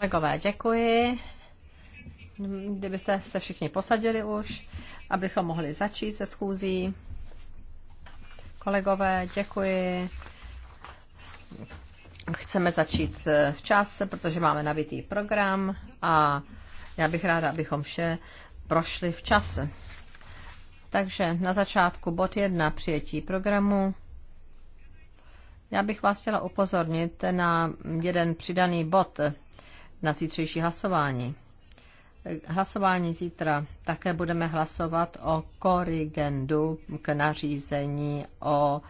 Kolegové, děkuji. Kdybyste se všichni posadili už, abychom mohli začít se schůzí. Kolegové, děkuji. Chceme začít eh, včas, protože máme nabitý program a já bych ráda, abychom vše prošli včas. Takže na začátku bod 1 přijetí programu. Já bych vás chtěla upozornit na jeden přidaný bod na zítřejší hlasování. Hlasování zítra také budeme hlasovat o korigendu k nařízení o,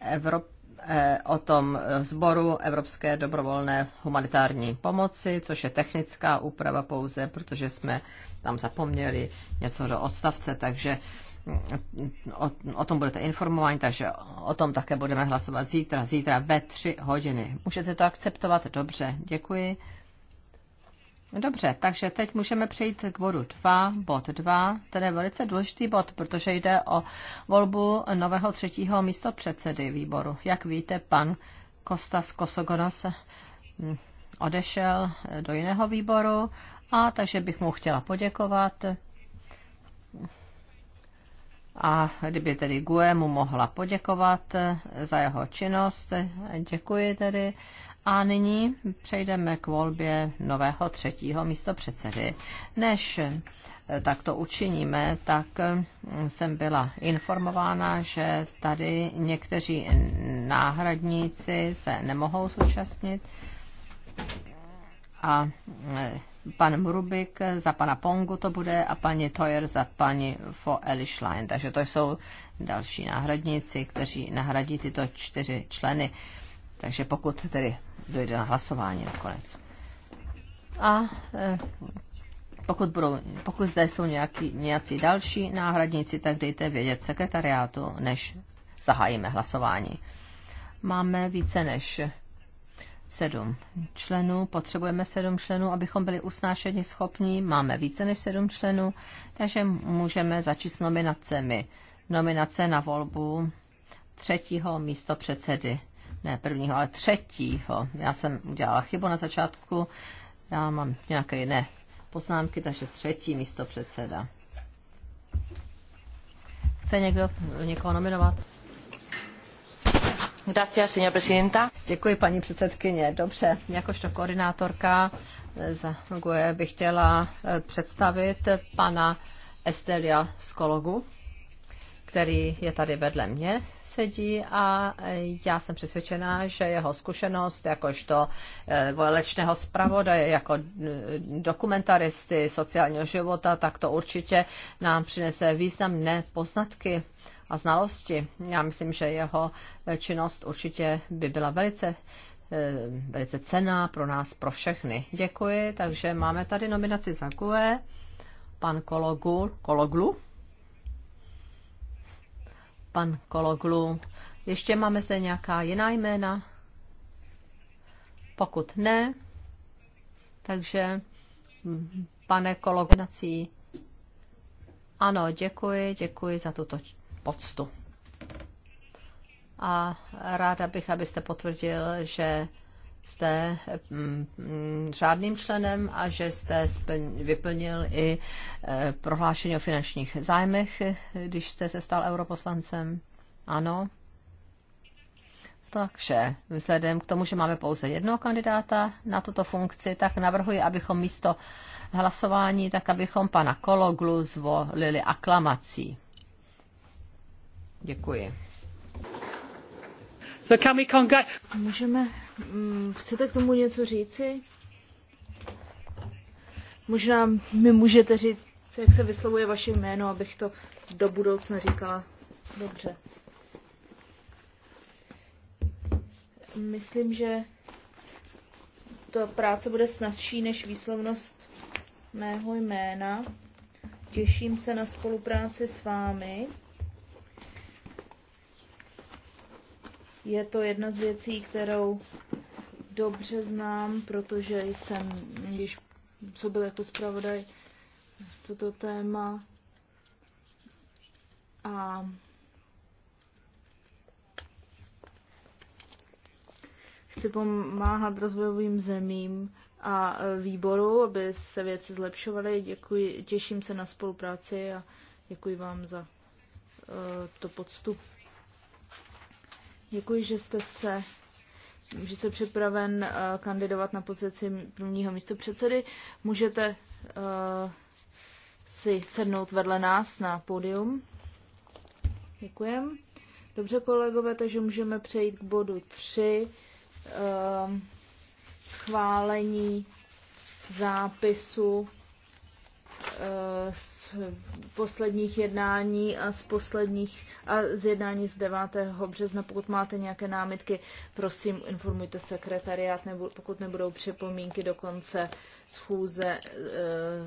Evrop, eh, o tom sboru Evropské dobrovolné humanitární pomoci, což je technická úprava pouze, protože jsme tam zapomněli něco do odstavce, takže o, o tom budete informováni, takže o tom také budeme hlasovat zítra, zítra ve tři hodiny. Můžete to akceptovat? Dobře, děkuji. Dobře, takže teď můžeme přejít k bodu 2, bod 2, tedy velice důležitý bod, protože jde o volbu nového třetího místo předsedy výboru. Jak víte, pan Kostas Kosogonos hm, odešel do jiného výboru a takže bych mu chtěla poděkovat a kdyby tedy GUE mu mohla poděkovat eh, za jeho činnost. Eh, děkuji tedy. A nyní přejdeme k volbě nového třetího místopředsedy. Než eh, tak to učiníme, tak jsem byla informována, že tady někteří náhradníci se nemohou zúčastnit a pan Murubik za pana Pongu to bude a paní Toyer za paní Fo Eli Takže to jsou další náhradníci, kteří nahradí tyto čtyři členy. Takže pokud tedy dojde na hlasování nakonec. A eh, pokud, budou, pokud zde jsou nějaký, nějací další náhradníci, tak dejte vědět sekretariátu, než zahájíme hlasování. Máme více než sedm členů, potřebujeme sedm členů, abychom byli usnášeni schopní, máme více než sedm členů, takže můžeme začít s nominacemi. Nominace na volbu třetího místo předsedy. Ne prvního, ale třetího. Já jsem udělala chybu na začátku, já mám nějaké jiné poznámky, takže třetí místo předseda. Chce někdo někoho nominovat? Děkuji, paní předsedkyně. Dobře, jakožto koordinátorka za GUE bych chtěla eh, představit pana Estelia Skologu, který je tady vedle mě, sedí a eh, já jsem přesvědčená, že jeho zkušenost jakožto eh, volečného zpravodaje, jako dokumentaristy sociálního života, tak to určitě nám přinese významné poznatky a znalosti. Já myslím, že jeho činnost určitě by byla velice eh, velice cená pro nás, pro všechny. Děkuji, takže máme tady nominaci za GUE, pan Kologul, Kologlu. Pan Kologlu. Ještě máme zde nějaká jiná jména? Pokud ne, takže hm, pane Kolognací, ano, děkuji, děkuji za tuto poctu. A ráda bych, abyste potvrdil, že jste mm, mm, řádným členem a že jste vyplnil i e, prohlášení o finančních zájmech, když jste se stal europoslancem. Ano. Takže vzhledem k tomu, že máme pouze jednoho kandidáta na tuto funkci, tak navrhuji, abychom místo hlasování, tak abychom pana Kologlu zvolili aklamací. Děkuji. So can we congr- Můžeme, mm, chcete k tomu něco říci? Možná mi můžete říct, jak se vyslovuje vaše jméno, abych to do budoucna říkala dobře. Myslím, že to práce bude snazší než výslovnost mého jména. Těším se na spolupráci s vámi. Je to jedna z věcí, kterou dobře znám, protože jsem, když byl jako zpravodaj toto téma a chci pomáhat rozvojovým zemím a výboru, aby se věci zlepšovaly. Děkuji, těším se na spolupráci a děkuji vám za eh, to podstup, Děkuji, že jste se že jste připraven eh, kandidovat na pozici prvního místo předsedy. Můžete uh, si sednout vedle nás na pódium. Děkujem. Dobře, kolegové, takže můžeme přejít k bodu 3. Uh, eh, schválení zápisu Eh, z posledních jednání a z posledních a z jednání z 9. března. Pokud máte nějaké námitky, prosím informujte sekretariát, nebo pokud nebudou připomínky do konce schůze, eh,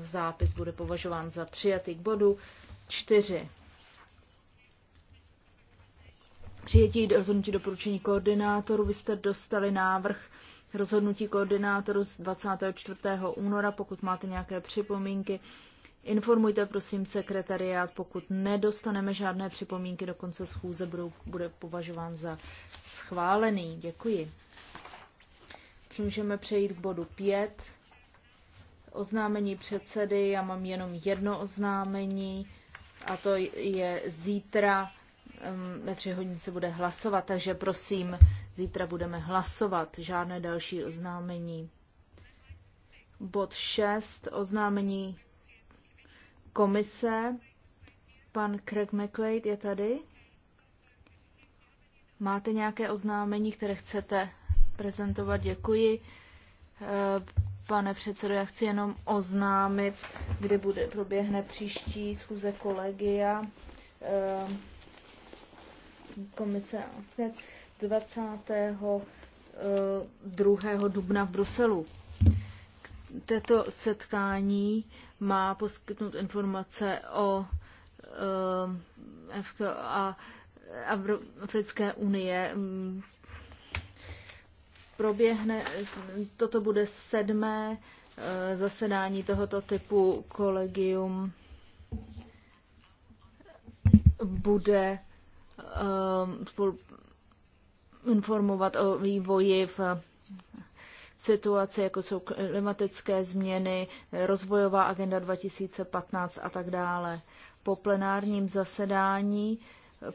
zápis bude považován za přijatý k bodu 4. Přijetí rozhodnutí doporučení koordinátoru. Vy jste dostali návrh rozhodnutí koordinátoru z 24. února. Pokud máte nějaké připomínky, Informujte prosím sekretariát, pokud nedostaneme žádné připomínky do konce schůze, budou, bude považován za schválený. Děkuji. Můžeme přejít k bodu 5. Oznámení předsedy. Já mám jenom jedno oznámení a to je zítra um, ve tři hodin se bude hlasovat, takže prosím, zítra budeme hlasovat. Žádné další oznámení. Bod 6. Oznámení komise. Pan Craig McQuaid je tady. Máte nějaké oznámení, které chcete prezentovat? Děkuji. Eh, pane předsedo, já chci jenom oznámit, kdy bude, proběhne příští schůze kolegia eh, komise 22. 2. Eh, dubna v Bruselu této setkání má poskytnout informace o eh, FK a Africké unie. Proběhne, toto bude sedmé eh, zasedání tohoto typu kolegium bude um, spolu informovat o vývoji v situace, jako jsou klimatické změny, rozvojová agenda 2015 a tak dále. Po plenárním zasedání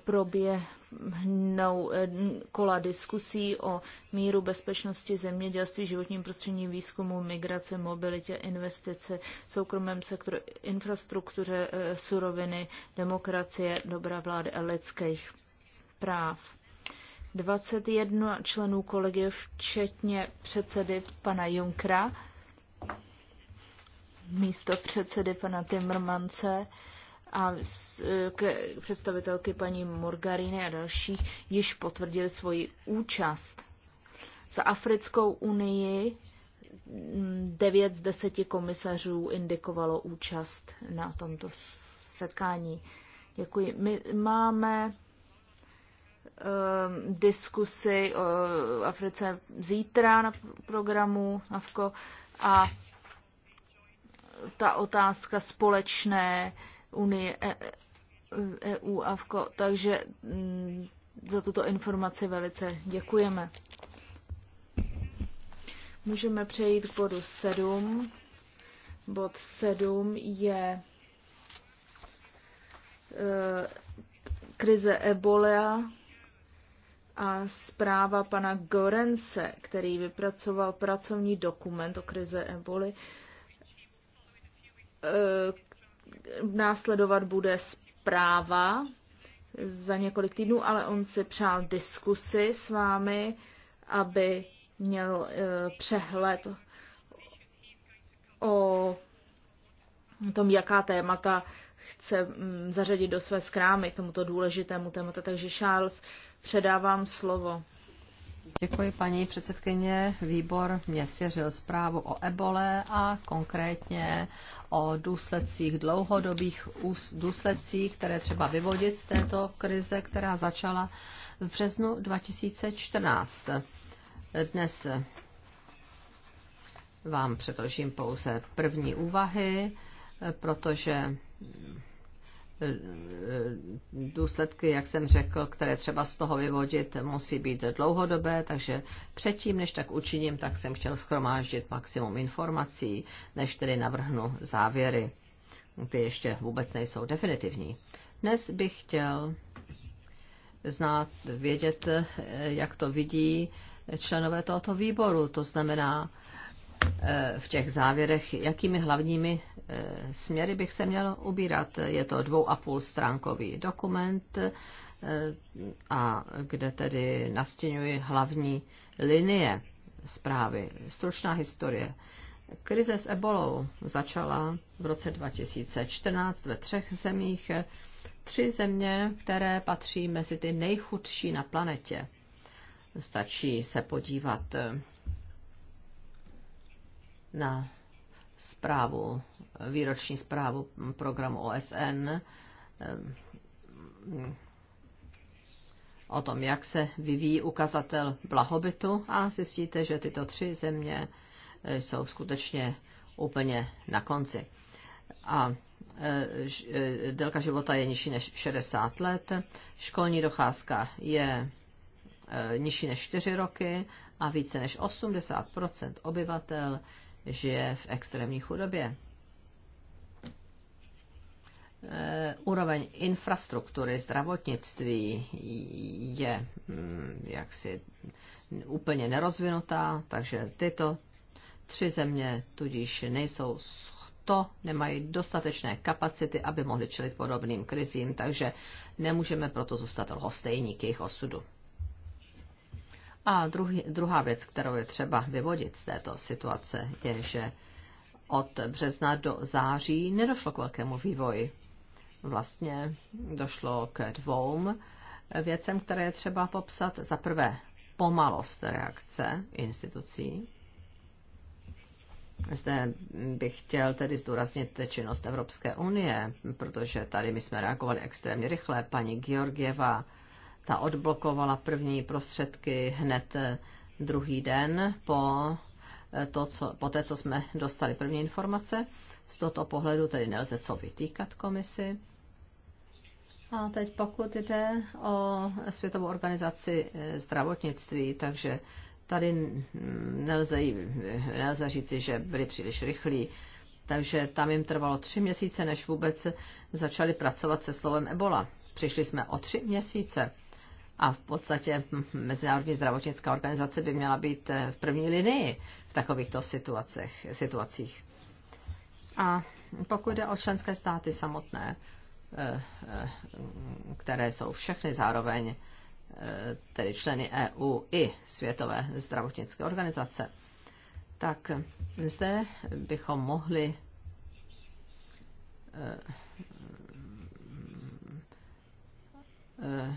proběhnou eh, kola diskusí o míru bezpečnosti zemědělství, životním prostředí, výzkumu, migrace, mobilitě, investice, soukromém sektoru, infrastruktuře, eh, suroviny, demokracie, dobrá vlády a lidských práv. 21 členů kolegy, včetně předsedy pana Junkra, místo předsedy pana Timmermance a představitelky paní Morgariny a dalších, již potvrdili svoji účast. Za Africkou unii 9 z 10 komisařů indikovalo účast na tomto setkání. Děkuji. My máme Um, diskusi o Africe zítra na programu NAVKO a ta otázka společné unie EU e, e AVKO. Takže mm, za tuto informaci velice děkujeme. Můžeme přejít k bodu 7. Bod 7 je e, krize Ebola a zpráva pana Gorence, který vypracoval pracovní dokument o krize eboli, eh, následovat bude zpráva za několik týdnů, ale on si přál diskusy s vámi, aby měl eh, přehled o tom, jaká témata chce mm, zařadit do své skrámy k tomuto důležitému tématu. Takže Charles, předávám slovo. Děkuji, paní předsedkyně. Výbor mě svěřil zprávu o ebole a konkrétně o důsledcích, dlouhodobých důsledcích, které třeba vyvodit z této krize, která začala v březnu 2014. Dnes vám předložím pouze první úvahy, protože důsledky, jak jsem řekl, které třeba z toho vyvodit, musí být dlouhodobé, takže předtím, než tak učiním, tak jsem chtěl schromáždit maximum informací, než tedy navrhnu závěry, ty ještě vůbec nejsou definitivní. Dnes bych chtěl znát, vědět, jak to vidí členové tohoto výboru, to znamená, Eh, v těch závěrech, jakými hlavními eh, směry bych se měl ubírat. Je to dvou a půl stránkový dokument, eh, a kde tedy nastěňuji hlavní linie zprávy. Stručná historie. Krize s ebolou začala v roce 2014 ve třech zemích. Tři země, které patří mezi ty nejchudší na planetě. Stačí se podívat na zprávu, výroční zprávu programu OSN eh, o tom, jak se vyvíjí ukazatel blahobytu a zjistíte, že tyto tři země eh, jsou skutečně úplně na konci. A eh, délka života je nižší než 60 let, školní docházka je nižší než 4 roky a více než 80 obyvatel žije v extrémní chudobě. Eh, úroveň infrastruktury zdravotnictví je mm, jaksi úplně nerozvinutá, takže tyto tři země tudíž nejsou to nemají dostatečné kapacity, aby mohli čelit podobným krizím, takže nemůžeme proto zůstat lhostejní k jejich osudu. A druhý, druhá věc, kterou je třeba vyvodit z této situace, je, že od března do září nedošlo k velkému vývoji. Vlastně došlo k dvou věcem, které je třeba popsat. Za prvé pomalost reakce institucí. Zde bych chtěl tedy zdůraznit činnost Evropské unie, protože tady my jsme reagovali extrémně rychle. Paní Georgieva ta odblokovala první prostředky hned eh, druhý den po, eh, to, co, po té, co jsme dostali první informace. Z tohoto pohledu tedy nelze co vytýkat komisi. A teď pokud jde o Světovou organizaci eh, zdravotnictví, takže tady nelze, nelze říci, že byli příliš rychlí. Takže tam jim trvalo tři měsíce, než vůbec začali pracovat se slovem Ebola. Přišli jsme o tři měsíce. A v podstatě hm, Mezinárodní zdravotnická organizace by měla být eh, v první linii v takovýchto situacích. situacích. A pokud jde o členské státy samotné, eh, eh, které jsou všechny zároveň tedy členy EU i Světové zdravotnické organizace, tak zde bychom mohli Eh, eh,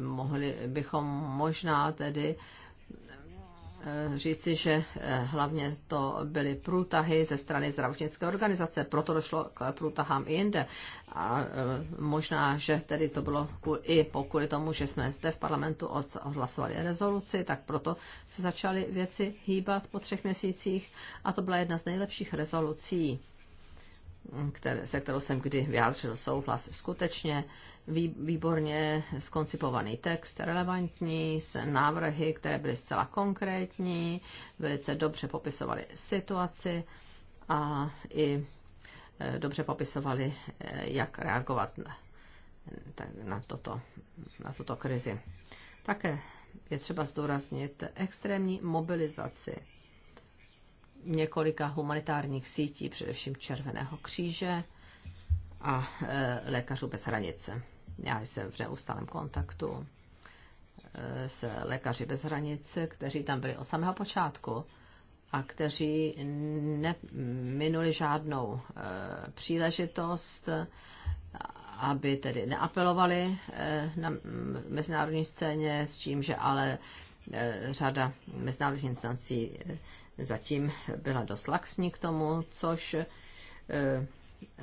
mohli bychom možná tedy eh, říci, že hlavně to byly průtahy ze strany zdravotnické organizace, proto došlo k průtahám i jinde. A možná, že tedy to bylo i pokud tomu, že jsme zde v parlamentu odhlasovali rezoluci, tak proto se začaly věci hýbat po třech měsících a to byla jedna z nejlepších rezolucí, které, se kterou jsem kdy vyjádřil souhlas. Skutečně výborně skoncipovaný text, relevantní, s návrhy, které byly zcela konkrétní, velice dobře popisovaly situaci a i eh, dobře popisovali, eh, jak reagovat na, toto, na tuto krizi. Také je třeba zdůraznit extrémní mobilizaci několika humanitárních sítí, především Červeného kříže a eh, lékařů bez hranice. Já jsem v neustálém kontaktu eh, s lékaři bez hranic, kteří tam byli od samého počátku a kteří neminuli žádnou e, příležitost, aby tedy neapelovali e, na mezinárodní scéně, s tím, že ale e, řada mezinárodních instancí zatím byla dost laxní k tomu, což e,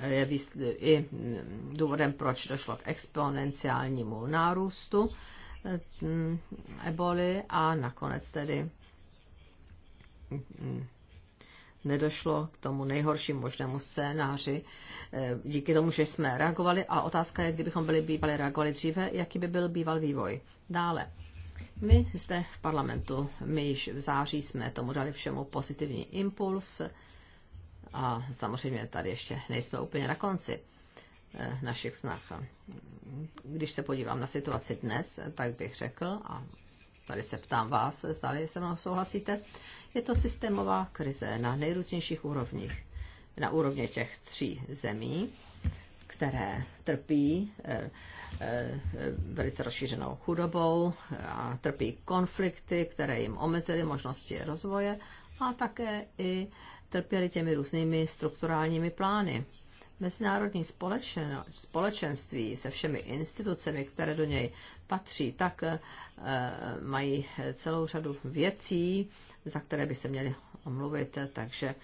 je i důvodem, proč došlo k exponenciálnímu nárůstu eh, eboli a nakonec tedy mm, nedošlo k tomu nejhorším možnému scénáři eh, díky tomu, že jsme reagovali a otázka je, kdybychom byli bývali reagovali dříve, jaký by byl býval vývoj. Dále. My zde v parlamentu, my již v září jsme tomu dali všemu pozitivní impuls a samozřejmě tady ještě nejsme úplně na konci eh, našich snah. Když se podívám na situaci dnes, tak bych řekl, a tady se ptám vás, zdali se mnou souhlasíte, je to systémová krize na nejrůznějších úrovních. Na úrovně těch tří zemí, které trpí eh, eh, velice rozšířenou chudobou a trpí konflikty, které jim omezily možnosti rozvoje a také i trpěli těmi různými strukturálními plány. Mezinárodní společen, společenství se všemi institucemi, které do něj patří, tak eh, mají celou řadu věcí, za které by se měly omluvit, takže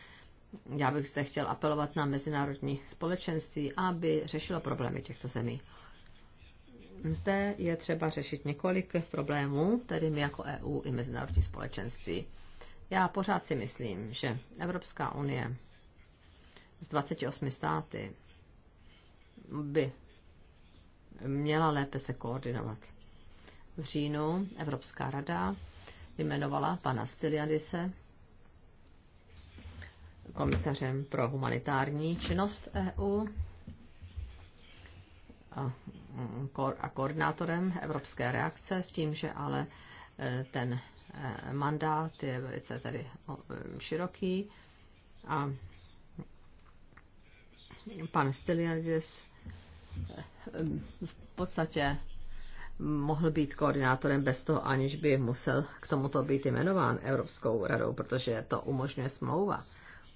já bych zde chtěl apelovat na mezinárodní společenství, aby řešilo problémy těchto zemí. Zde je třeba řešit několik problémů, tedy my jako EU i mezinárodní společenství. Já pořád si myslím, že Evropská unie z 28 státy by měla lépe se koordinovat. V říjnu Evropská rada jmenovala pana Styliadise komisařem pro humanitární činnost EU mm, a koordinátorem evropské reakce s tím, že ale e, ten Eh, mandát je velice tady široký a pan Stylianides eh, v podstatě mohl být koordinátorem bez toho, aniž by musel k tomuto být jmenován Evropskou radou, protože to umožňuje smlouva.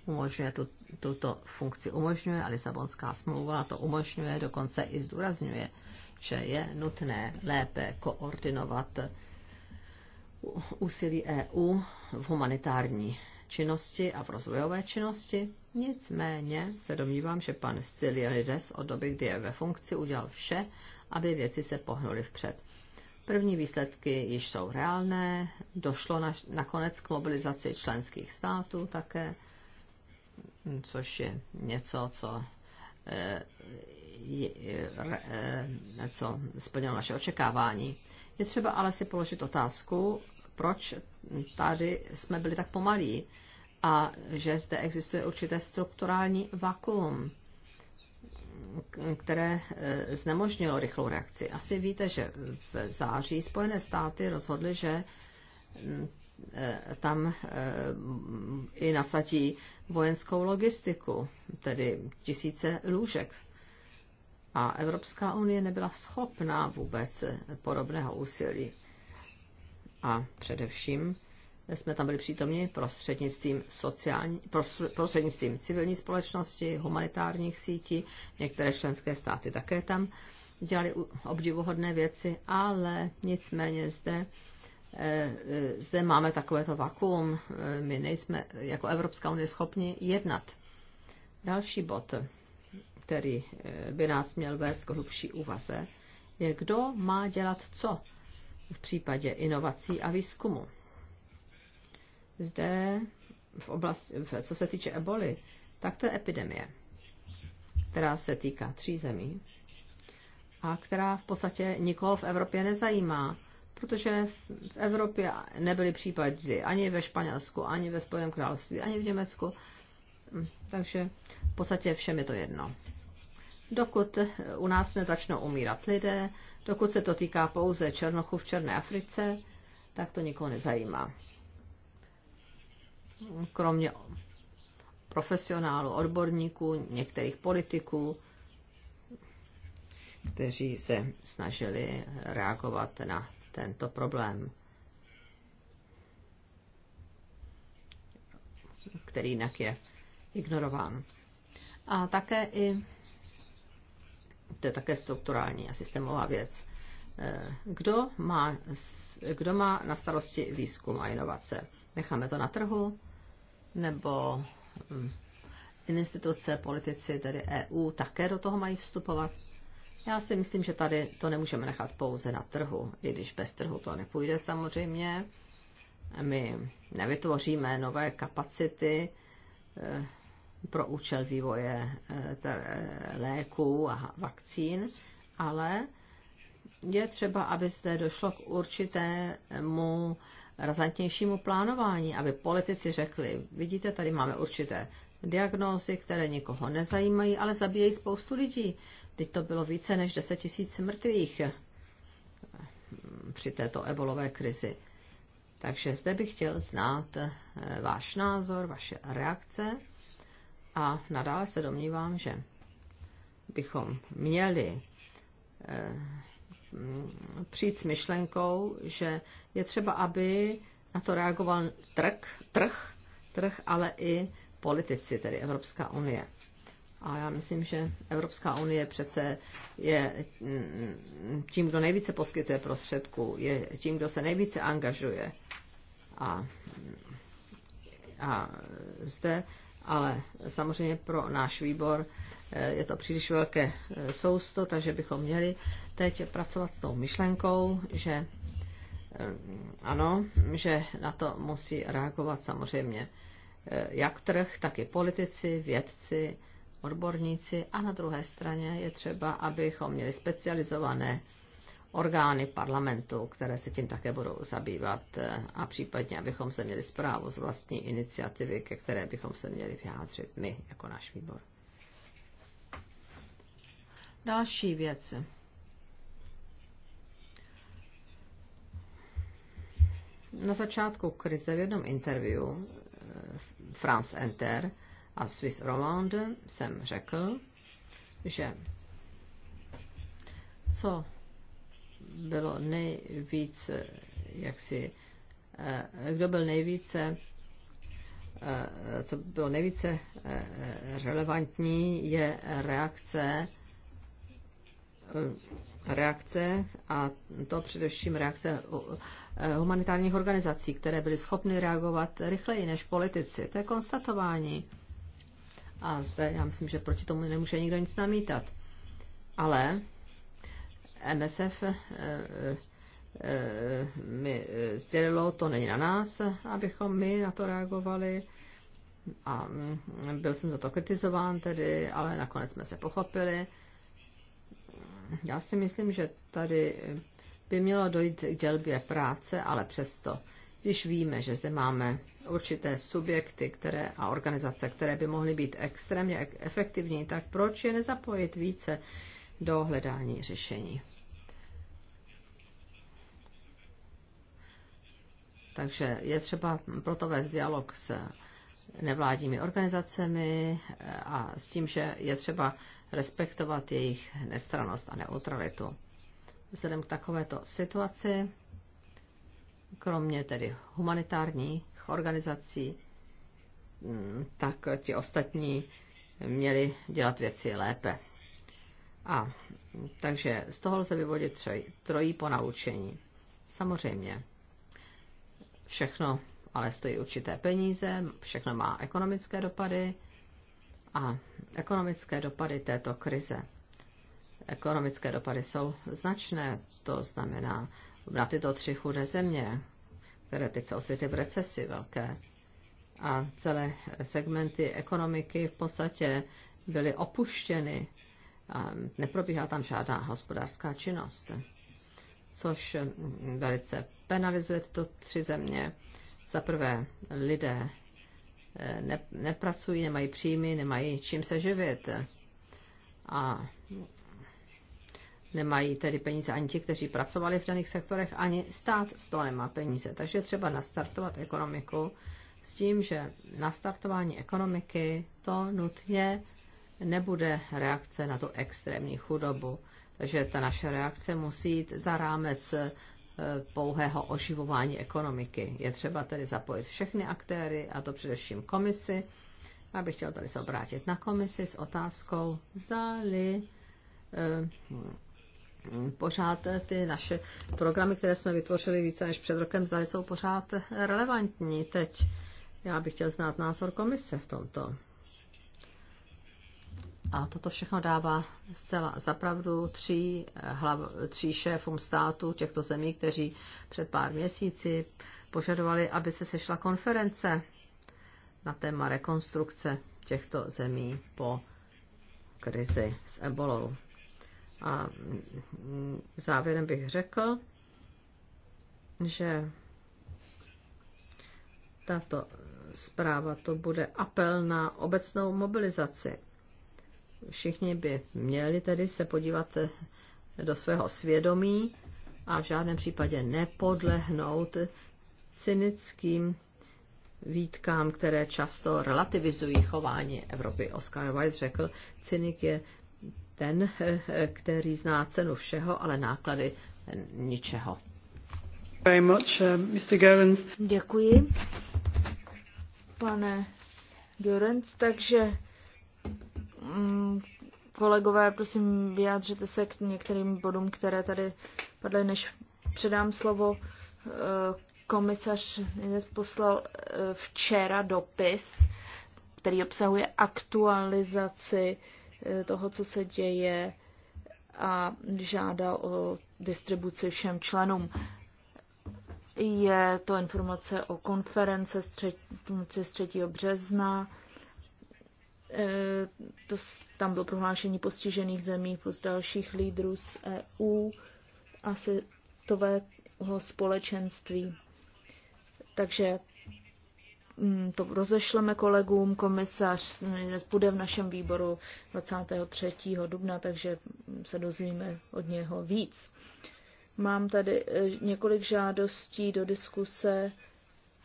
Umožňuje tu, tuto funkci, umožňuje a Lisabonská smlouva to umožňuje, dokonce i zdůrazňuje, že je nutné lépe koordinovat úsilí EU v humanitární činnosti a v rozvojové činnosti. Nicméně se domnívám, že pan Stylianides od doby, kdy je ve funkci, udělal vše, aby věci se pohnuly vpřed. První výsledky již jsou reálné, došlo na, nakonec k mobilizaci členských států také, což je něco, co, e, e, co splnilo naše očekávání. Je třeba ale si položit otázku, proč tady jsme byli tak pomalí a že zde existuje určité strukturální vakuum, které e, znemožnilo rychlou reakci. Asi víte, že v září Spojené státy rozhodly, že e, tam e, i nasadí vojenskou logistiku, tedy tisíce lůžek. A Evropská unie nebyla schopná vůbec podobného úsilí a především jsme tam byli přítomni prostřednictvím, sociální, prostřednictvím civilní společnosti, humanitárních sítí, některé členské státy také tam dělali obdivuhodné věci, ale nicméně zde, eh, eh, zde máme takovéto vakuum. Eh, my nejsme jako Evropská unie schopni jednat. Další bod, který by nás měl vést k hlubší úvaze, je, kdo má dělat co v případě inovací a výzkumu. Zde, v oblasti, co se týče eboli, tak to je epidemie, která se týká tří zemí a která v podstatě nikoho v Evropě nezajímá, protože v Evropě nebyly případy ani ve Španělsku, ani ve Spojeném království, ani v Německu. Hm, takže v podstatě všem je to jedno dokud u nás nezačnou umírat lidé, dokud se to týká pouze černochů v Černé Africe, tak to nikoho nezajímá. Kromě profesionálů, odborníků, některých politiků, kteří se snažili reagovat na tento problém, který jinak je ignorován. A také i to je také strukturální a systémová věc. Eh, kdo má, kdo má na starosti výzkum a inovace? Necháme to na trhu? Nebo hm, instituce, politici, tedy EU, také do toho mají vstupovat? Já si myslím, že tady to nemůžeme nechat pouze na trhu, i když bez trhu to nepůjde samozřejmě. My nevytvoříme nové kapacity eh, pro účel vývoje eh, eh, léků a vakcín, ale je třeba, aby zde došlo k určitému razantnějšímu plánování, aby politici řekli, vidíte, tady máme určité diagnózy, které nikoho nezajímají, ale zabíjejí spoustu lidí. Teď to bylo více než 10 tisíc mrtvých eh, při této ebolové krizi. Takže zde bych chtěl znát váš názor, vaše reakce a nadále se domnívám, že bychom měli eh, přijít s myšlenkou, že je třeba, aby na to reagoval trh, trh, trh, ale i politici, tedy Evropská unie. A já myslím, že Evropská unie přece je mm, tím, kdo nejvíce poskytuje prostředků, je tím, kdo se nejvíce angažuje. A, a zde ale samozřejmě pro náš výbor eh, je to příliš velké eh, sousto, takže bychom měli teď pracovat s tou myšlenkou, že eh, ano, že na to musí reagovat samozřejmě jak trh, tak i politici, vědci, odborníci a na druhé straně je třeba, abychom měli specializované orgány parlamentu, které se tím také budou zabývat eh, a případně, abychom se měli zprávu z vlastní iniciativy, ke které bychom se měli vyjádřit my jako náš výbor. Další věc. Na začátku krize v jednom interview eh, France Enter a Swiss Romand jsem řekl, že co bylo nejvíc, jak si, eh, kdo byl nejvíce, eh, co bylo nejvíce eh, relevantní, je reakce reakce a to především reakce humanitárních organizací, které byly schopny reagovat rychleji než politici. To je konstatování. A zde já myslím, že proti tomu nemůže nikdo nic namítat. Ale MSF eh, eh, mi sdělilo, to není na nás, abychom my na to reagovali. A mm, byl jsem za to kritizován tedy, ale nakonec jsme se pochopili. Já si myslím, že tady by mělo dojít k dělbě práce, ale přesto, když víme, že zde máme určité subjekty které, a organizace, které by mohly být extrémně efektivní, tak proč je nezapojit více? do hledání řešení. Takže je třeba proto vést dialog s nevládními organizacemi a s tím, že je třeba respektovat jejich nestranost a neutralitu. Vzhledem k takovéto situaci, kromě tedy humanitárních organizací, mm, tak ti ostatní měli dělat věci lépe. A takže z toho lze vyvodit tři, trojí ponaučení. Samozřejmě, všechno ale stojí určité peníze, všechno má ekonomické dopady a ekonomické dopady této krize. Ekonomické dopady jsou značné, to znamená na tyto tři chudé země, které teď se ocitly v recesi velké. A celé segmenty ekonomiky v podstatě byly opuštěny a neprobíhá tam žádná hospodářská činnost, což velice penalizuje tyto tři země. Za prvé, lidé eh, ne, nepracují, nemají příjmy, nemají čím se živit a nemají tedy peníze ani ti, kteří pracovali v daných sektorech, ani stát z toho nemá peníze. Takže třeba nastartovat ekonomiku s tím, že nastartování ekonomiky to nutně nebude reakce na tu extrémní chudobu. Takže ta naše reakce musí jít za rámec eh, pouhého oživování ekonomiky. Je třeba tedy zapojit všechny aktéry, a to především komisi. Já bych chtěl tady se obrátit na komisi s otázkou, zdali eh, pořád ty naše programy, které jsme vytvořili více než před rokem, zdali jsou pořád relevantní teď. Já bych chtěl znát názor komise v tomto. A toto všechno dává zcela zapravdu tří, eh, hlav, tří šéfům států těchto zemí, kteří před pár měsíci požadovali, aby se sešla konference na téma rekonstrukce těchto zemí po krizi s ebolou. A mm, závěrem bych řekl, že tato zpráva to bude apel na obecnou mobilizaci všichni by měli tedy se podívat eh, do svého svědomí a v žádném případě nepodlehnout cynickým výtkám, které často relativizují chování Evropy. Oscar Wilde řekl, cynik je ten, eh, eh, který zná cenu všeho, ale náklady ničeho. Uh, Děkuji, pane Gerens. Takže Mm, kolegové, prosím, vyjádřete se k některým bodům, které tady padly, než předám slovo. Eh, komisař poslal eh, včera dopis, který obsahuje aktualizaci eh, toho, co se děje a žádal o distribuci všem členům. Je to informace o konference z 3. března Eh, to, tam bylo prohlášení postižených zemí plus dalších lídrů z EU a světového společenství. Takže mm, to rozešleme kolegům, komisař bude v našem výboru 23. dubna, takže se dozvíme od něho víc. Mám tady eh, několik žádostí do diskuse.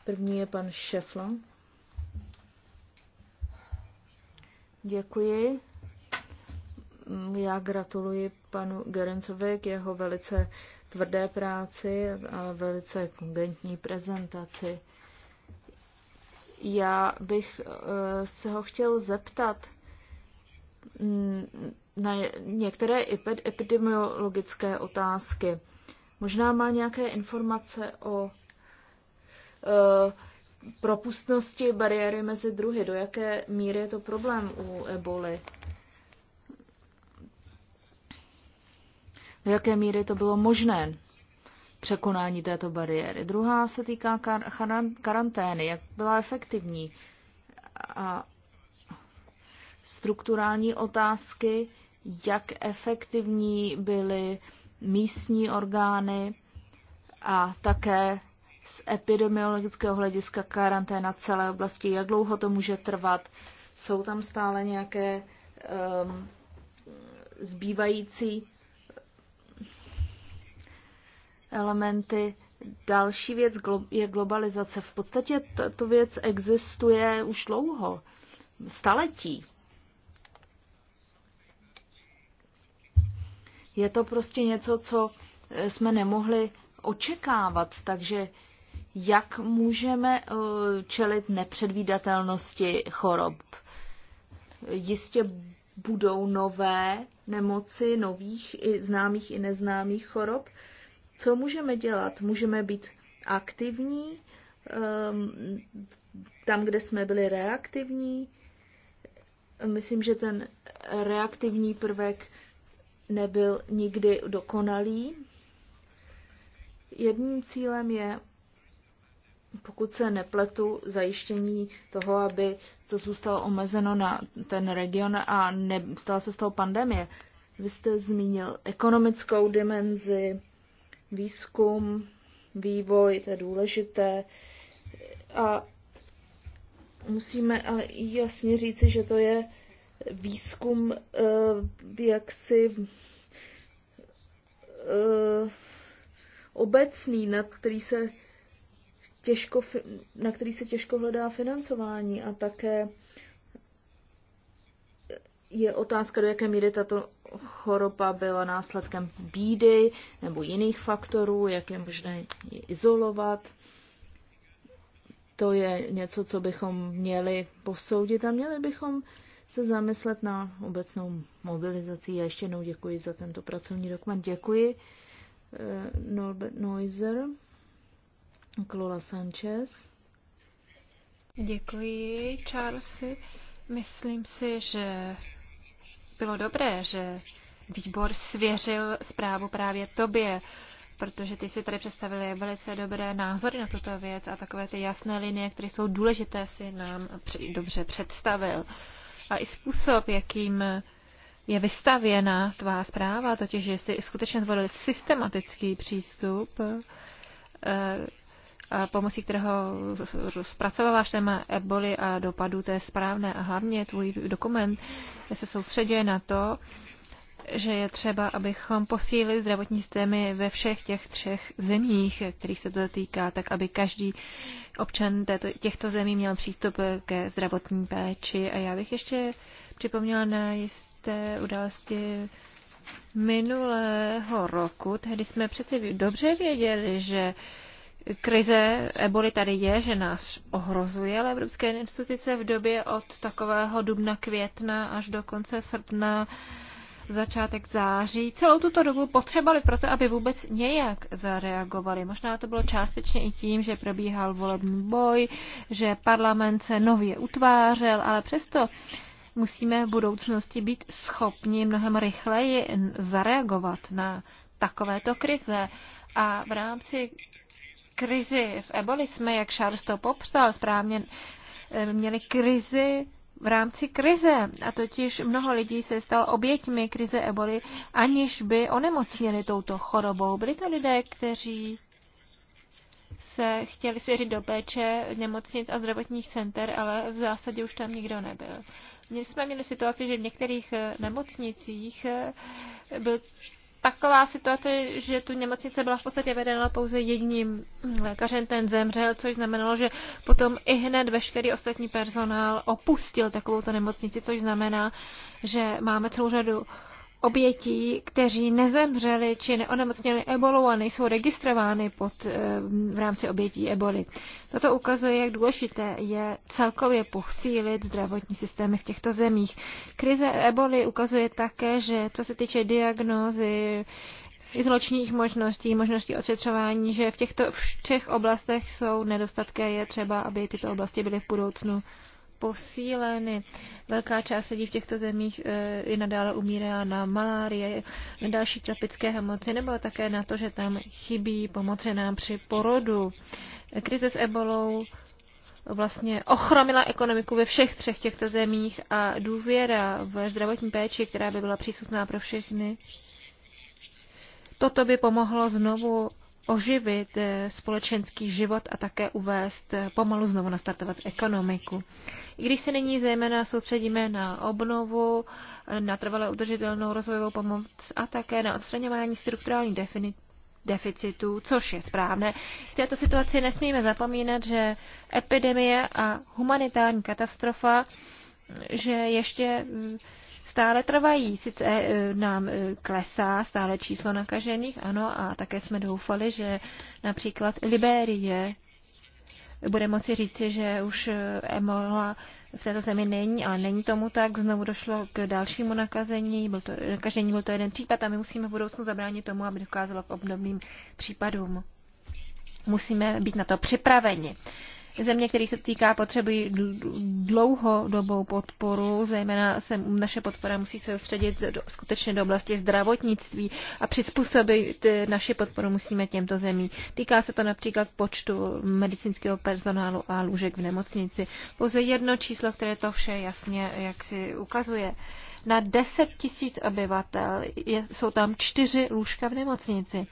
První je pan Šefla. Děkuji. Já gratuluji panu Gerencovi k jeho velice tvrdé práci a velice kongentní prezentaci. Já bych eh, se ho chtěl zeptat mm, na některé epidemiologické otázky. Možná má nějaké informace o eh, propustnosti bariéry mezi druhy. Do jaké míry je to problém u eboli? Do jaké míry to bylo možné překonání této bariéry? Druhá se týká kar- karantény. Jak byla efektivní? A strukturální otázky, jak efektivní byly místní orgány a také z epidemiologického hlediska karanténa celé oblasti, jak dlouho to může trvat, jsou tam stále nějaké um, zbývající elementy. Další věc je globalizace. V podstatě tato věc existuje už dlouho, staletí. Je to prostě něco, co eh, jsme nemohli očekávat, takže jak můžeme eh, čelit nepředvídatelnosti chorob. Jistě budou nové nemoci, nových i známých i neznámých chorob. Co můžeme dělat? Můžeme být aktivní ehm, tam, kde jsme byli reaktivní. Myslím, že ten reaktivní prvek nebyl nikdy dokonalý. Jedním cílem je pokud se nepletu, zajištění toho, aby to zůstalo omezeno na ten region a ne, stala se z toho pandemie. Vy jste zmínil ekonomickou dimenzi, výzkum, vývoj, to je důležité. A musíme ale jasně říci, že to je výzkum eh, jak si eh, obecný, nad který se těžko, na který se těžko hledá financování a také je otázka, do jaké míry tato choroba byla následkem bídy nebo jiných faktorů, jak je možné ji izolovat. To je něco, co bychom měli posoudit a měli bychom se zamyslet na obecnou mobilizaci. Já ještě jednou děkuji za tento pracovní dokument. Děkuji. Eh, Norbert Neuser. Klula Sanchez. Děkuji, Charlesy. Myslím si, že bylo dobré, že výbor svěřil zprávu právě tobě, protože ty si tady představili velice dobré názory na tuto věc a takové ty jasné linie, které jsou důležité, si nám dobře představil. A i způsob, jakým je vystavěna tvá zpráva, totiž že jsi skutečně zvolil systematický přístup, eh, pomocí kterého zpracováváš téma eboli a dopadů, to je správné. A hlavně tvůj dokument se soustředuje na to, že je třeba, abychom posílili zdravotní systémy ve všech těch třech zemích, kterých se to týká, tak aby každý občan této, těchto zemí měl přístup ke zdravotní péči. A já bych ještě připomněla na jisté události minulého roku. Tehdy jsme přece dobře věděli, že uh, krize eboly tady je, že nás ohrozuje, ale evropské instituce v době od takového dubna, května až do konce srpna, začátek září, celou tuto dobu potřebovali proto, aby vůbec nějak zareagovali. Možná to bylo částečně i tím, že probíhal volební boj, že parlament se nově utvářel, ale přesto musíme v budoucnosti být schopni mnohem rychleji zareagovat na takovéto krize. A v rámci krizi v eboli jsme, jak Charles to popsal správně, eh, měli krizi v rámci krize. A totiž mnoho lidí se stalo oběťmi krize eboli, aniž by onemocněli touto chorobou. Byli to lidé, kteří se chtěli svěřit do péče nemocnic a zdravotních center, ale v zásadě už tam nikdo nebyl. My jsme měli situaci, že v některých eh, nemocnicích eh, byl taková situace, že tu nemocnice byla v podstatě vedena pouze jedním lékařem, ten zemřel, což znamenalo, že potom i hned veškerý ostatní personál opustil takovouto nemocnici, což znamená, že máme celou řadu obětí, kteří nezemřeli či neonemocněli ebolou a nejsou registrovány pod, eh, v rámci obětí eboli. Toto ukazuje, jak důležité je celkově posílit zdravotní systémy v těchto zemích. Krize eboli ukazuje také, že co se týče diagnózy, izolačních možností, možností ošetřování, že v těchto všech oblastech jsou nedostatky a je třeba, aby tyto oblasti byly v budoucnu posíleny. Velká část lidí v těchto zemích eh, i nadále umírá na malárie, na další tropické hemoci, nebo také na to, že tam chybí pomoci nám při porodu. Krize s ebolou vlastně ochromila ekonomiku ve všech třech těchto zemích a důvěra v zdravotní péči, která by byla přístupná pro všechny. Toto by pomohlo znovu oživit eh, společenský život a také uvést, eh, pomalu znovu nastartovat ekonomiku. I když se nyní zejména soustředíme na obnovu, eh, na trvale udržitelnou rozvojovou pomoc a také na odstraňování strukturálních definit deficitů, což je správné. V této situaci nesmíme zapomínat, že epidemie a humanitární katastrofa, že ještě mm, stále trvají. Sice eh, nám eh, klesá stále číslo nakažených, ano, a také jsme doufali, že například Liberie bude moci říci, že už eh, Emola v této zemi není, ale není tomu tak. Znovu došlo k dalšímu nakazení, byl to, nakažení byl to jeden případ a my musíme v budoucnu zabránit tomu, aby dokázalo k obdobným případům. Musíme být na to připraveni. Země, které se týká, potřebují dlouhodobou podporu, zejména se, naše podpora musí se soustředit do, skutečně do oblasti zdravotnictví a přizpůsobit eh, naši podporu musíme těmto zemí. Týká se to například počtu medicínského personálu a lůžek v nemocnici. Pouze jedno číslo, které to vše jasně jak si ukazuje. Na 10 tisíc obyvatel je, jsou tam čtyři lůžka v nemocnici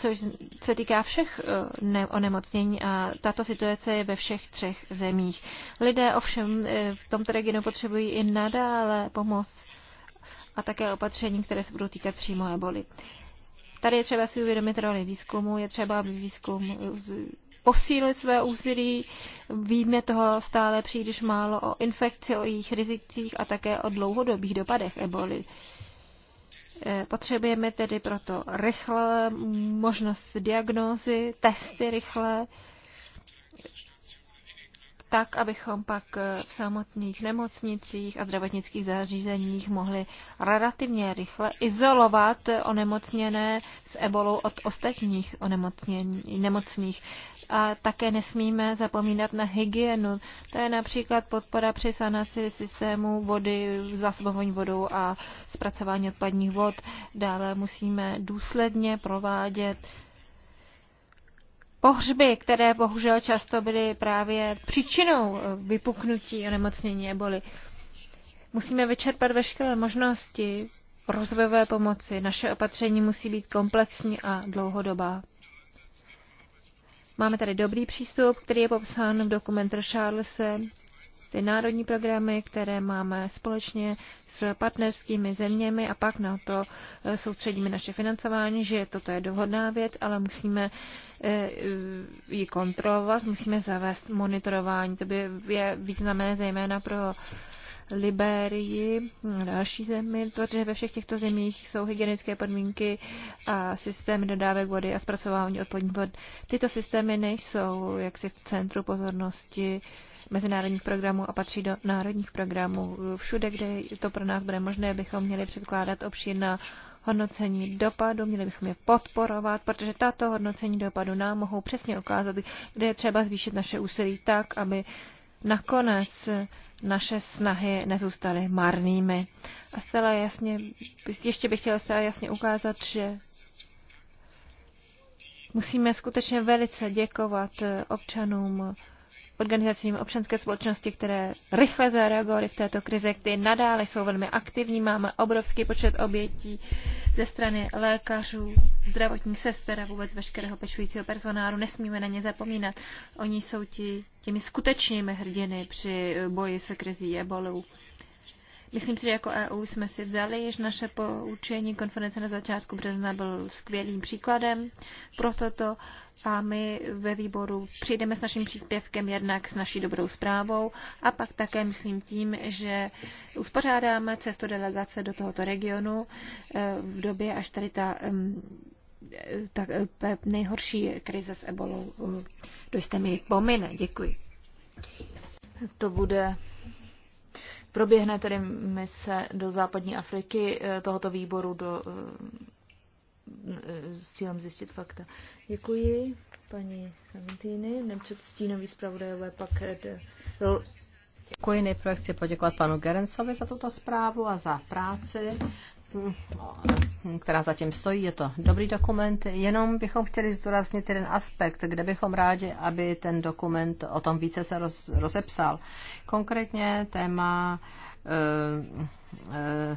což se týká všech eh, onemocnění a tato situace je ve všech třech zemích. Lidé ovšem eh, v tomto regionu potřebují i nadále pomoc a také opatření, které se budou týkat přímo eboli. Tady je třeba si uvědomit roli výzkumu, je třeba, výzkum eh, posílit své úsilí. Víme toho stále příliš málo o infekci, o jejich rizicích a také o dlouhodobých dopadech eboli. Eh, potřebujeme tedy proto rychle možnost diagnózy, testy rychle, tak abychom pak eh, v samotných nemocnicích a zdravotnických zařízeních mohli relativně rychle izolovat onemocněné s ebolou od ostatních nemocných. A také nesmíme zapomínat na hygienu. To je například podpora při sanaci systému vody, zásobování vodou a zpracování odpadních vod. Dále musíme důsledně provádět pohřby, které bohužel často byly právě příčinou eh, vypuknutí onemocnění eboli. Musíme vyčerpat veškeré možnosti rozvojové pomoci. Naše opatření musí být komplexní a dlouhodobá. Máme tady dobrý přístup, který je popsán v dokumentu Charlesa ty národní programy, které máme společně s partnerskými zeměmi a pak na to eh, soustředíme naše financování, že toto je dohodná věc, ale musíme eh, ji kontrolovat, musíme zavést monitorování. To by je významné zejména pro Liberii, další zemi, protože ve všech těchto zemích jsou hygienické podmínky a systémy dodávek vody a zpracování odpadních vod. Tyto systémy nejsou jaksi v centru pozornosti mezinárodních programů a patří do národních programů. Všude, kde to pro nás bude možné, bychom měli předkládat obšírná hodnocení dopadu, měli bychom je podporovat, protože tato hodnocení dopadu nám mohou přesně ukázat, kde je třeba zvýšit naše úsilí tak, aby nakonec naše snahy nezůstaly marnými. A zcela jasně, ještě bych chtěla zcela jasně ukázat, že musíme skutečně velice děkovat občanům organizacím občanské společnosti, které rychle zareagovaly v této krizi, které nadále jsou velmi aktivní. Máme obrovský počet obětí ze strany lékařů, zdravotních sester a vůbec veškerého pečujícího personálu. Nesmíme na ně zapomínat. Oni jsou ti, těmi skutečnými hrdiny při boji se krizí ebolou. Myslím si, že jako EU jsme si vzali již naše poučení. Konference na začátku března byl skvělým příkladem pro toto a my ve výboru přijdeme s naším příspěvkem jednak s naší dobrou zprávou a pak také myslím tím, že uspořádáme cestu delegace do tohoto regionu eh, v době, až tady ta, eh, ta nejhorší krize s ebolou eh, do jisté míry pomine. Děkuji. To bude Proběhne tedy mise do západní Afriky eh, tohoto výboru do, eh, s cílem zjistit fakta. Děkuji paní Saventýny, nepřed stínový zpravodajové pak eh, Děkuji. Nejprve chci poděkovat panu Gerensovi za tuto zprávu a za práci která zatím stojí, je to dobrý dokument, jenom bychom chtěli zdůraznit jeden aspekt, kde bychom rádi, aby ten dokument o tom více se roz, rozepsal. Konkrétně téma eh, eh,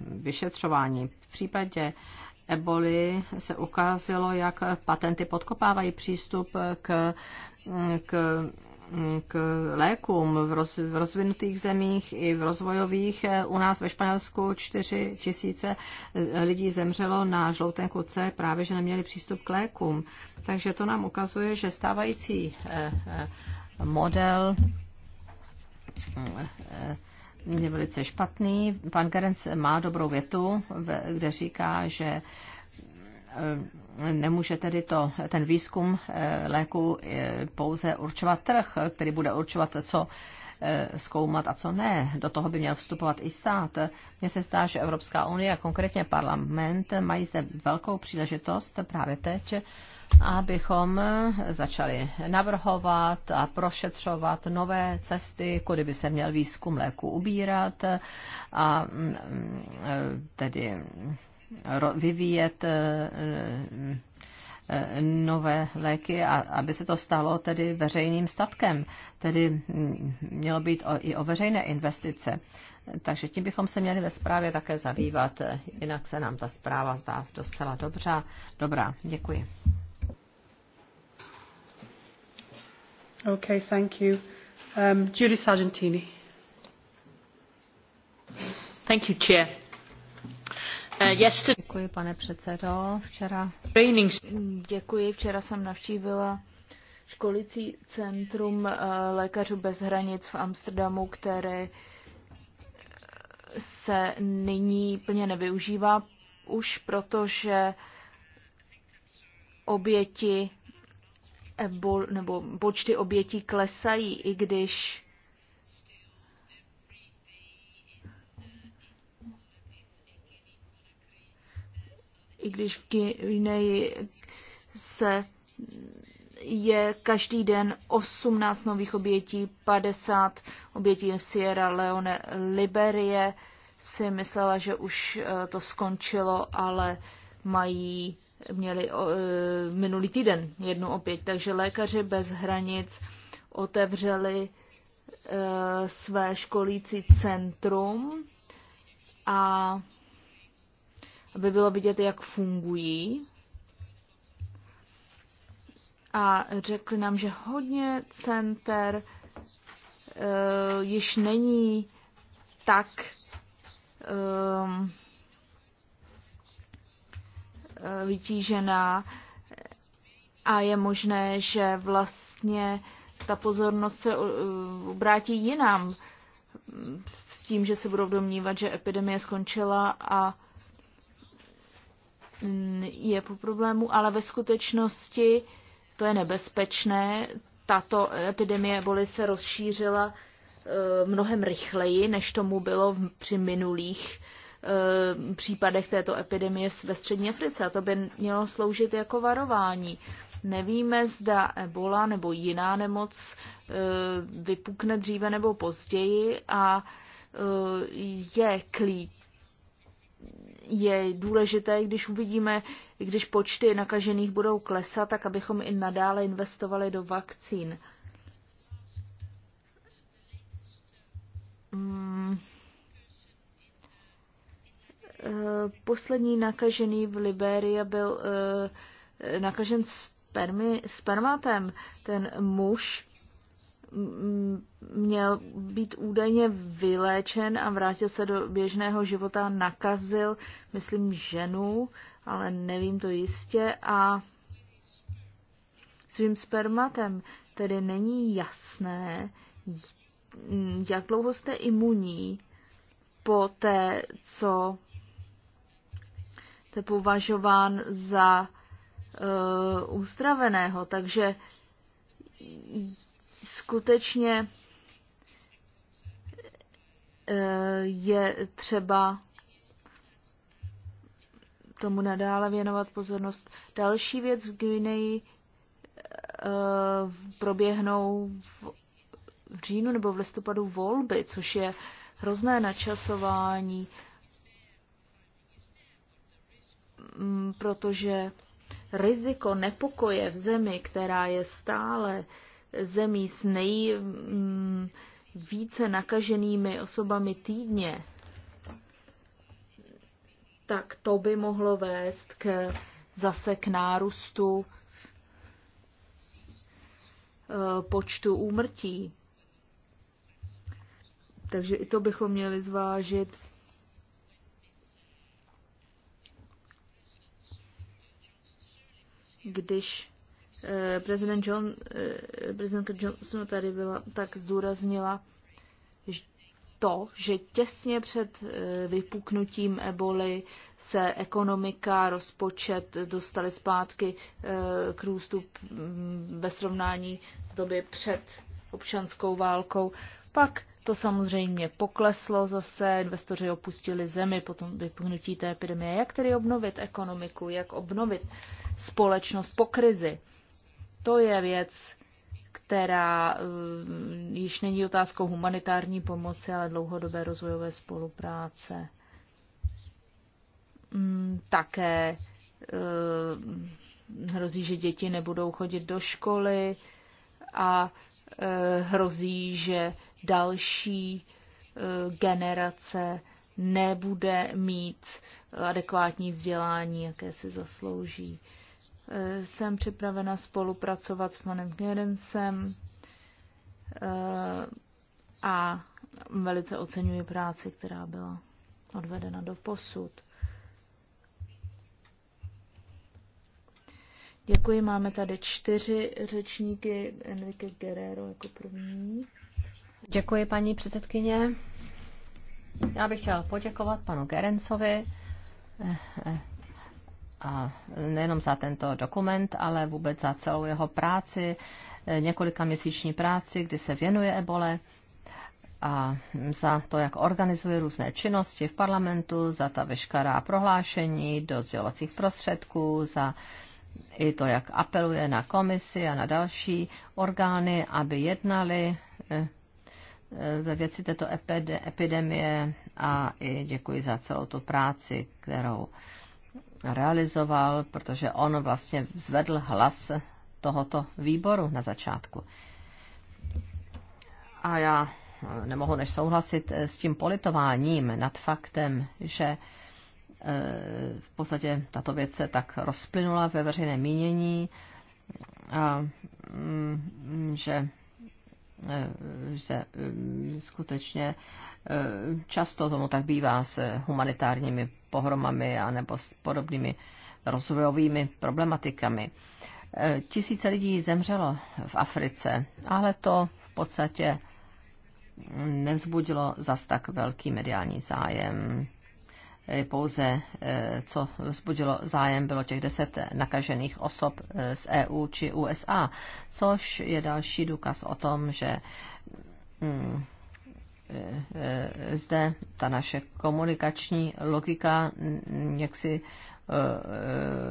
vyšetřování. V případě eboli se ukázalo, jak patenty podkopávají přístup k, k k lékům v, roz, v rozvinutých zemích i v rozvojových. U nás ve Španělsku 4 tisíce eh, lidí zemřelo na žloutenku C, právě že neměli přístup k lékům. Takže to nám ukazuje, že stávající eh, eh, model je velice špatný. Pan Gerenc má dobrou větu, kde říká, že Eh, nemůže tedy to, ten výzkum eh, léku eh, pouze určovat trh, který bude určovat, co zkoumat a co ne. Do toho by měl vstupovat i stát. Mně se zdá, že Evropská unie a konkrétně parlament mají zde velkou příležitost právě teď, abychom začali navrhovat a prošetřovat nové cesty, kudy by se měl výzkum léku ubírat a mm, mm, tedy vyvíjet eh, eh, nové léky, a aby se to stalo tedy veřejným statkem. Tedy hm, mělo být o, i o veřejné investice. Takže tím bychom se měli ve zprávě také zabývat, jinak se nám ta zpráva zdá docela dobře. Dobrá, děkuji. Okay, thank you. Um, Judith Argentini. Thank you, Chair. Uh, Děkuji, pane předsedo. Včera... Děkuji, včera jsem navštívila školicí centrum uh, lékařů bez hranic v Amsterdamu, které uh, se nyní plně nevyužívá už protože oběti nebo počty obětí klesají, i když i když v Guineji se je každý den 18 nových obětí, 50 obětí v Sierra Leone, Liberie si myslela, že už eh, to skončilo, ale mají, měli eh, minulý týden jednu oběť. Takže lékaři bez hranic otevřeli eh, své školící centrum a aby bylo vidět, jak fungují. A řekli nám, že hodně center uh, již není tak um, vytížená a je možné, že vlastně ta pozornost se eh, obrátí jinam s tím, že se budou domnívat, že epidemie skončila a je po problému, ale ve skutečnosti to je nebezpečné. Tato epidemie boli se rozšířila e, mnohem rychleji, než tomu bylo při minulých e, případech této epidemie ve střední Africe. A to by mělo sloužit jako varování. Nevíme, zda ebola nebo jiná nemoc e, vypukne dříve nebo později a je klíč je důležité, když uvidíme, když počty nakažených budou klesat, tak abychom i nadále investovali do vakcín. Hmm. Eh, poslední nakažený v Liberii byl eh, nakažen spermi, spermatem. Ten muž měl být údajně vyléčen a vrátil se do běžného života, nakazil, myslím, ženu, ale nevím to jistě, a svým spermatem. Tedy není jasné, jak dlouho jste imunní po té, co jste považován za uh, eh, ústraveného. Takže skutečně e, je třeba tomu nadále věnovat pozornost. Další věc v Guineji e, proběhnou v říjnu nebo v listopadu volby, což je hrozné načasování, protože riziko nepokoje v zemi, která je stále zemí s nejvíce mm, nakaženými osobami týdně, tak to by mohlo vést k, zase k nárůstu e, počtu úmrtí. Takže i to bychom měli zvážit. Když Eh, prezident John, eh, prezidentka Johnson tady byla, tak zdůraznila to, že těsně před eh, vypuknutím eboli se ekonomika, rozpočet dostaly zpátky k růstu mm, ve srovnání s doby před občanskou válkou. Pak to samozřejmě pokleslo zase, investoři opustili zemi po tom vypuknutí té epidemie. Jak tedy obnovit ekonomiku, jak obnovit společnost po krizi? To je věc, která eh, již není otázkou humanitární pomoci, ale dlouhodobé rozvojové spolupráce. Mm, také eh, hrozí, že děti nebudou chodit do školy a eh, hrozí, že další generace nebude mít adekvátní vzdělání, jaké si zaslouží. Jsem připravena spolupracovat s panem Gerencem eh, a velice oceňuji práci, která byla odvedena do posud. Děkuji, máme tady čtyři řečníky, Enrique Guerrero jako první. Děkuji, paní předsedkyně. Já bych chtěl poděkovat panu Gerencovi eh, eh, a nejenom za tento dokument, ale vůbec za celou jeho práci, eh, několika měsíční práci, kdy se věnuje ebole a za to, jak organizuje různé činnosti v parlamentu, za ta veškerá prohlášení do sdělovacích prostředků, za i to, jak apeluje na komisi a na další orgány, aby jednali eh, eh, ve věci této epidemie a i děkuji za celou tu práci, kterou realizoval, protože on vlastně zvedl hlas tohoto výboru na začátku. A já nemohu než souhlasit s tím politováním nad faktem, že eh, v podstatě tato věc se tak rozplynula ve veřejné mínění a mm, že Eh, že eh, skutečně eh, často tomu tak bývá s humanitárními pohromami nebo s podobnými rozvojovými problematikami. Tisíce lidí zemřelo v Africe, ale to v podstatě nevzbudilo zas tak velký mediální zájem. Eh, pouze, eh, co vzbudilo zájem, bylo těch deset nakažených osob eh, z EU či USA, což je další důkaz o tom, že mm, zde ta naše komunikační logika mm, jaksi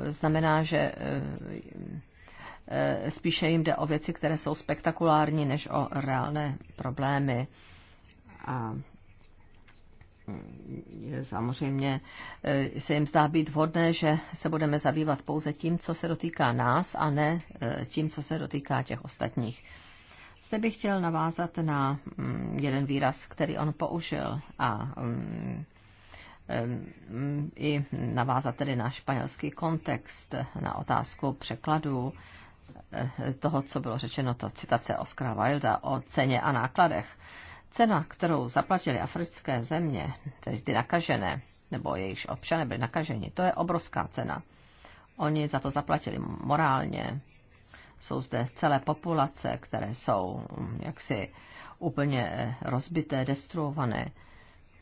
znamená, že spíše jim jde o věci, které jsou spektakulární, než o reálné problémy. A samozřejmě eh, se jim zdá být vhodné, že se budeme zabývat pouze tím, co se dotýká nás a ne eh, tím, co se dotýká těch ostatních. Zde bych chtěl navázat na mm, jeden výraz, který on použil a mm, mm, i navázat tedy na španělský kontext, na otázku překladu eh, toho, co bylo řečeno, to citace Oscara Wilda o ceně a nákladech. Cena, kterou zaplatili africké země, tedy ty nakažené, nebo jejichž občané byli nakaženi, to je obrovská cena. Oni za to zaplatili morálně. Jsou zde celé populace, které jsou mm, jaksi úplně eh, rozbité, destruované.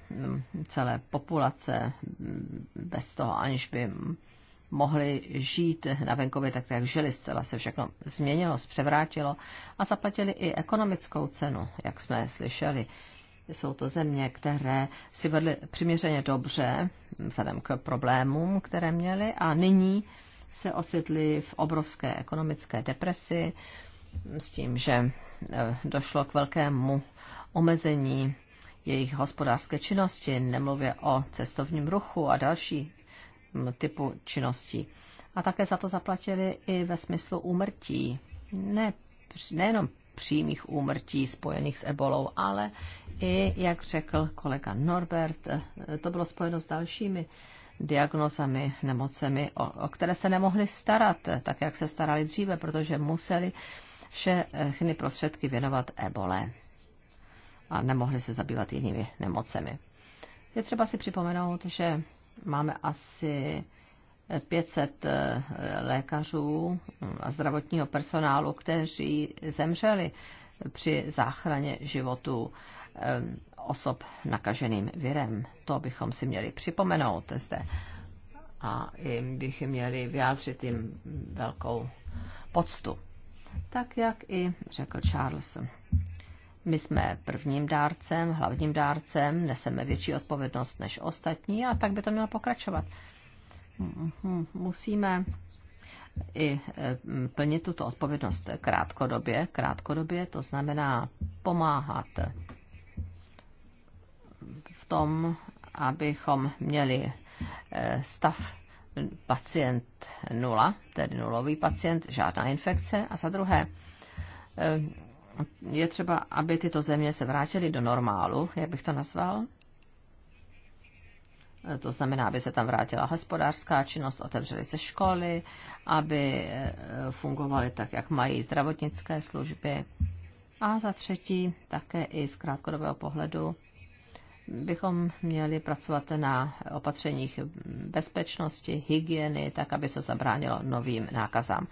Mm, celé populace mm, bez toho, aniž by mohli žít na venkově tak, jak žili. Zcela se všechno změnilo, zpřevrátilo a zaplatili i ekonomickou cenu, jak jsme slyšeli. Jsou to země, které si vedly přiměřeně dobře vzhledem k problémům, které měly a nyní se ocitli v obrovské ekonomické depresi s tím, že eh, došlo k velkému omezení jejich hospodářské činnosti, nemluvě o cestovním ruchu a další typu činností. A také za to zaplatili i ve smyslu úmrtí. Ne, nejenom přímých úmrtí spojených s ebolou, ale i, jak řekl kolega Norbert, to bylo spojeno s dalšími diagnozami, nemocemi, o, o které se nemohli starat, tak jak se starali dříve, protože museli všechny prostředky věnovat ebole a nemohli se zabývat jinými nemocemi. Je třeba si připomenout, že máme asi 500 eh, lékařů a zdravotního personálu, kteří zemřeli při záchraně životu eh, osob nakaženým virem. To bychom si měli připomenout zde a jim bych měli vyjádřit jim velkou poctu. Tak jak i řekl Charles my jsme prvním dárcem, hlavním dárcem, neseme větší odpovědnost než ostatní a tak by to mělo pokračovat. Musíme i e, plnit tuto odpovědnost krátkodobě. Krátkodobě to znamená pomáhat v tom, abychom měli e, stav pacient nula, tedy nulový pacient, žádná infekce. A za druhé, e, je třeba, aby tyto země se vrátily do normálu, jak bych to nazval. To znamená, aby se tam vrátila hospodářská činnost, otevřely se školy, aby eh, fungovaly tak, jak mají zdravotnické služby. A za třetí, také i z krátkodobého pohledu, bychom měli pracovat na opatřeních bezpečnosti, hygieny, tak aby se zabránilo novým nákazám.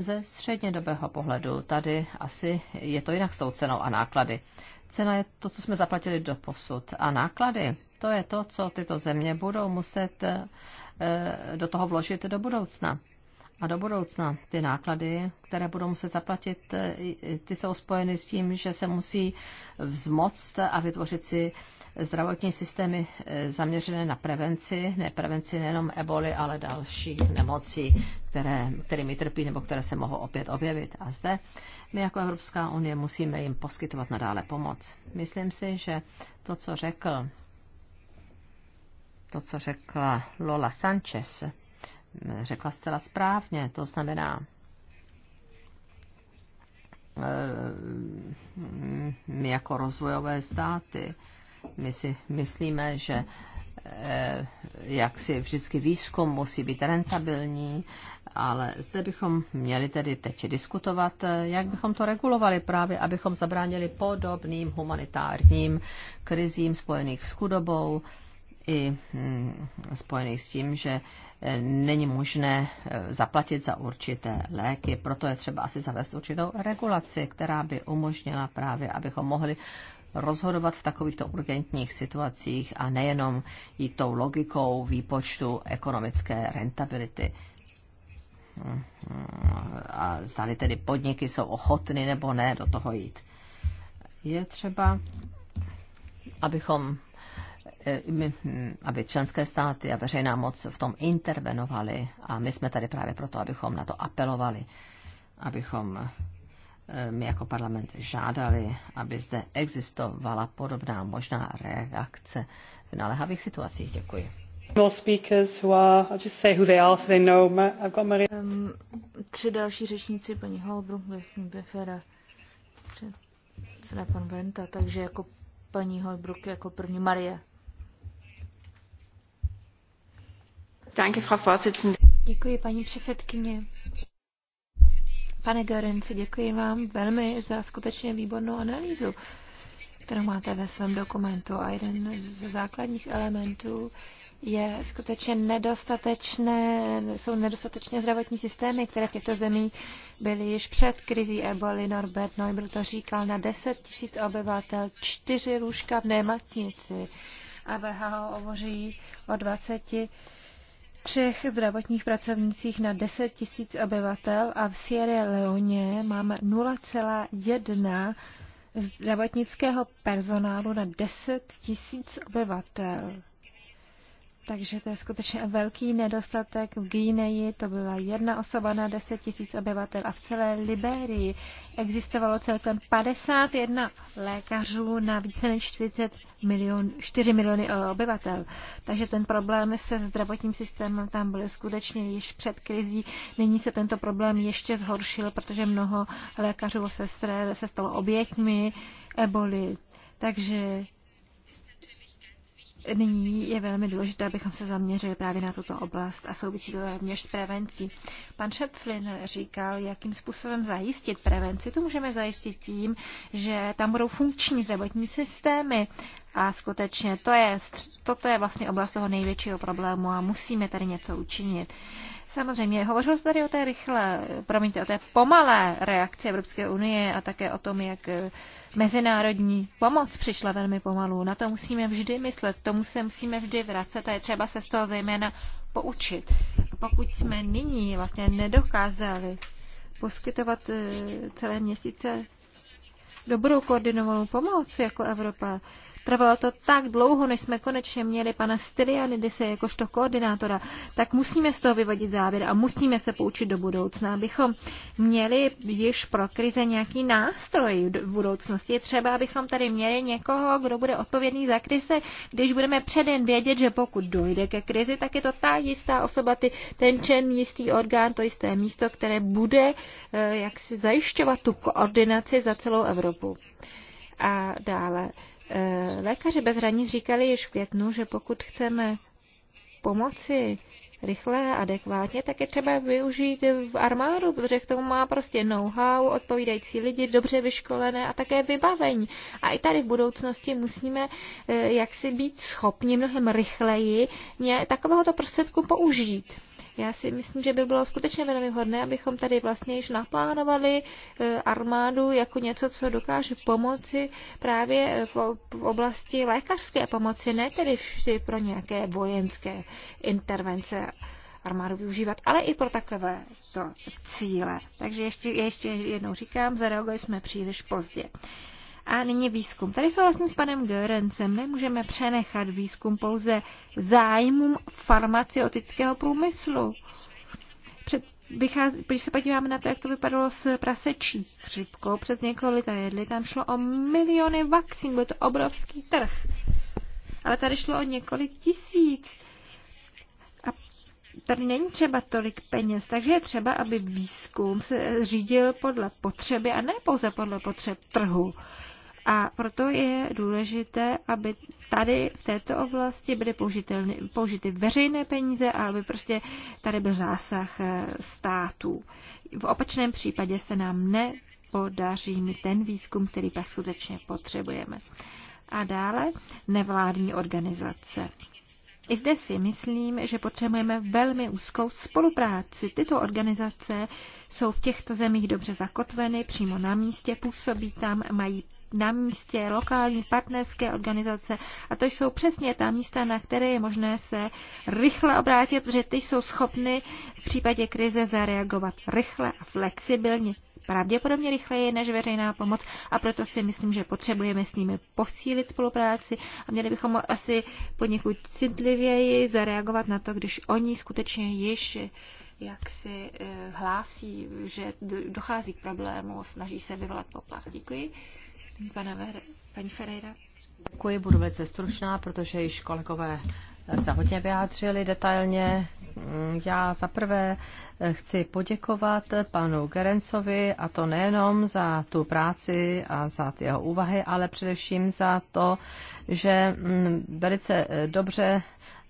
Ze střednědobého pohledu tady asi je to jinak s tou cenou a náklady. Cena je to, co jsme zaplatili do posud. A náklady, to je to, co tyto země budou muset eh, do toho vložit do budoucna. A do budoucna ty náklady, které budou muset zaplatit, eh, ty jsou spojeny s tím, že se musí vzmoct a vytvořit si zdravotní systémy eh, zaměřené na prevenci, ne prevenci nejenom eboli, ale dalších nemocí, které, kterými trpí nebo které se mohou opět objevit. A zde my jako Evropská unie musíme jim poskytovat nadále pomoc. Myslím si, že to, co řekl to, co řekla Lola Sanchez, eh, řekla zcela správně. To znamená, eh, my jako rozvojové státy my si myslíme, že eh, jak si vždycky výzkum musí být rentabilní, ale zde bychom měli tedy teď diskutovat, eh, jak bychom to regulovali právě, abychom zabránili podobným humanitárním krizím spojených s chudobou i hm, spojených s tím, že eh, není možné zaplatit za určité léky. Proto je třeba asi zavést určitou regulaci, která by umožnila právě, abychom mohli rozhodovat v takovýchto urgentních situacích a nejenom jít tou logikou výpočtu ekonomické rentability. A zdali tedy podniky jsou ochotny nebo ne do toho jít. Je třeba, abychom eh, aby členské státy a veřejná moc v tom intervenovali A my jsme tady právě proto, abychom na to apelovali, abychom Eh, my jako parlament žádali, aby zde existovala podobná možná reakce v naléhavých situacích. Děkuji. tři další řečníci, paní Holbrum, Befera, předseda pan Venta, takže jako paní Holbrook, jako první Marie. Děkuji, paní předsedkyně. Pane Görenci, děkuji vám velmi za skutečně výbornou analýzu, kterou máte ve svém dokumentu. A jeden z základních elementů je skutečně nedostatečné, jsou nedostatečné zdravotní systémy, které v těchto zemích byly již před krizí eboli. Norbert Neubel to říkal na 10 tisíc obyvatel, čtyři lůžka v nemocnici. A VHO hovoří o 20 třech zdravotních pracovnících na 10 tisíc obyvatel a v Sierra Leone máme 0,1 zdravotnického personálu na 10 tisíc obyvatel. Takže to je skutečně velký nedostatek. V Gíneji to byla jedna osoba na 10 tisíc obyvatel a v celé Liberii existovalo celkem 51 lékařů na více než 40 milion, 4 miliony obyvatel. Takže ten problém se zdravotním systémem tam byl skutečně již před krizí. Nyní se tento problém ještě zhoršil, protože mnoho lékařů a sestr se stalo obětmi eboli. Takže Nyní je velmi důležité, abychom se zaměřili právě na tuto oblast a souvisí to rovněž s prevencí. Pan Šepflin říkal, jakým způsobem zajistit prevenci. To můžeme zajistit tím, že tam budou funkční zdravotní systémy a skutečně to je, toto je vlastně oblast toho největšího problému a musíme tady něco učinit. Uh, Samozřejmě, hovořil jste tady o té rychlé, promiňte, o té pomalé reakci Evropské unie a také o tom, jak eh, mezinárodní pomoc přišla velmi pomalu. Na to musíme vždy myslet, tomu se musíme vždy vracet a je třeba se z toho zejména poučit. A pokud jsme nyní vlastně nedokázali poskytovat eh, celé měsíce dobrou koordinovanou pomoc jako Evropa, Trvalo to tak dlouho, než jsme konečně měli pana Stylianidise jakožto koordinátora, tak musíme z toho vyvodit závěr a musíme se poučit do budoucna, abychom měli již pro krize nějaký nástroj v budoucnosti. Je třeba, abychom tady měli někoho, kdo bude odpovědný za krize, když budeme předem vědět, že pokud dojde ke krizi, tak je to ta jistá osoba, ty, ten čen, jistý orgán, to jisté místo, které bude eh, jak si zajišťovat tu koordinaci za celou Evropu. A dále Eh, lékaři bez hranic říkali již v květnu, že pokud chceme pomoci rychle a adekvátně, tak je třeba využít v armádu, protože k tomu má prostě know-how, odpovídající lidi, dobře vyškolené a také vybavení. A i tady v budoucnosti musíme eh, jaksi být schopni mnohem rychleji takovéhoto prostředku použít. Já si myslím, že by bylo skutečně velmi hodné, abychom tady vlastně již naplánovali eh, armádu jako něco, co dokáže pomoci právě eh, v oblasti lékařské pomoci, ne tedy vždy pro nějaké vojenské intervence armádu využívat, ale i pro takové to cíle. Takže ještě, ještě jednou říkám, zareagovali jsme příliš pozdě. A nyní výzkum. Tady souhlasím s panem Görencem. Nemůžeme přenechat výzkum pouze zájmům farmaceutického průmyslu. Před vychází, když se podíváme na to, jak to vypadalo s prasečí chřipkou přes několik jedli, tam šlo o miliony vakcín, byl to obrovský trh. Ale tady šlo o několik tisíc. A tady není třeba tolik peněz, takže je třeba, aby výzkum se řídil podle potřeby a ne pouze podle potřeb trhu. A proto je důležité, aby tady v této oblasti byly použity veřejné peníze a aby prostě tady byl zásah eh, států. V opačném případě se nám nepodaří mít ten výzkum, který pak skutečně potřebujeme. A dále nevládní organizace. I zde si myslím, že potřebujeme velmi úzkou spolupráci. Tyto organizace jsou v těchto zemích dobře zakotveny, přímo na místě, působí tam, mají na místě, lokální partnerské organizace. A to jsou přesně ta místa, na které je možné se rychle obrátit, protože ty jsou schopny v případě krize zareagovat rychle a flexibilně. Pravděpodobně rychleji než veřejná pomoc a proto si myslím, že potřebujeme s nimi posílit spolupráci a měli bychom asi poněkud citlivěji zareagovat na to, když oni skutečně již jak si eh, hlásí, že dochází k problému, snaží se vyvolat poplach. Děkuji. Pana Vere, paní Ferreira. Děkuji, budu velice stručná, protože již kolegové se hodně vyjádřili detailně. Já zaprvé chci poděkovat panu Gerencovi a to nejenom za tu práci a za ty jeho úvahy, ale především za to, že mm, velice dobře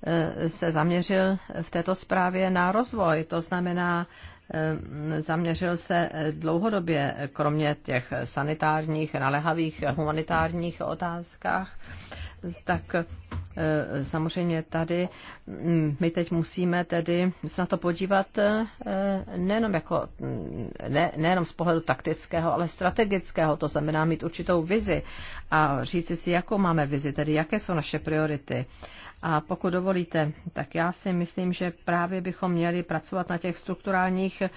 eh, se zaměřil v této zprávě na rozvoj. To znamená, Eh, zaměřil se eh, dlouhodobě, eh, kromě těch sanitárních, naléhavých humanitárních otázkách, tak samozřejmě tady mm, my teď musíme tedy se na to podívat nejenom, jako, mm, ne, nejenom z pohledu taktického, ale strategického, to znamená mít určitou vizi a říci si, jakou máme vizi, tedy jaké jsou naše priority a pokud dovolíte, tak já si myslím, že právě bychom měli pracovat na těch strukturálních eh,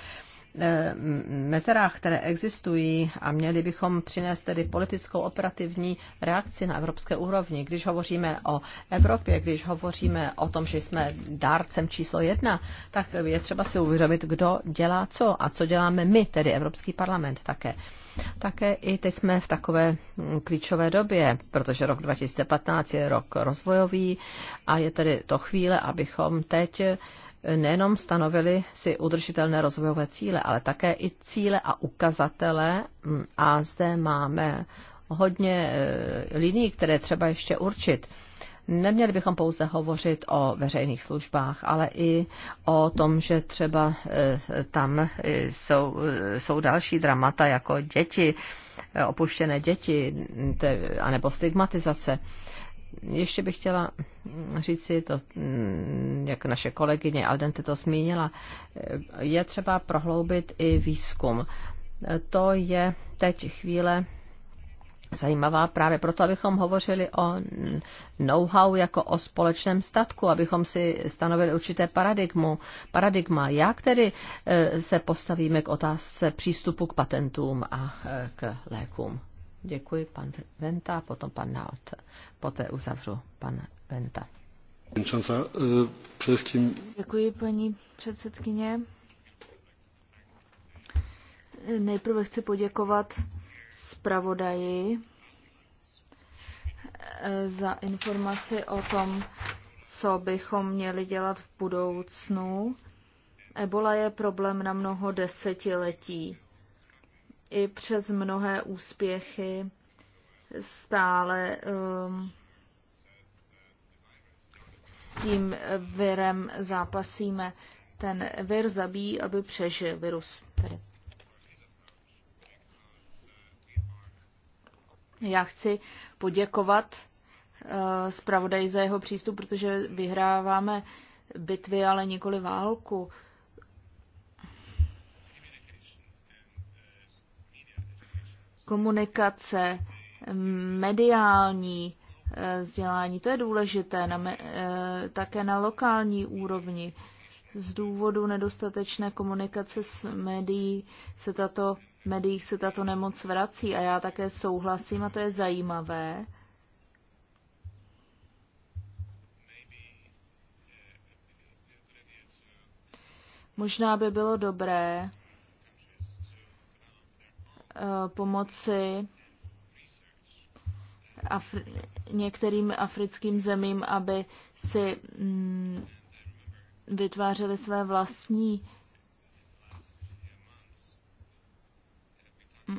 mezerách, které existují a měli bychom přinést tedy politickou operativní reakci na evropské úrovni. Když hovoříme o Evropě, když hovoříme o tom, že jsme dárcem číslo jedna, tak je třeba si uvědomit, kdo dělá co a co děláme my, tedy Evropský parlament také. Také i teď jsme v takové mm, klíčové době, protože rok 2015 je rok rozvojový a je tedy to chvíle, abychom teď e, nejenom stanovili si udržitelné rozvojové cíle, ale také i cíle a ukazatele. Mm, a zde máme hodně e, linií, které třeba ještě určit. Neměli bychom pouze hovořit o veřejných službách, ale i o tom, že třeba e, tam e, jsou, e, jsou další dramata jako děti, opuštěné děti, anebo stigmatizace. Ještě bych chtěla mm, říci to, mm, jak naše kolegyně Aldente to zmínila, je třeba prohloubit i výzkum. To je teď chvíle zajímavá právě proto, abychom hovořili o know-how jako o společném statku, abychom si stanovili určité paradigmu, paradigma, jak tedy eh, se postavíme k otázce přístupu k patentům a eh, k lékům. Děkuji, pan Venta, potom pan Naut. Poté uzavřu, pan Venta. Eh, Děkuji, paní předsedkyně. Nejprve chci poděkovat zpravodaji eh, za informaci o tom, co bychom měli dělat v budoucnu. Ebola je problém na mnoho desetiletí. I přes mnohé úspěchy stále um, s tím virem zápasíme. Ten vir zabíjí, aby přežil virus. Tady. Já chci poděkovat eh, zpravodaji za jeho přístup, protože vyhráváme bitvy, ale nikoli válku. Komunikace, mediální eh, vzdělání, to je důležité na, eh, také na lokální úrovni. Z důvodu nedostatečné komunikace s médií se tato médiích se tato nemoc vrací a já také souhlasím a to je zajímavé. Možná by bylo dobré eh, pomoci Afri- některým africkým zemím, aby si mm, vytvářeli své vlastní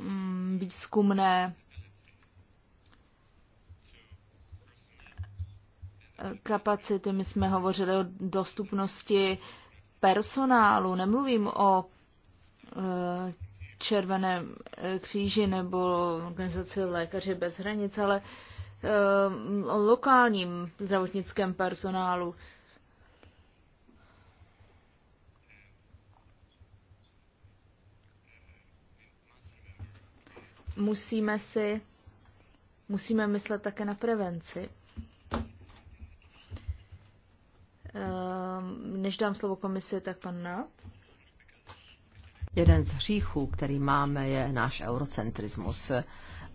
Mm, výzkumné eh, kapacity. My jsme hovořili o dostupnosti personálu. Nemluvím o eh, Červeném eh, kříži nebo organizaci Lékaři bez hranic, ale o lokálním zdravotnickém personálu. musíme si, musíme myslet také na prevenci. Ehm, než dám slovo komisi, tak pan Nat. Jeden z hříchů, který máme, je náš eurocentrismus.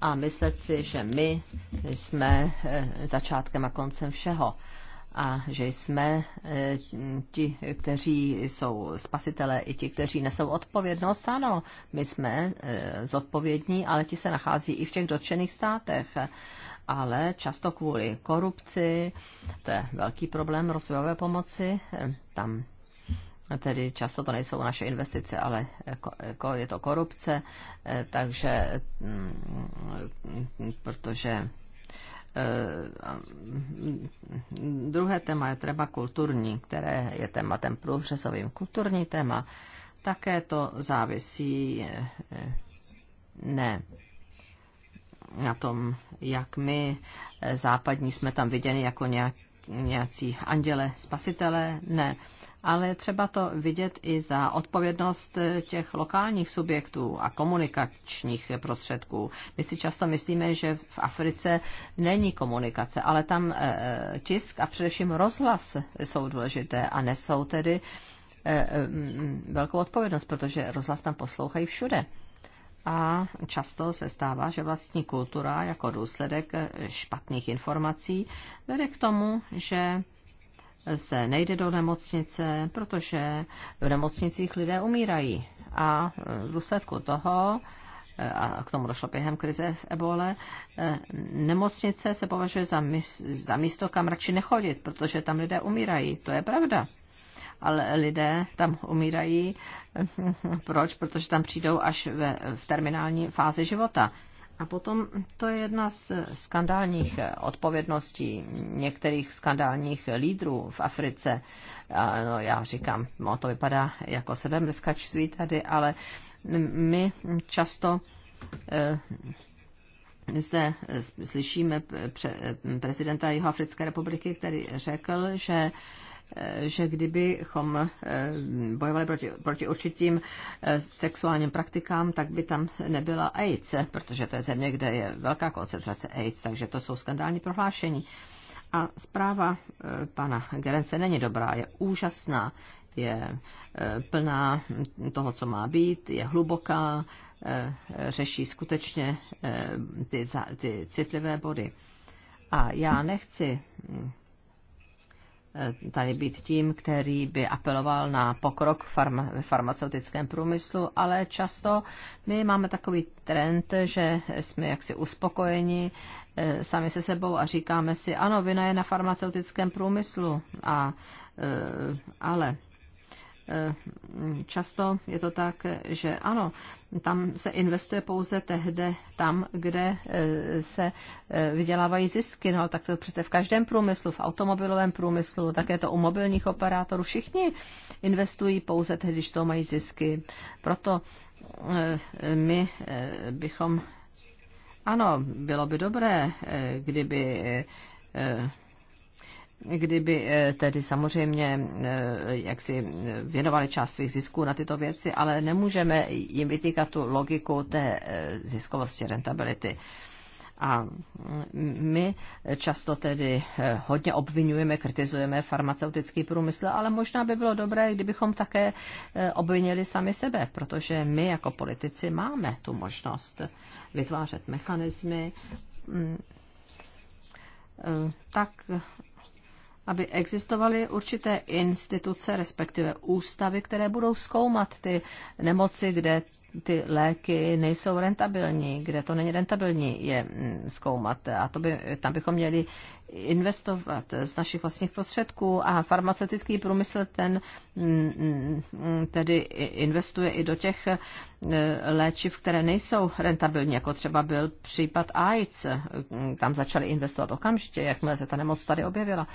A myslet si, že my jsme eh, začátkem a koncem všeho a že jsme eh, ti, kteří jsou spasitelé, i ti, kteří nesou odpovědnost. Ano, my jsme eh, zodpovědní, ale ti se nachází i v těch dotčených státech. Ale často kvůli korupci, to je velký problém rozvojové pomoci, eh, tam tedy často to nejsou naše investice, ale je to korupce, takže mm, protože Eh, mm, druhé téma je třeba kulturní, které je tématem průřezovým. Kulturní téma také to závisí eh, ne na tom, jak my eh, západní jsme tam viděni jako nějak nějací anděle, spasitele, ne ale třeba to vidět i za odpovědnost těch lokálních subjektů a komunikačních prostředků. My si často myslíme, že v Africe není komunikace, ale tam eh, eh, tisk a především rozhlas jsou důležité a nesou tedy eh, velkou odpovědnost, protože rozhlas tam poslouchají všude. A často se stává, že vlastní kultura jako důsledek špatných informací vede k tomu, že se nejde do nemocnice, protože v nemocnicích lidé umírají. A v důsledku toho, a k tomu došlo během krize v ebole, nemocnice se považuje za, mis, za místo, kam radši nechodit, protože tam lidé umírají. To je pravda ale lidé tam umírají. Proč? Protože tam přijdou až ve, v terminální fázi života. A potom to je jedna z skandálních odpovědností některých skandálních lídrů v Africe. A, no, já říkám, no, to vypadá jako sebemrskačství tady, ale my často eh, zde slyšíme prezidenta Jihoafrické republiky, který řekl, že eh, Eh, že kdybychom eh, bojovali proti, proti určitým eh, sexuálním praktikám, tak by tam nebyla AIDS, protože to je země, kde je velká koncentrace AIDS, takže to jsou skandální prohlášení. A zpráva pana Gerence není dobrá, je úžasná, je plná toho, co má být, je hluboká, řeší skutečně ty, ty citlivé body. A já nechci hm, Eh, tady být tím, který by apeloval na pokrok v farma, farmaceutickém průmyslu, ale často my máme takový trend, že jsme jaksi uspokojeni eh, sami se sebou a říkáme si, ano, vina je na farmaceutickém průmyslu, a, eh, ale Eh, často je to tak, že ano, tam se investuje pouze tehde, tam, kde eh, se eh, vydělávají zisky. No, tak to přece v každém průmyslu, v automobilovém průmyslu, také to u mobilních operátorů. Všichni investují pouze tehdy, když to mají zisky. Proto my bychom. Ano, bylo by dobré, kdyby kdyby eh, tedy samozřejmě eh, jak si eh, věnovali část svých zisků na tyto věci, ale nemůžeme jim vytýkat tu logiku té ziskovosti, rentability. A my často tedy hodně obvinujeme, kritizujeme farmaceutický průmysl, ale možná by bylo dobré, kdybychom také obvinili sami sebe, protože my jako politici máme tu možnost vytvářet mechanismy mm, tak, aby existovaly určité instituce, respektive ústavy, které budou zkoumat ty nemoci, kde ty léky nejsou rentabilní, kde to není rentabilní je mm, zkoumat. A to by, tam bychom měli investovat z našich vlastních prostředků a farmaceutický průmysl ten mm, mm, tedy investuje i do těch e, léčiv, které nejsou rentabilní, jako třeba byl případ AIDS. Tam začali investovat okamžitě, jakmile se ta nemoc tady objevila.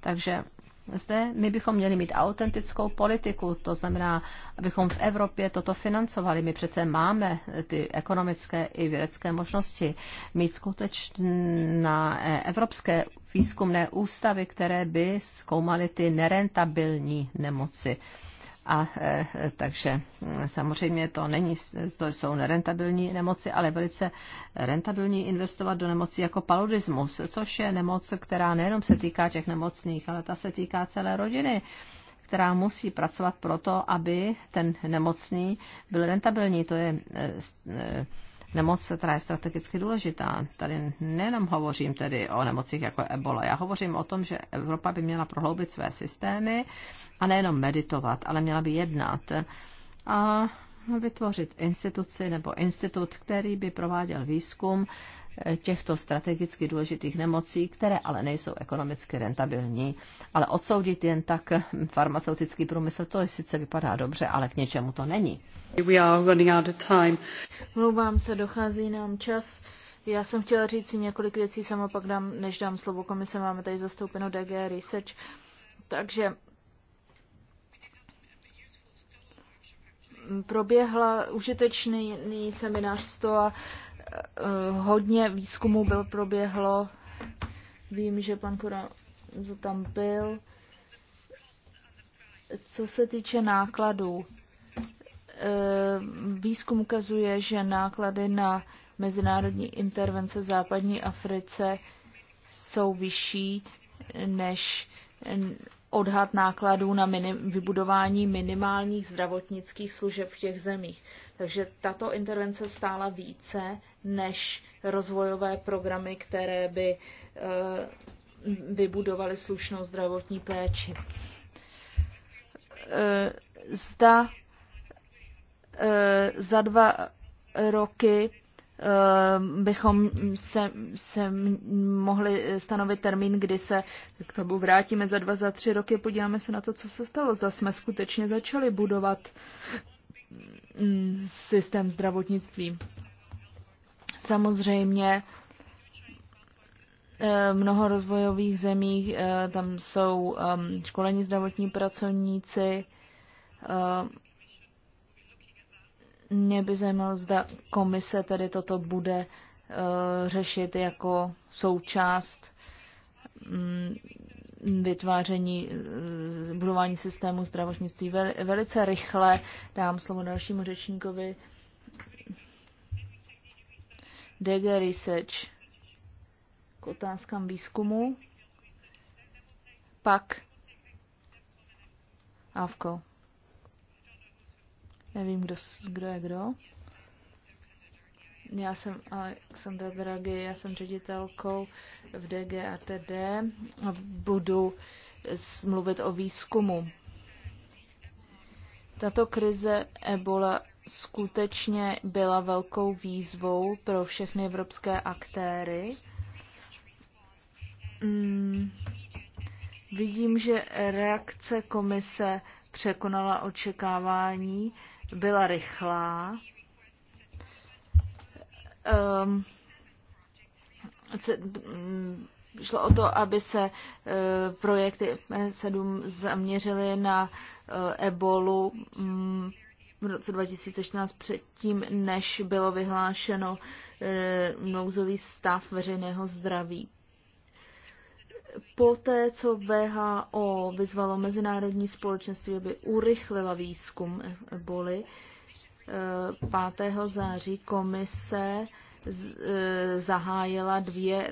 Takže zde my bychom měli mít autentickou politiku, to znamená, abychom v Evropě toto financovali. My přece máme ty ekonomické i vědecké možnosti mít skutečná eh, evropské výzkumné ústavy, které by zkoumaly ty nerentabilní nemoci. A e, takže mm, samozřejmě to není, to jsou nerentabilní nemoci, ale velice rentabilní investovat do nemocí jako paludismus, což je nemoc, která nejenom se týká těch nemocných, ale ta se týká celé rodiny která musí pracovat proto, aby ten nemocný byl rentabilní. To je e, e, nemoc, která je strategicky důležitá. Tady nejenom hovořím tedy o nemocích jako ebola, já hovořím o tom, že Evropa by měla prohloubit své systémy a nejenom meditovat, ale měla by jednat. A vytvořit instituci nebo institut, který by prováděl výzkum eh, těchto strategicky důležitých nemocí, které ale nejsou ekonomicky rentabilní. Ale odsoudit jen tak eh, farmaceutický průmysl, to sice vypadá dobře, ale k něčemu to není. We are running out of time. Mluvám se, dochází nám čas. Já jsem chtěla říct si několik věcí, samopak dám, než dám slovo komise, máme tady zastoupeno DG Research. Takže proběhla užitečný seminář a eh, hodně výzkumu byl proběhlo, vím, že pan Kura tam byl. Co se týče nákladů, eh, výzkum ukazuje, že náklady na mezinárodní intervence v západní Africe jsou vyšší než odhad nákladů na minim, vybudování minimálních zdravotnických služeb v těch zemích. Takže tato intervence stála více než rozvojové programy, které by eh, vybudovaly slušnou zdravotní péči. Eh, zda eh, za dva roky Ehm, bychom se, se mohli stanovit termín, kdy se k tomu vrátíme za dva, za tři roky, podíváme se na to, co se stalo. Zda jsme skutečně začali budovat mm, systém zdravotnictví. Samozřejmě ehm, mnoho rozvojových zemí, ehm, tam jsou školení zdravotní pracovníci, mě by zajímalo, zda komise tedy toto bude uh, řešit jako součást um, vytváření, uh, budování systému zdravotnictví. Vel, velice rychle dám slovo dalšímu řečníkovi. DG Research k otázkám výzkumu. Pak Avko. Nevím, kdo, kdo je kdo. Já jsem Alexandra Dragy, já jsem ředitelkou v DG a TD a budu mluvit o výzkumu. Tato krize Ebola skutečně byla velkou výzvou pro všechny evropské aktéry. Mm, vidím, že reakce komise překonala očekávání byla rychlá. Um, ehm, se, um, šlo o to, aby se uh, projekty 7 zaměřily na uh, ebolu um, v roce 2014 předtím, než bylo vyhlášeno uh, nouzový stav veřejného zdraví Poté, co VHO vyzvalo mezinárodní společenství, aby urychlila výzkum boli, 5. Eh, září komise eh, zahájila dvě,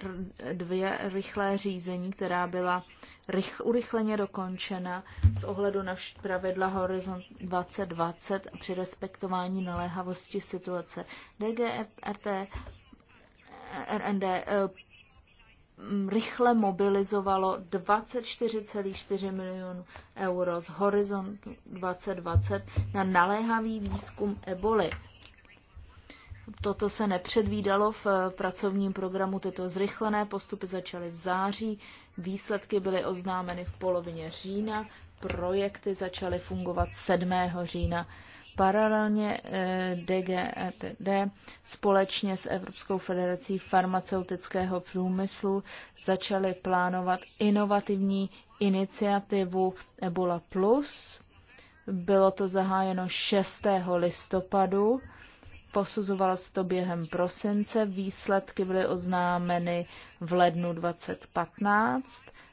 dvě rychlé řízení, která byla rychl, urychleně dokončena s ohledu na pravidla Horizon 2020 a při respektování naléhavosti situace. DGRT RND eh, Mm, rychle mobilizovalo 24,4 milionů euro z Horizont 2020 na naléhavý výzkum eboli. Toto se nepředvídalo v eh, pracovním programu. Tyto zrychlené postupy začaly v září, výsledky byly oznámeny v polovině října, projekty začaly fungovat 7. října Paralelně DGTD eh, e společně s Evropskou federací farmaceutického průmyslu začaly plánovat inovativní iniciativu Ebola Plus. Bylo to zahájeno 6. listopadu, posuzovalo se to během prosince, výsledky byly oznámeny v lednu 2015,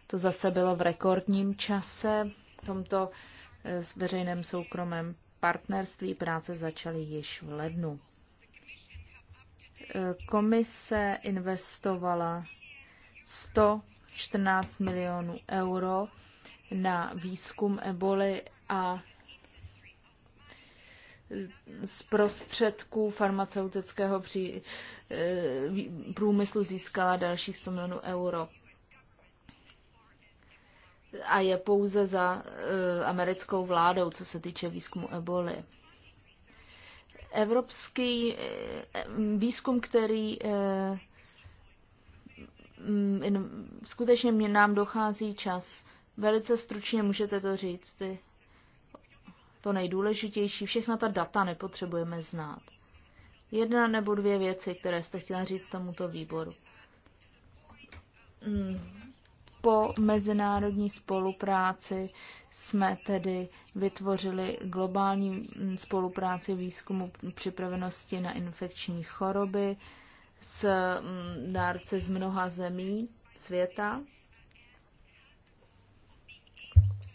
to zase bylo v rekordním čase v tomto eh, s veřejném soukromém partnerství práce začaly již v lednu. Komise investovala 114 milionů euro na výzkum eboli a z prostředků farmaceutického při, e, průmyslu získala dalších 100 milionů euro a je pouze za eh, americkou vládou, co se týče výzkumu eboli. Evropský eh, eh, výzkum, který mm, skutečně mě nám dochází čas. Velice stručně můžete to říct, ty, to nejdůležitější, všechna ta data nepotřebujeme znát. Jedna nebo dvě věci, které jste chtěla říct tomuto výboru. Hmm po mezinárodní spolupráci jsme tedy vytvořili globální mm, spolupráci výzkumu připravenosti na infekční choroby s mm, dárce z mnoha zemí světa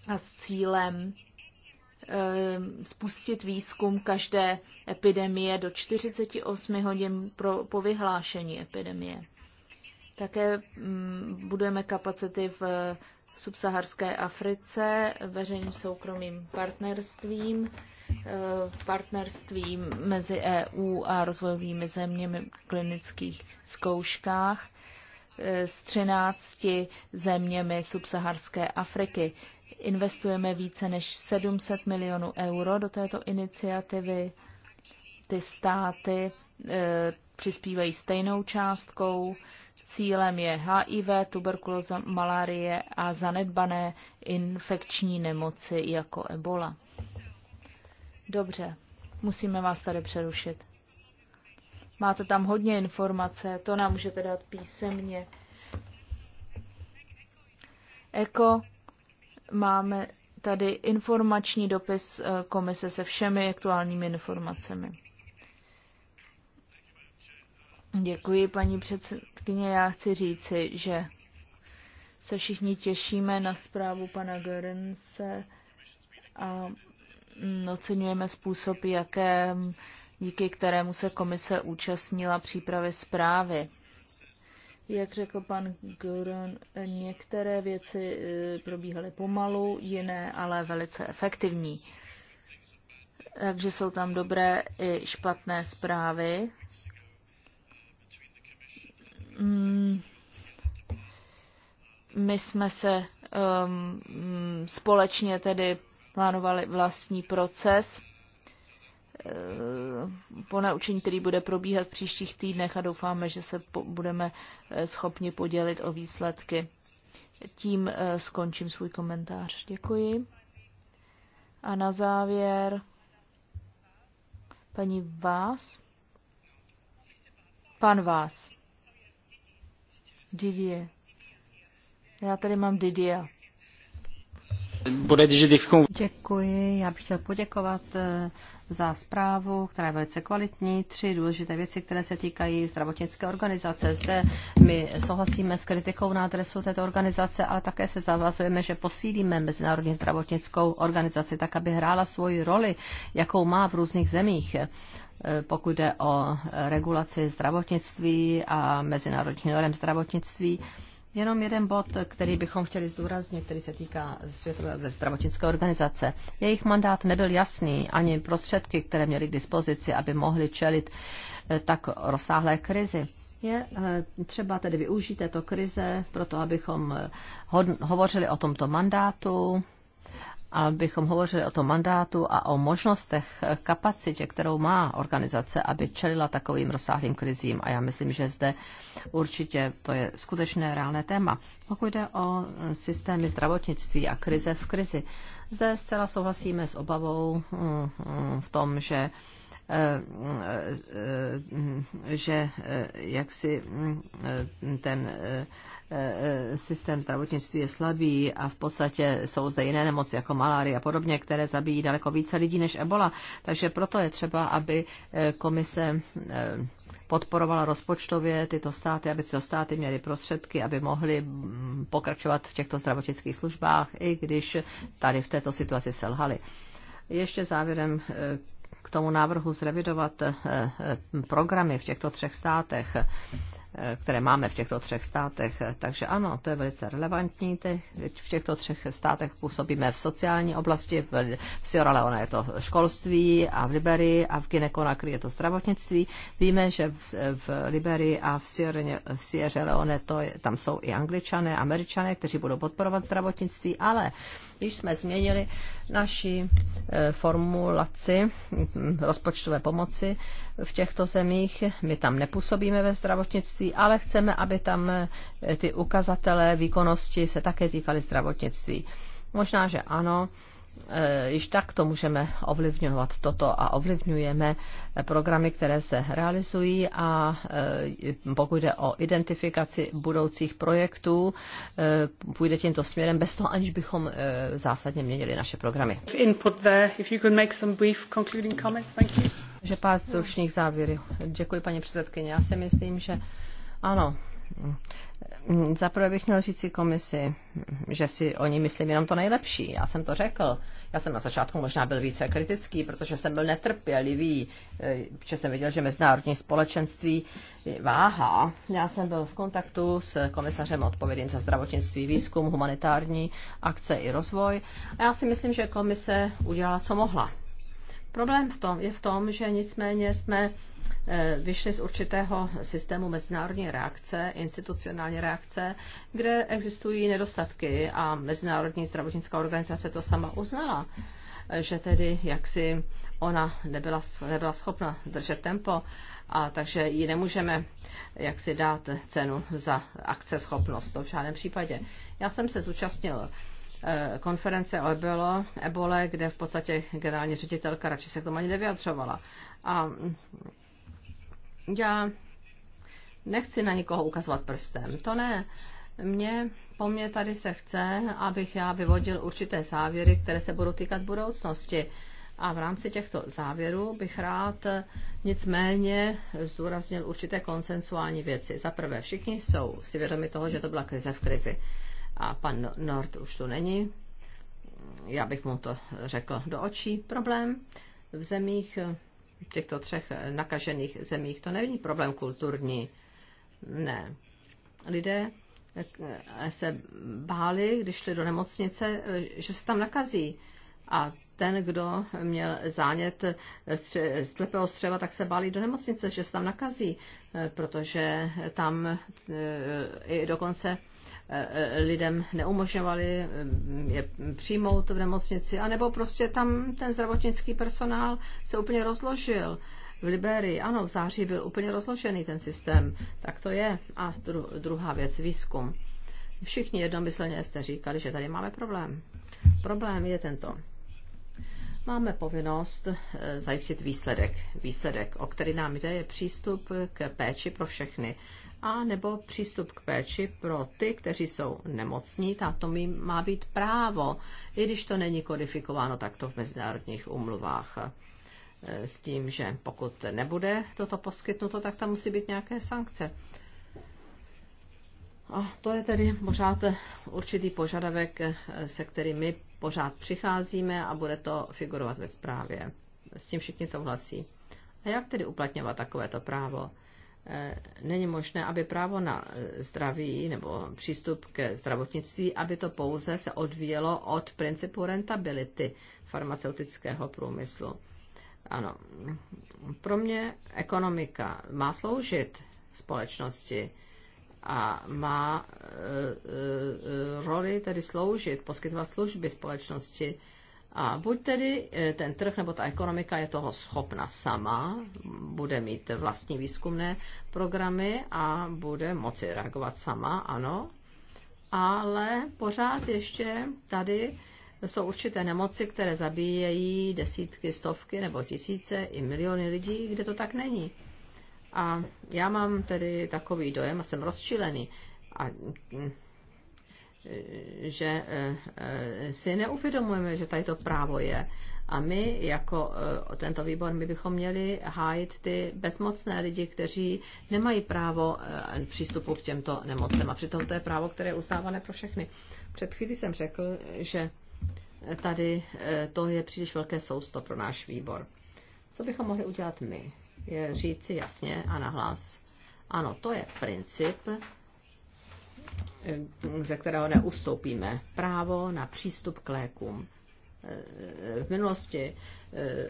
a s cílem spustit výzkum každé epidemie do 48 hodin pro, po vyhlášení epidemie. Také mm, budujeme kapacity v subsaharské Africe veřejným soukromým partnerstvím, eh, partnerstvím mezi EU a rozvojovými zeměmi v klinických zkouškách eh, s 13 zeměmi subsaharské Afriky. Investujeme více než 700 milionů euro do této iniciativy. Ty státy eh, přispívají stejnou částkou. Cílem je HIV, tuberkulóza, malárie a zanedbané infekční nemoci jako ebola. Dobře, musíme vás tady přerušit. Máte tam hodně informace, to nám můžete dát písemně. Eko, máme tady informační dopis eh, komise se všemi aktuálními informacemi. Děkuji, paní předsedkyně. Já chci říci, že se všichni těšíme na zprávu pana Görense a mm, oceňujeme způsob, jaké, mm, díky kterému se komise účastnila přípravy zprávy. Jak řekl pan Goron, některé věci e, probíhaly pomalu, jiné ale velice efektivní. Takže jsou tam dobré i špatné zprávy Mm, my jsme se um, mm, společně tedy plánovali vlastní proces eh, po naučení, který bude probíhat v příštích týdnech a doufáme, že se po, budeme eh, schopni podělit o výsledky. Tím eh, skončím svůj komentář. Děkuji. A na závěr paní Vás. Pan Vás. Didier. Já tady mám Didia. Děkuji, já bych chtěl poděkovat eh, za zprávu, která je velice kvalitní. Tři důležité věci, které se týkají zdravotnické organizace. Zde my souhlasíme s kritikou na adresu této organizace, ale také se zavazujeme, že posílíme Mezinárodní zdravotnickou organizaci tak, aby hrála svoji roli, jakou má v různých zemích eh, pokud jde o regulaci zdravotnictví a mezinárodní norem zdravotnictví Jenom jeden bod, který bychom chtěli zdůraznit, který se týká Světové zdravotnické organizace. Jejich mandát nebyl jasný, ani prostředky, které měli k dispozici, aby mohli čelit eh, tak rozsáhlé krizi. Je eh, třeba tedy využít této krize proto, abychom eh, hovořili o tomto mandátu, abychom hovořili o tom mandátu a o možnostech eh, kapacitě, kterou má organizace, aby čelila takovým rozsáhlým krizím. A já myslím, že zde určitě to je skutečné reálné téma. Pokud jde o eh, systémy zdravotnictví a krize v krizi, zde zcela souhlasíme s obavou mm, mm, v tom, že eh, mm, že jaksi ten Eh, eh, systém zdravotnictví je slabý a v podstatě jsou zde jiné nemoci jako malárie a podobně, které zabíjí daleko více lidí než ebola. Takže proto je třeba, aby eh, komise podporovala rozpočtově tyto státy, aby tyto státy měly prostředky, aby mohly mm, pokračovat v těchto zdravotnických službách, i když tady v této situaci selhaly. Ještě závěrem k tomu návrhu zrevidovat programy v těchto třech státech které máme v těchto třech státech. Takže ano, to je velice relevantní. V těchto třech státech působíme v sociální oblasti, v Sierra Leone je to školství a v Liberii a v Ginekonakry je to zdravotnictví. Víme, že v, Liberii a v, Sierra, Sierra Leone to je, tam jsou i angličané, američané, kteří budou podporovat zdravotnictví, ale když jsme změnili naši eh, formulaci hm, rozpočtové pomoci v těchto zemích. My tam nepůsobíme ve zdravotnictví, zdravotnictví, ale chceme, aby tam eh, ty ukazatele výkonnosti se také týkaly zdravotnictví. Možná, že ano, eh, již tak to můžeme ovlivňovat toto a ovlivňujeme eh, programy, které se realizují a pokud jde o identifikaci budoucích projektů, půjde tímto směrem bez toho, aniž bychom zásadně měnili naše programy. Že pár stručných závěrů. Děkuji, paní předsedkyně. Já si myslím, že ano. Zaprvé bych měl říct si komisi, že si oni myslím jenom to nejlepší. Já jsem to řekl. Já jsem na začátku možná byl více kritický, protože jsem byl netrpělivý, protože eh, jsem viděl, že mezinárodní společenství váhá. Já jsem byl v kontaktu s komisařem odpovědným za zdravotnictví, výzkum, humanitární akce i rozvoj. A já si myslím, že komise udělala, co mohla. Problém v tom, je v tom, že nicméně jsme Eh, vyšly z určitého systému mezinárodní reakce, institucionální reakce, kde existují nedostatky a Mezinárodní zdravotnická organizace to sama uznala eh, že tedy jaksi ona nebyla, nebyla schopna držet tempo a takže ji nemůžeme jaksi dát cenu za akceschopnost, to v žádném případě. Já jsem se zúčastnil eh, konference o Ebolo, ebole, kde v podstatě generální ředitelka radši se k tomu ani nevyjadřovala. A mm, já nechci na nikoho ukazovat prstem, to ne. Mně, po mně tady se chce, abych já vyvodil určité závěry, které se budou týkat budoucnosti. A v rámci těchto závěrů bych rád nicméně zdůraznil určité konsensuální věci. Za prvé, všichni jsou si vědomi toho, že to byla krize v krizi. A pan Nord už tu není. Já bych mu to řekl do očí. Problém v zemích v těchto třech nakažených zemích. To není problém kulturní. Ne. Lidé eh, se báli, když šli do nemocnice, eh, že se tam nakazí. A ten, kdo měl zánět eh, slepého střeva, tak se báli do nemocnice, že se tam nakazí, protože tam i dokonce E, e, lidem neumožňovali mm, je přijmout v nemocnici, anebo prostě tam ten zdravotnický personál se úplně rozložil. V Liberii, ano, v září byl úplně rozložený ten systém, tak to je. A druhá věc, výzkum. Všichni jednomyslně jste říkali, že tady máme problém. Problém je tento. Máme povinnost e, zajistit výsledek. Výsledek, o který nám jde, je přístup k péči pro všechny a nebo přístup k péči pro ty, kteří jsou nemocní, a to má být právo, i když to není kodifikováno takto v mezinárodních umluvách e, s tím, že pokud nebude toto poskytnuto, tak tam musí být nějaké sankce. A to je tedy pořád určitý požadavek, e, se kterým my pořád přicházíme a bude to figurovat ve zprávě. S tím všichni souhlasí. A jak tedy uplatňovat takovéto právo? Eh, není možné, aby právo na eh, zdraví nebo přístup ke zdravotnictví, aby to pouze se odvíjelo od principu rentability farmaceutického průmyslu. Ano, pro mě ekonomika má sloužit společnosti a má e, e, roli tedy sloužit, poskytovat služby společnosti a buď tedy eh, ten trh nebo ta ekonomika je toho schopna sama, bude mít vlastní výzkumné programy a bude moci reagovat sama, ano. Ale pořád ještě tady jsou určité nemoci, které zabíjejí desítky, stovky nebo tisíce i miliony lidí, kde to tak není. A já mám tedy takový dojem a jsem rozčilený. A mm, že eh, eh, si neuvědomujeme, že tady to právo je. A my jako eh, tento výbor, my bychom měli hájit ty bezmocné lidi, kteří nemají právo přístupu k těmto nemocem. A přitom to je právo, které je uznávané pro všechny. Před chvílí jsem řekl, že tady to je příliš velké sousto pro náš výbor. Co bychom mohli udělat my? Je říci jasně a nahlas. Ano, to je princip, ze kterého neustoupíme. Právo na přístup k lékům. V minulosti eh,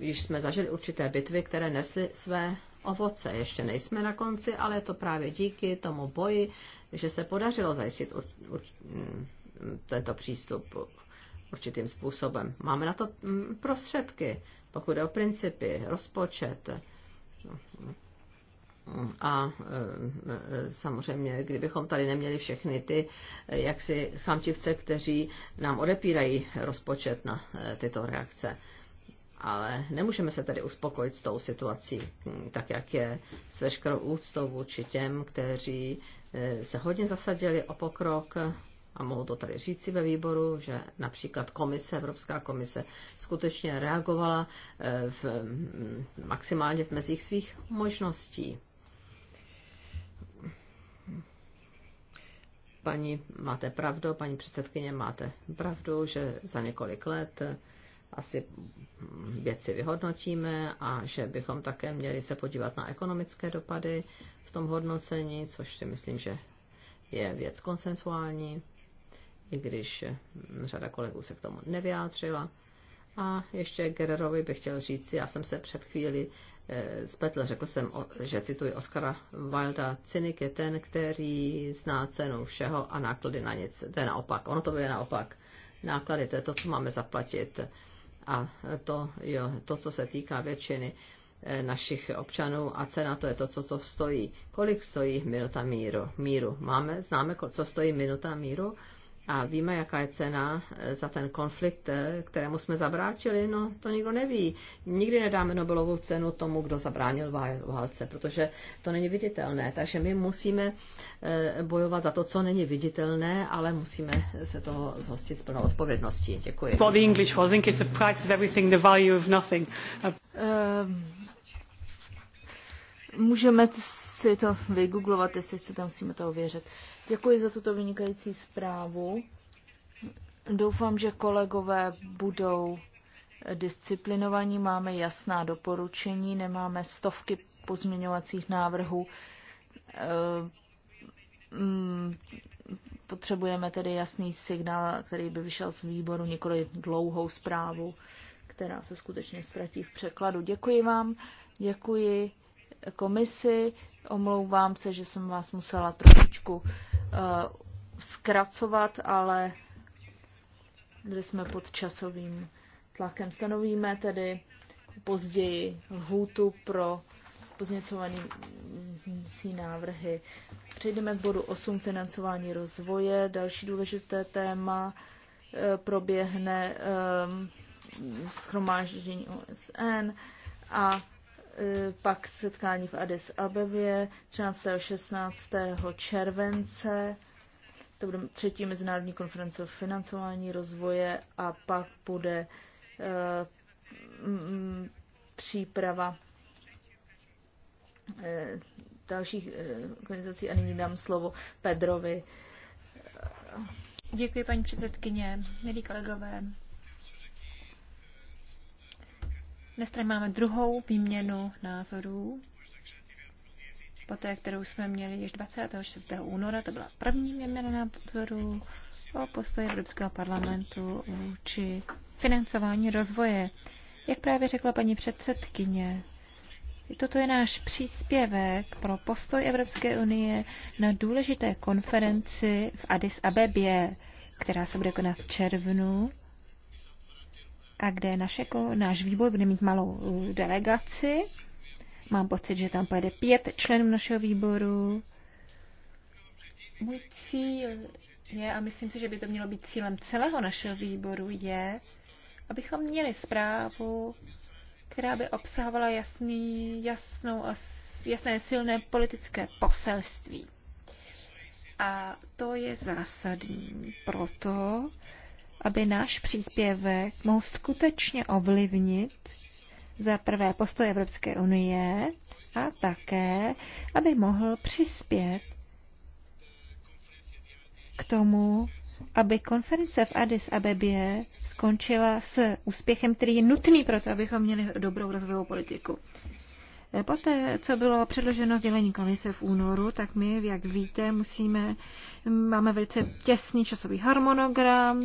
již jsme zažili určité bitvy, které nesly své ovoce. Ještě nejsme na konci, ale je to právě díky tomu boji, že se podařilo zajistit hm, tento přístup určitým způsobem. Máme na to hm, prostředky, pokud je o principy, rozpočet, a e, e, samozřejmě, kdybychom tady neměli všechny ty e, jaksi chamčivce, kteří nám odepírají rozpočet na tyto reakce. Ale nemůžeme se tady uspokojit s tou situací, hm, tak jak je s veškerou úctou vůči těm, kteří se hodně zasadili o pokrok a mohu to tady říci ve výboru, že například komise, Evropská komise skutečně reagovala v, hm, maximálně v mezích svých možností. Paní, máte pravdu, paní předsedkyně, máte pravdu, že za několik let asi věci vyhodnotíme a že bychom také měli se podívat na ekonomické dopady v tom hodnocení, což si myslím, že je věc konsensuální, i když řada kolegů se k tomu nevyjádřila. A ještě Gererovi bych chtěl říct, já jsem se před chvíli spletl. Eh, Řekl jsem, že cituji Oscara Wilda, cynik je ten, který zná cenu všeho a náklady na nic. To je naopak. Ono to je naopak. Náklady, to je to, co máme zaplatit. A to, jo, to co se týká většiny eh, našich občanů a cena to je to, co, co stojí. Kolik stojí minuta míru? míru? Máme, známe, co stojí minuta míru? A víme, jaká je cena eh, za ten konflikt, eh, kterému jsme zabráčili, No, to nikdo neví. Nikdy nedáme nobelovou cenu tomu, kdo zabránil válce, protože to není viditelné. Takže my musíme eh, bojovat za to, co není viditelné, ale musíme se toho zhostit s plnou odpovědností. Děkuji. Můžeme si to vygooglovat, jestli chcete, musíme to ověřit. Děkuji za tuto vynikající zprávu. Doufám, že kolegové budou disciplinovaní, máme jasná doporučení, nemáme stovky pozměňovacích návrhů. Eh, mm, potřebujeme tedy jasný signál, který by vyšel z výboru, nikoli dlouhou zprávu, která se skutečně ztratí v překladu. Děkuji vám, děkuji komisi. Omlouvám se, že jsem vás musela trošičku uh, zkracovat, ale kde jsme pod časovým tlakem. Stanovíme tedy později lhůtu pro pozněcovací návrhy. Přejdeme k bodu 8 financování rozvoje. Další důležité téma eh, proběhne eh, schromáždění OSN a E, pak setkání v Addis Abebě 13. a 16. července. To bude třetí mezinárodní konference o financování rozvoje a pak bude e, příprava e, dalších organizací a nyní dám slovo Pedrovi. Děkuji, paní předsedkyně, milí kolegové. Dnes tady máme druhou výměnu názorů, poté, kterou jsme měli již 24. února, to byla první výměna názorů o postoji Evropského parlamentu vůči financování rozvoje. Jak právě řekla paní předsedkyně, Toto je náš příspěvek pro postoj Evropské unie na důležité konferenci v Addis Abebě, která se bude konat v červnu a kde naše, náš výbor bude mít malou uh, delegaci. Mám pocit, že tam pojede pět členů našeho výboru. Můj cíl je, a myslím si, že by to mělo být cílem celého našeho výboru, je, abychom měli zprávu, která by obsahovala jasný, jasnou a jasné silné politické poselství. A to je zásadní proto, aby náš příspěvek mohl skutečně ovlivnit za prvé postoj Evropské unie a také, aby mohl přispět k tomu, aby konference v Addis Abebě skončila s úspěchem, který je nutný pro to, abychom měli dobrou rozvojovou politiku. Poté, co bylo předloženo sdělení komise v únoru, tak my, jak víte, musíme, máme velice těsný časový harmonogram,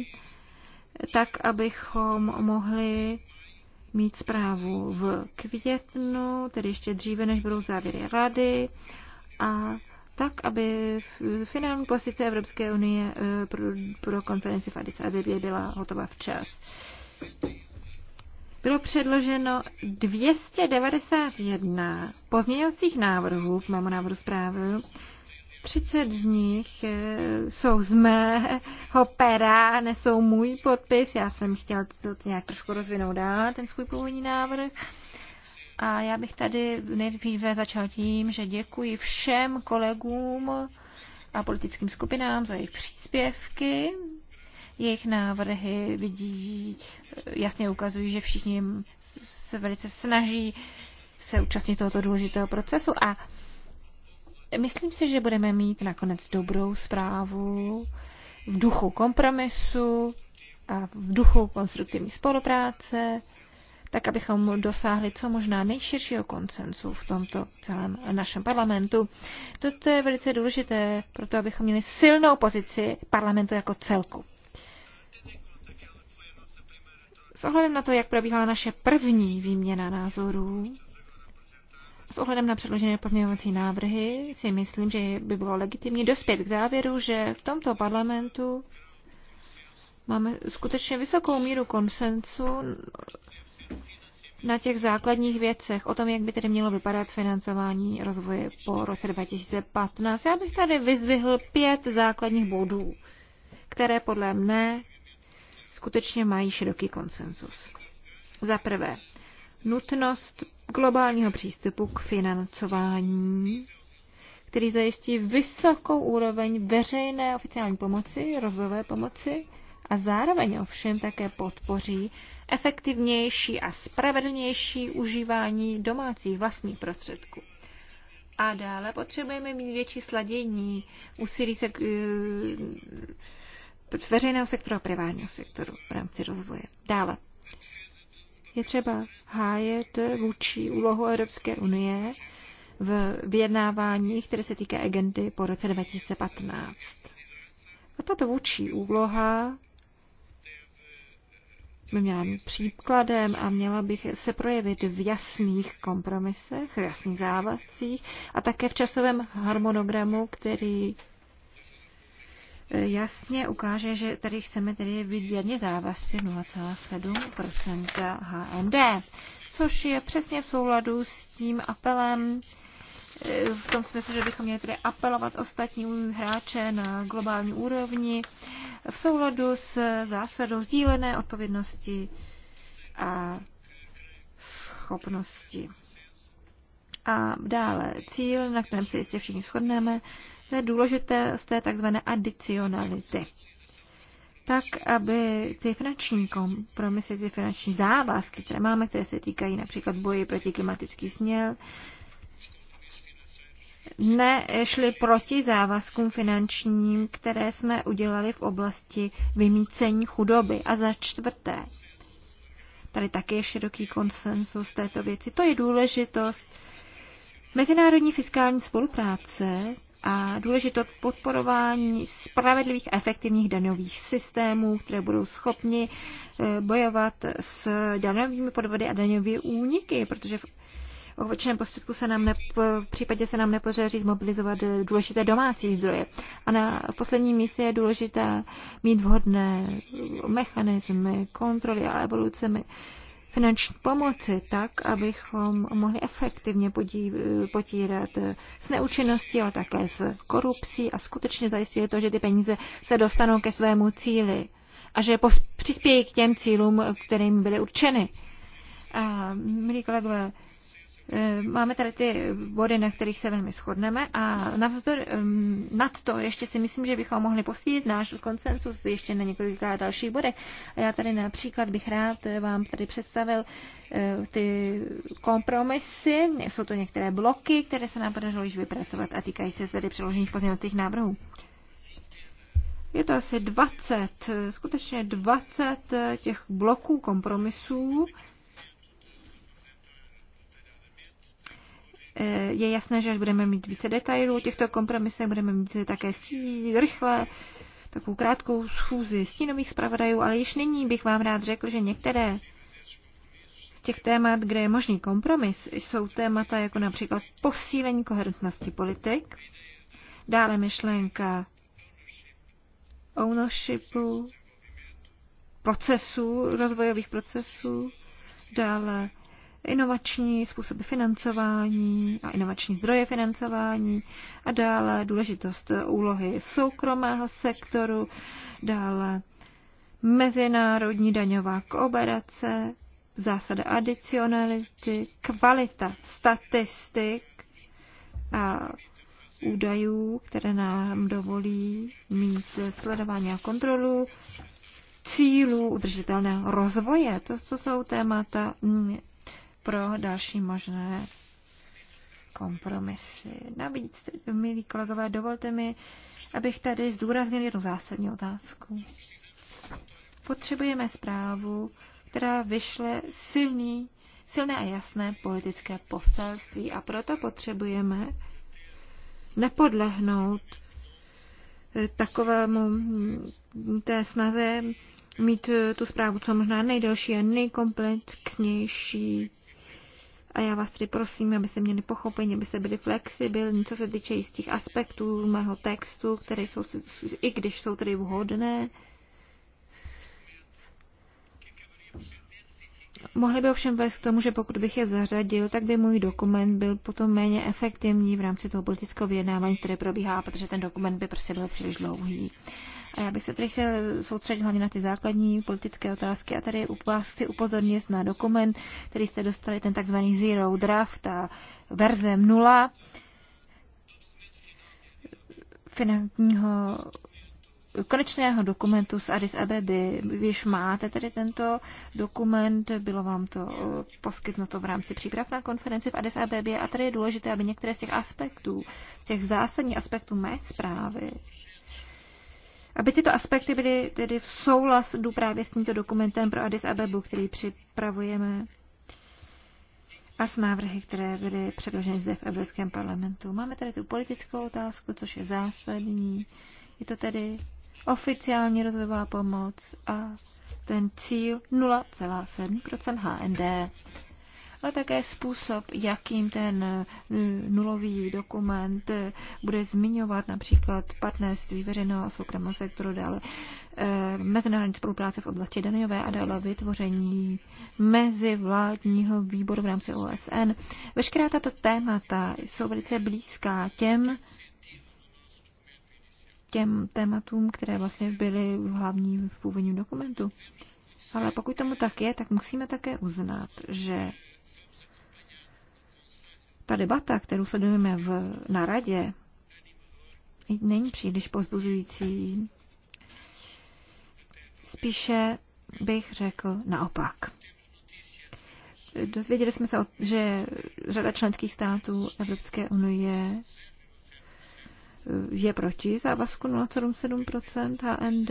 tak abychom mohli mít zprávu v květnu, tedy ještě dříve, než budou závěry rady, a tak, aby finální pozice Evropské unie eh, pro, pro konferenci v Addis Abebě byla hotová včas. Bylo předloženo 291 pozměňovacích návrhů k mému návrhu zprávy, 30 z nich eh, jsou z mého pera, nesou můj podpis. Já jsem chtěla to nějak trošku rozvinout dál, ten svůj původní návrh. A já bych tady nejdříve začal tím, že děkuji všem kolegům a politickým skupinám za jejich příspěvky. Jejich návrhy vidí, eh, jasně ukazují, že všichni se velice snaží se účastnit tohoto důležitého procesu a Myslím si, že budeme mít nakonec dobrou zprávu v duchu kompromisu a v duchu konstruktivní spolupráce, tak abychom dosáhli co možná nejširšího koncensu v tomto celém našem parlamentu. Toto je velice důležité, proto abychom měli silnou pozici parlamentu jako celku. S ohledem na to, jak probíhala naše první výměna názorů, s ohledem na předložené pozměňovací návrhy si myslím, že by bylo legitimní dospět k závěru, že v tomto parlamentu máme skutečně vysokou míru konsensu na těch základních věcech, o tom, jak by tedy mělo vypadat financování rozvoje po roce 2015. Já bych tady vyzvihl pět základních bodů, které podle mne skutečně mají široký konsensus. Za prvé, nutnost globálního přístupu k financování, který zajistí vysokou úroveň veřejné oficiální pomoci, rozvojové pomoci a zároveň ovšem také podpoří efektivnější a spravedlnější užívání domácích vlastních prostředků. A dále potřebujeme mít větší sladění úsilí se, z eh, veřejného sektoru a privátního sektoru v rámci rozvoje. Dále je třeba hájet vůči úlohu Evropské unie v vyjednávání, které se týká agendy po roce 2015. A tato vůči úloha by měla být příkladem a měla bych se projevit v jasných kompromisech, v jasných závazcích a také v časovém harmonogramu, který jasně ukáže, že tady chceme tedy být věrně závazci 0,7 HND, což je přesně v souladu s tím apelem, v tom smyslu, že bychom měli tedy apelovat ostatní hráče na globální úrovni v souladu s zásadou sdílené odpovědnosti a schopnosti. A dále cíl, na kterém se jistě všichni shodneme, to je důležité z té takzvané adicionality. Tak, aby ty finanční kompromisy, ty finanční závazky, které máme, které se týkají například boji proti klimatický směl, nešli proti závazkům finančním, které jsme udělali v oblasti vymícení chudoby. A za čtvrté, tady také je široký konsensus této věci, to je důležitost mezinárodní fiskální spolupráce a důležitost podporování spravedlivých a efektivních daňových systémů, které budou schopni eh, bojovat s daňovými podvody a daňovými úniky, protože v obočném prostředku se nám nepo, v případě se nám nepodaří zmobilizovat eh, důležité domácí zdroje. A na posledním místě je důležité mít vhodné mechanismy, kontroly a evoluce finanční pomoci tak, abychom mohli efektivně potírat s neúčinností, ale také s korupcí a skutečně zajistit to, že ty peníze se dostanou ke svému cíli a že přispějí k těm cílům, kterým byly určeny. A, milí kolegové, Eh, máme tady ty body, na kterých se velmi shodneme a navzdor, nad to ještě si myslím, že bychom mohli posílit náš koncensus ještě na několika dalších bodech. A já tady například bych rád vám tady představil eh, ty kompromisy, jsou to některé bloky, které se nám podařilo již vypracovat a týkají se tedy přeložených pozměňovacích návrhů. Je to asi 20, eh, skutečně 20 těch bloků kompromisů, Eh, je jasné, že až budeme mít více detailů o těchto kompromisech, budeme mít také stí, rychle takovou krátkou schůzi stínových zpravodajů, ale již nyní bych vám rád řekl, že některé z těch témat, kde je možný kompromis, jsou témata jako například posílení koherentnosti politik, dále myšlenka ownershipu, procesů, rozvojových procesů, dále inovační způsoby financování a inovační zdroje financování a dále důležitost úlohy soukromého sektoru, dále mezinárodní daňová kooperace, zásada adicionality, kvalita statistik a údajů, které nám dovolí mít sledování a kontrolu cílů udržitelného rozvoje. To, co jsou témata pro další možné kompromisy. Navíc, milí kolegové, dovolte mi, abych tady zdůraznil jednu zásadní otázku. Potřebujeme zprávu, která vyšle silný, silné a jasné politické poselství a proto potřebujeme nepodlehnout eh, takovému hm, té snaze mít eh, tu zprávu co možná nejdelší a nejkomplexnější a já vás tedy prosím, abyste měli pochopení, abyste byli flexibilní, co se týče jistých aspektů mého textu, které jsou, i když jsou tedy vhodné. mohli by ovšem vést k tomu, že pokud bych je zařadil, tak by můj dokument byl potom méně efektivní v rámci toho politického vyjednávání, které probíhá, protože ten dokument by prostě byl příliš dlouhý. Uh, a já bych se tedy chtěl soustředit hlavně na ty základní politické otázky a tady vás chci upozornit na dokument, který jste dostali, ten takzvaný Zero Draft, a verze nula finančního konečného dokumentu z Addis Abeby. Když máte tedy tento dokument, bylo vám to poskytnuto v rámci příprav na konferenci v Addis Abebě a tady je důležité, aby některé z těch aspektů, z těch zásadních aspektů mé zprávy, aby tyto aspekty byly tedy v souladu právě s tímto dokumentem pro Addis Abebu, který připravujeme a s návrhy, které byly předloženy zde v Evropském parlamentu. Máme tady tu politickou otázku, což je zásadní. Je to tedy oficiální rozvojová pomoc a ten cíl 0,7 HND ale také způsob, jakým ten nulový dokument bude zmiňovat například partnerství veřejného a soukromého sektoru, dále eh, mezinárodní spolupráce v oblasti daňové a dále vytvoření mezivládního výboru v rámci OSN. Veškerá tato témata jsou velice blízká těm, těm tématům, které vlastně byly v hlavní v původním dokumentu. Ale pokud tomu tak je, tak musíme také uznat, že ta debata, kterou sledujeme v, na radě, není příliš pozbuzující. Spíše bych řekl naopak. Dozvěděli jsme se, že řada členských států Evropské unie eh, je proti závazku 0,7 HND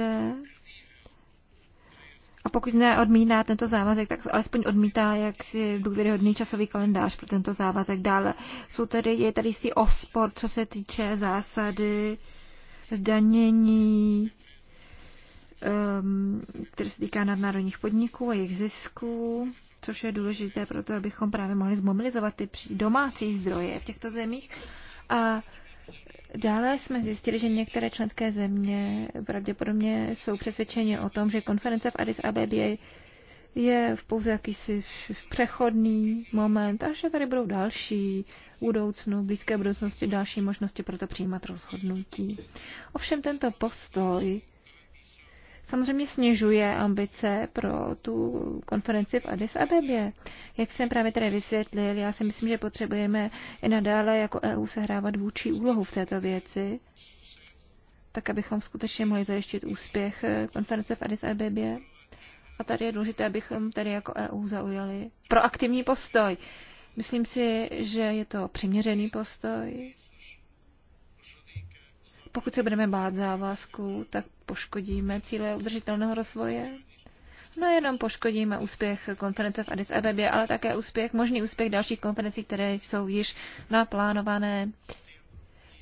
a pokud neodmítá tento závazek, tak alespoň odmítá jaksi důvěryhodný časový kalendář pro tento závazek. Dále jsou tady, je tady jistý ospor, co se týče zásady, zdanění, um, které se týká nadnárodních podniků a jejich zisků, což je důležité pro to, abychom právě mohli zmobilizovat ty domácí zdroje v těchto zemích. A Dále jsme zjistili, že některé členské země pravděpodobně jsou přesvědčeni o tom, že konference v Addis Abebě je v pouze jakýsi přechodný moment a že tady budou další budoucnu, blízké budoucnosti další možnosti pro to přijímat rozhodnutí. Ovšem tento postoj samozřejmě snižuje ambice pro tu konferenci v Addis Abebě. Jak jsem právě tady vysvětlil, já si myslím, že potřebujeme i nadále jako EU sehrávat vůči úlohu v této věci, tak abychom skutečně mohli zajištit úspěch eh, konference v Addis Abebě. A tady je důležité, abychom tady jako EU zaujali proaktivní postoj. Myslím si, že je to přiměřený postoj, pokud se budeme bát závazků, tak poškodíme cíle udržitelného rozvoje. No jenom poškodíme úspěch konference v Addis Abebě, ale také úspěch, možný úspěch dalších konferencí, které jsou již naplánované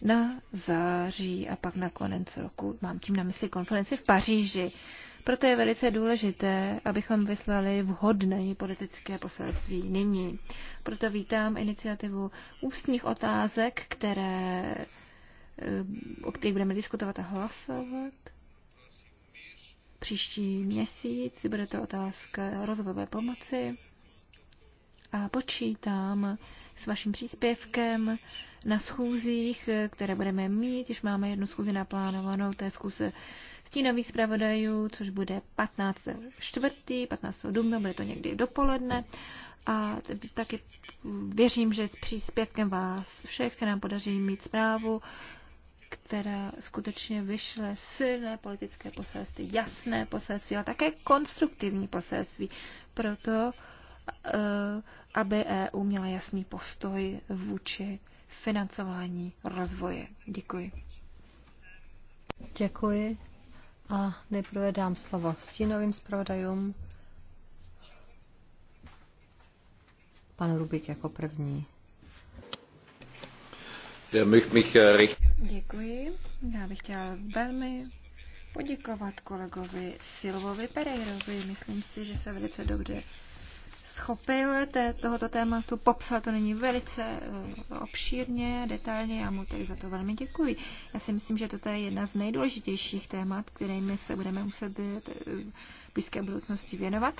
na září a pak na konec roku. Mám tím na mysli konferenci v Paříži. Proto je velice důležité, abychom vyslali vhodné politické poselství nyní. Proto vítám iniciativu ústních otázek, které Eh, o kterých budeme diskutovat a hlasovat. Příští měsíc bude to otázka rozvojové pomoci a počítám s vaším příspěvkem na schůzích, které budeme mít. Již máme jednu schůzi naplánovanou, to je schůze stínových zpravodajů, což bude 15. čtvrtý, 15. dubna, bude to někdy dopoledne. A taky věřím, že s příspěvkem vás všech se nám podaří mít zprávu, která skutečně vyšle silné politické poselství, jasné poselství, ale také konstruktivní poselství. Proto, eh, aby EU měla jasný postoj vůči financování rozvoje. Děkuji. Děkuji. A nejprve dám slovo stínovým zpravodajům. Pan Rubik jako první. Eh, děkuji. Já bych chtěla velmi poděkovat kolegovi Silvovi Pereirovi. Myslím si, že se velice dobře schopil té, tohoto tématu, popsal to není velice eh, obšírně, detailně, já mu tedy za to velmi děkuji. Já si myslím, že toto je jedna z nejdůležitějších témat, kterými se budeme muset v eh, blízké budoucnosti věnovat.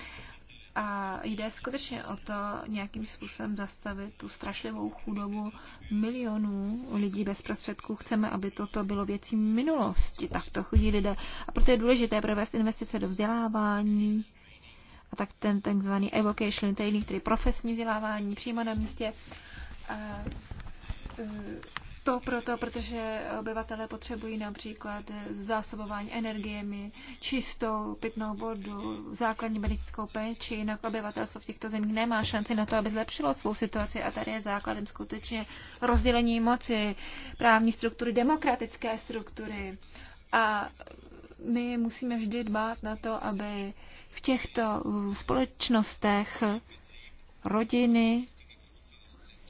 A jde skutečně o to nějakým způsobem zastavit tu strašlivou chudobu milionů lidí bez prostředků. Chceme, aby toto bylo věcí minulosti, takto chudí lidé. A proto je důležité provést investice do vzdělávání a tak ten takzvaný evocation training, tedy profesní vzdělávání přímo na místě. A, e, to proto, protože obyvatelé potřebují například zásobování energiemi, čistou pitnou vodu, základní medicínskou péči, jinak obyvatelstvo v těchto zemích nemá šanci na to, aby zlepšilo svou situaci a tady je základem skutečně rozdělení moci, právní struktury, demokratické struktury. A my musíme vždy dbát na to, aby v těchto společnostech rodiny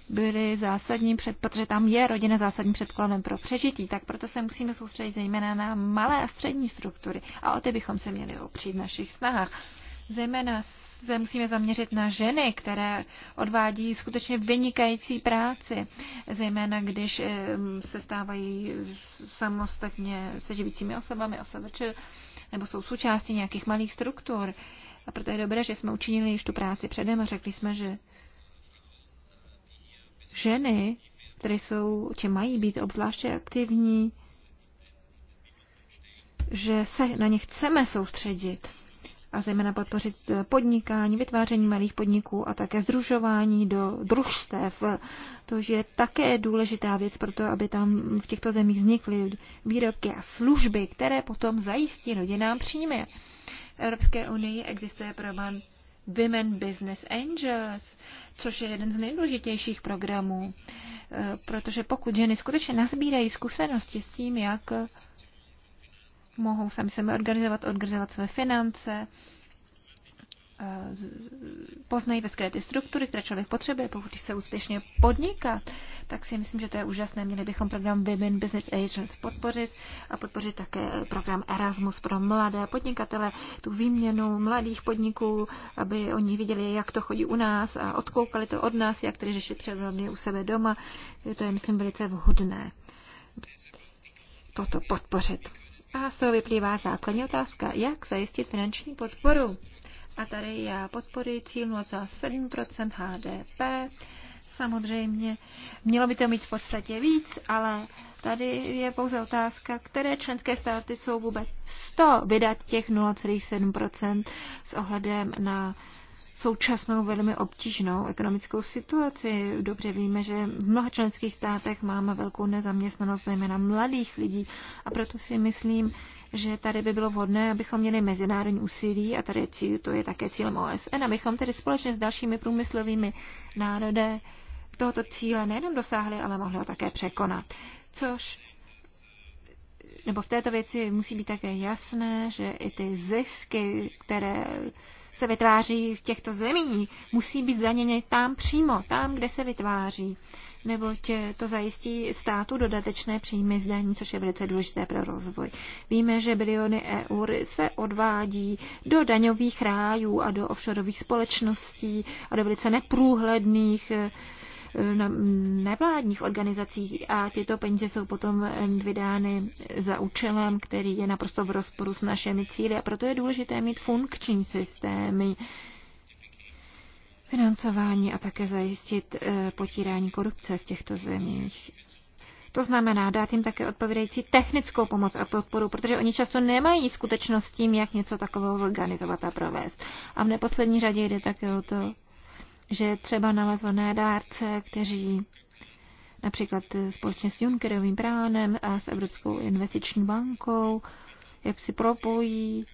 byly zásadní, před, protože tam je rodina zásadním předkladem pro přežití, tak proto se musíme soustředit zejména na malé a střední struktury a o ty bychom se měli opřít v našich snahách. Zejména se musíme zaměřit na ženy, které odvádí skutečně vynikající práci, zejména když eh, se stávají samostatně se živícími osobami, OSVČ, nebo jsou součástí nějakých malých struktur. A proto je dobré, že jsme učinili již tu práci předem a řekli jsme, že ženy, které jsou, či mají být obzvláště aktivní, že se na ně chceme soustředit a zejména podpořit eh, podnikání, vytváření malých podniků a také združování do družstev. To je také důležitá věc pro to, aby tam v těchto zemích vznikly výrobky a služby, které potom zajistí rodinám příjmy. V Evropské unii existuje problém Women Business Angels, což je jeden z nejdůležitějších programů, eh, protože pokud ženy skutečně nazbírají zkušenosti s tím, jak mohou sami sebe organizovat, organizovat své finance, poznají veškeré ty struktury, které člověk potřebuje, pokud chce úspěšně podnikat, tak si myslím, že to je úžasné. Měli bychom program Women Business Agents podpořit a podpořit také program Erasmus pro mladé podnikatele, tu výměnu mladých podniků, aby oni viděli, jak to chodí u nás a odkoukali to od nás, jak to řešit třeba u sebe doma. To je, myslím, velice vhodné toto podpořit. A z toho vyplývá základní otázka, jak zajistit finanční podporu a tady já podporuji cíl 0,7 HDP. Samozřejmě mělo by to mít v podstatě víc, ale tady je pouze otázka, které členské státy jsou vůbec 100 vydat těch 0,7 s ohledem na současnou velmi obtížnou ekonomickou situaci. Dobře víme, že v mnoha členských státech máme velkou nezaměstnanost, zejména mladých lidí. A proto si myslím, že tady by bylo vhodné, abychom měli mezinárodní úsilí, a tady cíl, to je také cílem OSN, abychom tedy společně s dalšími průmyslovými národy tohoto cíle nejenom dosáhli, ale mohli ho také překonat. Což nebo v této věci musí být také jasné, že i ty zisky, které se vytváří v těchto zemích, musí být zaněny tam přímo, tam, kde se vytváří, neboť to zajistí státu dodatečné příjmy zdaní, což je velice důležité pro rozvoj. Víme, že biliony eur se odvádí do daňových rájů a do offshoreových společností a do velice neprůhledných Eh, mm, nevládních organizací a tyto peníze jsou potom eh, vydány za účelem, který je naprosto v rozporu s našimi cíly. A proto je důležité mít funkční systémy financování a také zajistit eh, potírání korupce v těchto zemích. To znamená dát jim také odpovědající technickou pomoc a podporu, protože oni často nemají skutečnost tím, jak něco takového organizovat a provést. A v neposlední řadě jde také o to, že třeba nalezvané dárce, kteří například společně s Junckerovým pránem a s Evropskou investiční bankou, jak si propojí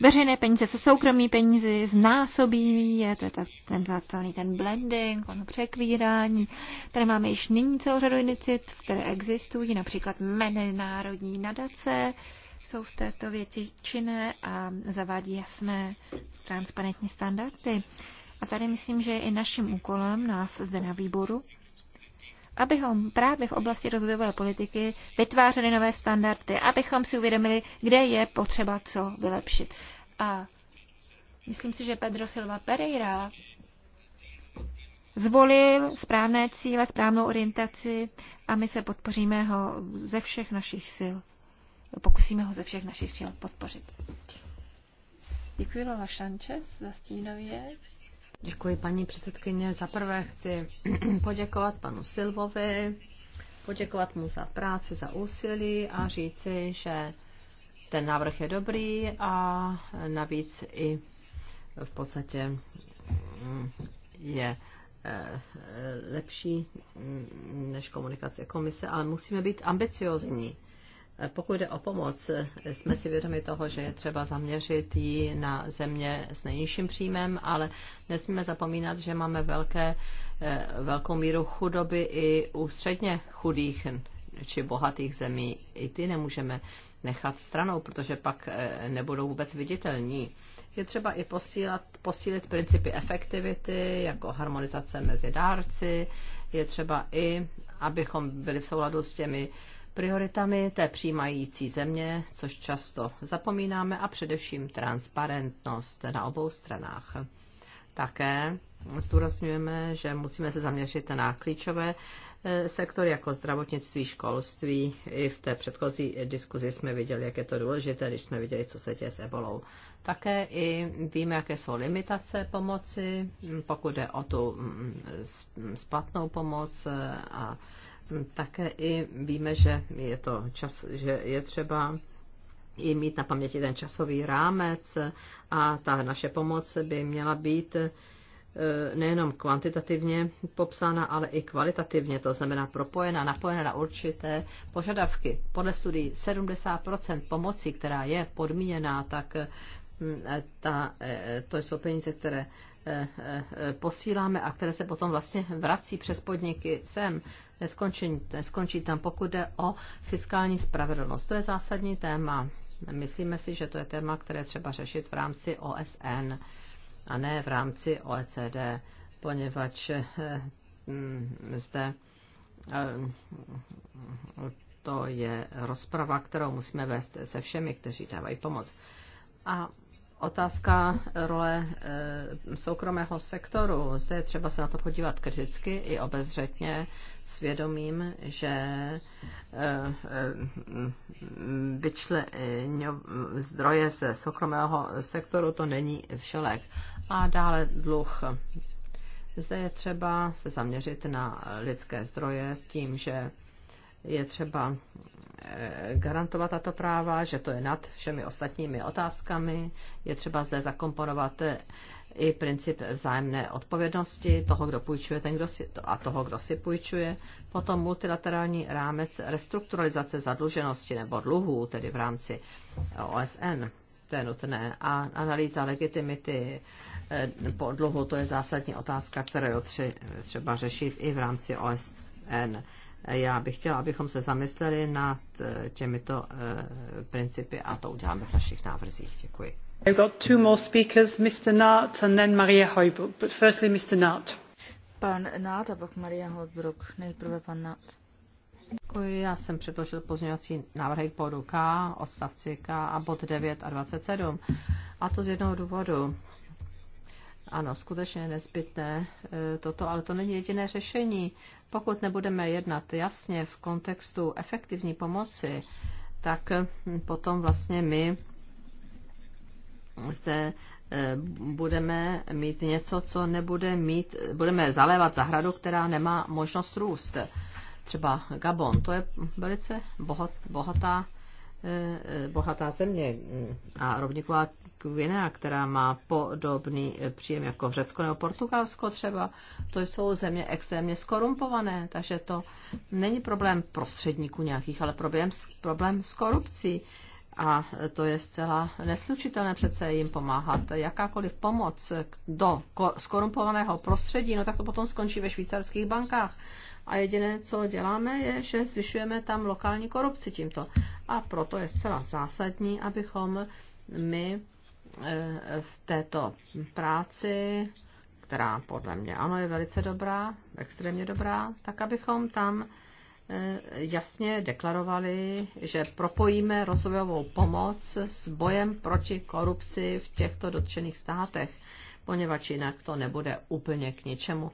veřejné peníze se soukromí penízi, znásobí je, to je tak, ten zácelný ten blending, ono překvírání. Tady máme již nyní celou řadu iniciativ, které existují, například mezinárodní nadace, jsou v této věci činné a zavádí jasné transparentní standardy. A tady myslím, že je i naším úkolem nás zde na výboru, abychom právě v oblasti rozvojové politiky vytvářeli nové standardy, abychom si uvědomili, kde je potřeba co vylepšit. A myslím si, že Pedro Silva Pereira zvolil správné cíle, správnou orientaci a my se podpoříme ho ze všech našich sil. Pokusíme ho ze všech našich sil podpořit. Děkuji Lola Sanchez za stínově. Děkuji, paní předsedkyně. Za prvé chci poděkovat panu Silvovi, poděkovat mu za práci, za úsilí a říci, že ten návrh je dobrý a navíc i v podstatě mm, je eh, lepší mm, než komunikace komise, ale musíme být ambiciozní. Pokud jde o pomoc, jsme si vědomi toho, že je třeba zaměřit ji na země s nejnižším příjmem, ale nesmíme zapomínat, že máme velké, eh, velkou míru chudoby i u středně chudých či bohatých zemí. I ty nemůžeme nechat stranou, protože pak eh, nebudou vůbec viditelní. Je třeba i posílat, posílit principy efektivity, jako harmonizace mezi dárci. Je třeba i, abychom byli v souladu s těmi prioritami té přijímající země, což často zapomínáme, a především transparentnost na obou stranách. Také zdůrazňujeme, že musíme se zaměřit na klíčové e, sektory jako zdravotnictví, školství. I v té předchozí diskuzi jsme viděli, jak je to důležité, když jsme viděli, co se děje s ebolou. Také i víme, jaké jsou limitace pomoci, pokud jde o tu splatnou pomoc e, a také i víme, že je to čas, že je třeba i mít na paměti ten časový rámec a ta naše pomoc by měla být eh, nejenom kvantitativně popsána, ale i kvalitativně, to znamená propojena, napojena na určité požadavky. Podle studií 70% pomoci, která je podmíněná, tak mm, eh, ta, eh, to jsou peníze, které posíláme a které se potom vlastně vrací přes podniky sem neskončí, neskončí tam, pokud jde o fiskální spravedlnost. To je zásadní téma. Myslíme si, že to je téma, které třeba řešit v rámci OSN a ne v rámci OECD, poněvadž eh, hm, zde eh, to je rozprava, kterou musíme vést se všemi, kteří dávají pomoc. A Otázka eh, role eh, soukromého sektoru. Zde je třeba se na to podívat kriticky i obezřetně, svědomím, že eh, zdroje ze soukromého sektoru to není všelek. A dále dluh. Zde je třeba se zaměřit na lidské zdroje s tím, že je třeba eh, garantovat tato práva, že to je nad všemi ostatními otázkami. Je třeba zde zakomponovat eh, i princip vzájemné odpovědnosti toho, kdo půjčuje ten, kdo si, a toho, kdo si půjčuje. Potom multilaterální rámec restrukturalizace zadluženosti nebo dluhů, tedy v rámci eh, OSN, to je nutné. A analýza legitimity po dluhu, to je zásadní otázka, kterou je třeba řešit i v rámci OSN já bych chtěla, abychom se zamysleli nad eh, těmito eh, principy a to uděláme v našich návrzích. Děkuji. I've got two more speakers, Mr. Nart and then Maria But firstly, Mr. Nart. Pan Nart a pak Maria Hojbuk. Nejprve pan Nart. Děkuji, já jsem předložil pozměňovací návrhy k bodu K, odstavci K a bod 9 a 27. A to z jednoho důvodu. Ano, skutečně je nezbytné eh, toto, ale to není jediné řešení. Pokud nebudeme jednat jasně v kontextu efektivní pomoci, tak hm, potom vlastně my zde eh, budeme mít něco, co nebude mít, budeme zalévat zahradu, která nemá možnost růst. Třeba Gabon, to je velice bohatá Eh, bohatá země a rovniková Guinea, která má podobný příjem jako Řecko nebo Portugalsko třeba, to jsou země extrémně skorumpované, takže to není problém prostředníků nějakých, ale problém, problém s korupcí. A to je zcela neslučitelné přece jim pomáhat. Jakákoliv pomoc do skorumpovaného prostředí, no tak to potom skončí ve švýcarských bankách. A jediné, co děláme, je, že zvyšujeme tam lokální korupci tímto. A proto je zcela zásadní, abychom my eh, v této práci, která podle mě ano je velice dobrá, extrémně dobrá, tak abychom tam eh, jasně deklarovali, že propojíme rozvojovou pomoc s bojem proti korupci v těchto dotčených státech, poněvadž jinak to nebude úplně k ničemu.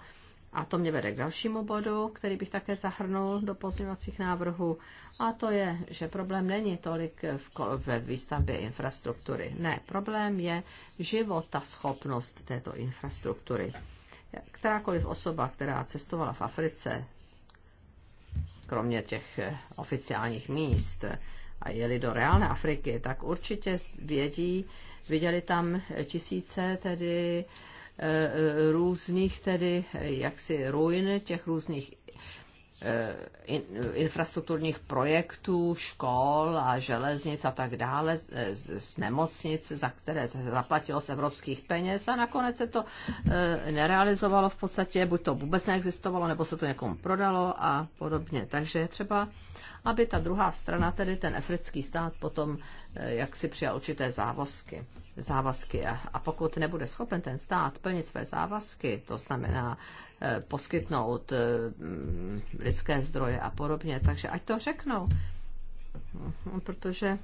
A to mě vede k dalšímu bodu, který bych také zahrnul do pozměňovacích návrhů. A to je, že problém není tolik ve výstavbě infrastruktury. Ne, problém je schopnost této infrastruktury. Kterákoliv osoba, která cestovala v Africe, kromě těch eh, oficiálních míst, a jeli do reálné Afriky, tak určitě vědí, viděli tam tisíce tedy Eh, eh, různých tedy eh, jaksi ruin těch různých infrastrukturních projektů, škol a železnic a tak dále, z nemocnic, za které se zaplatilo z evropských peněz a nakonec se to nerealizovalo v podstatě, buď to vůbec neexistovalo, nebo se to někomu prodalo a podobně. Takže třeba třeba aby ta druhá strana, tedy ten africký stát, potom eh, jak si přijal určité závazky. závazky. A pokud nebude schopen ten stát plnit své závazky, to znamená eh, poskytnout eh, mm, lidské zdroje a podobně, takže ať to řeknou. Mm, protože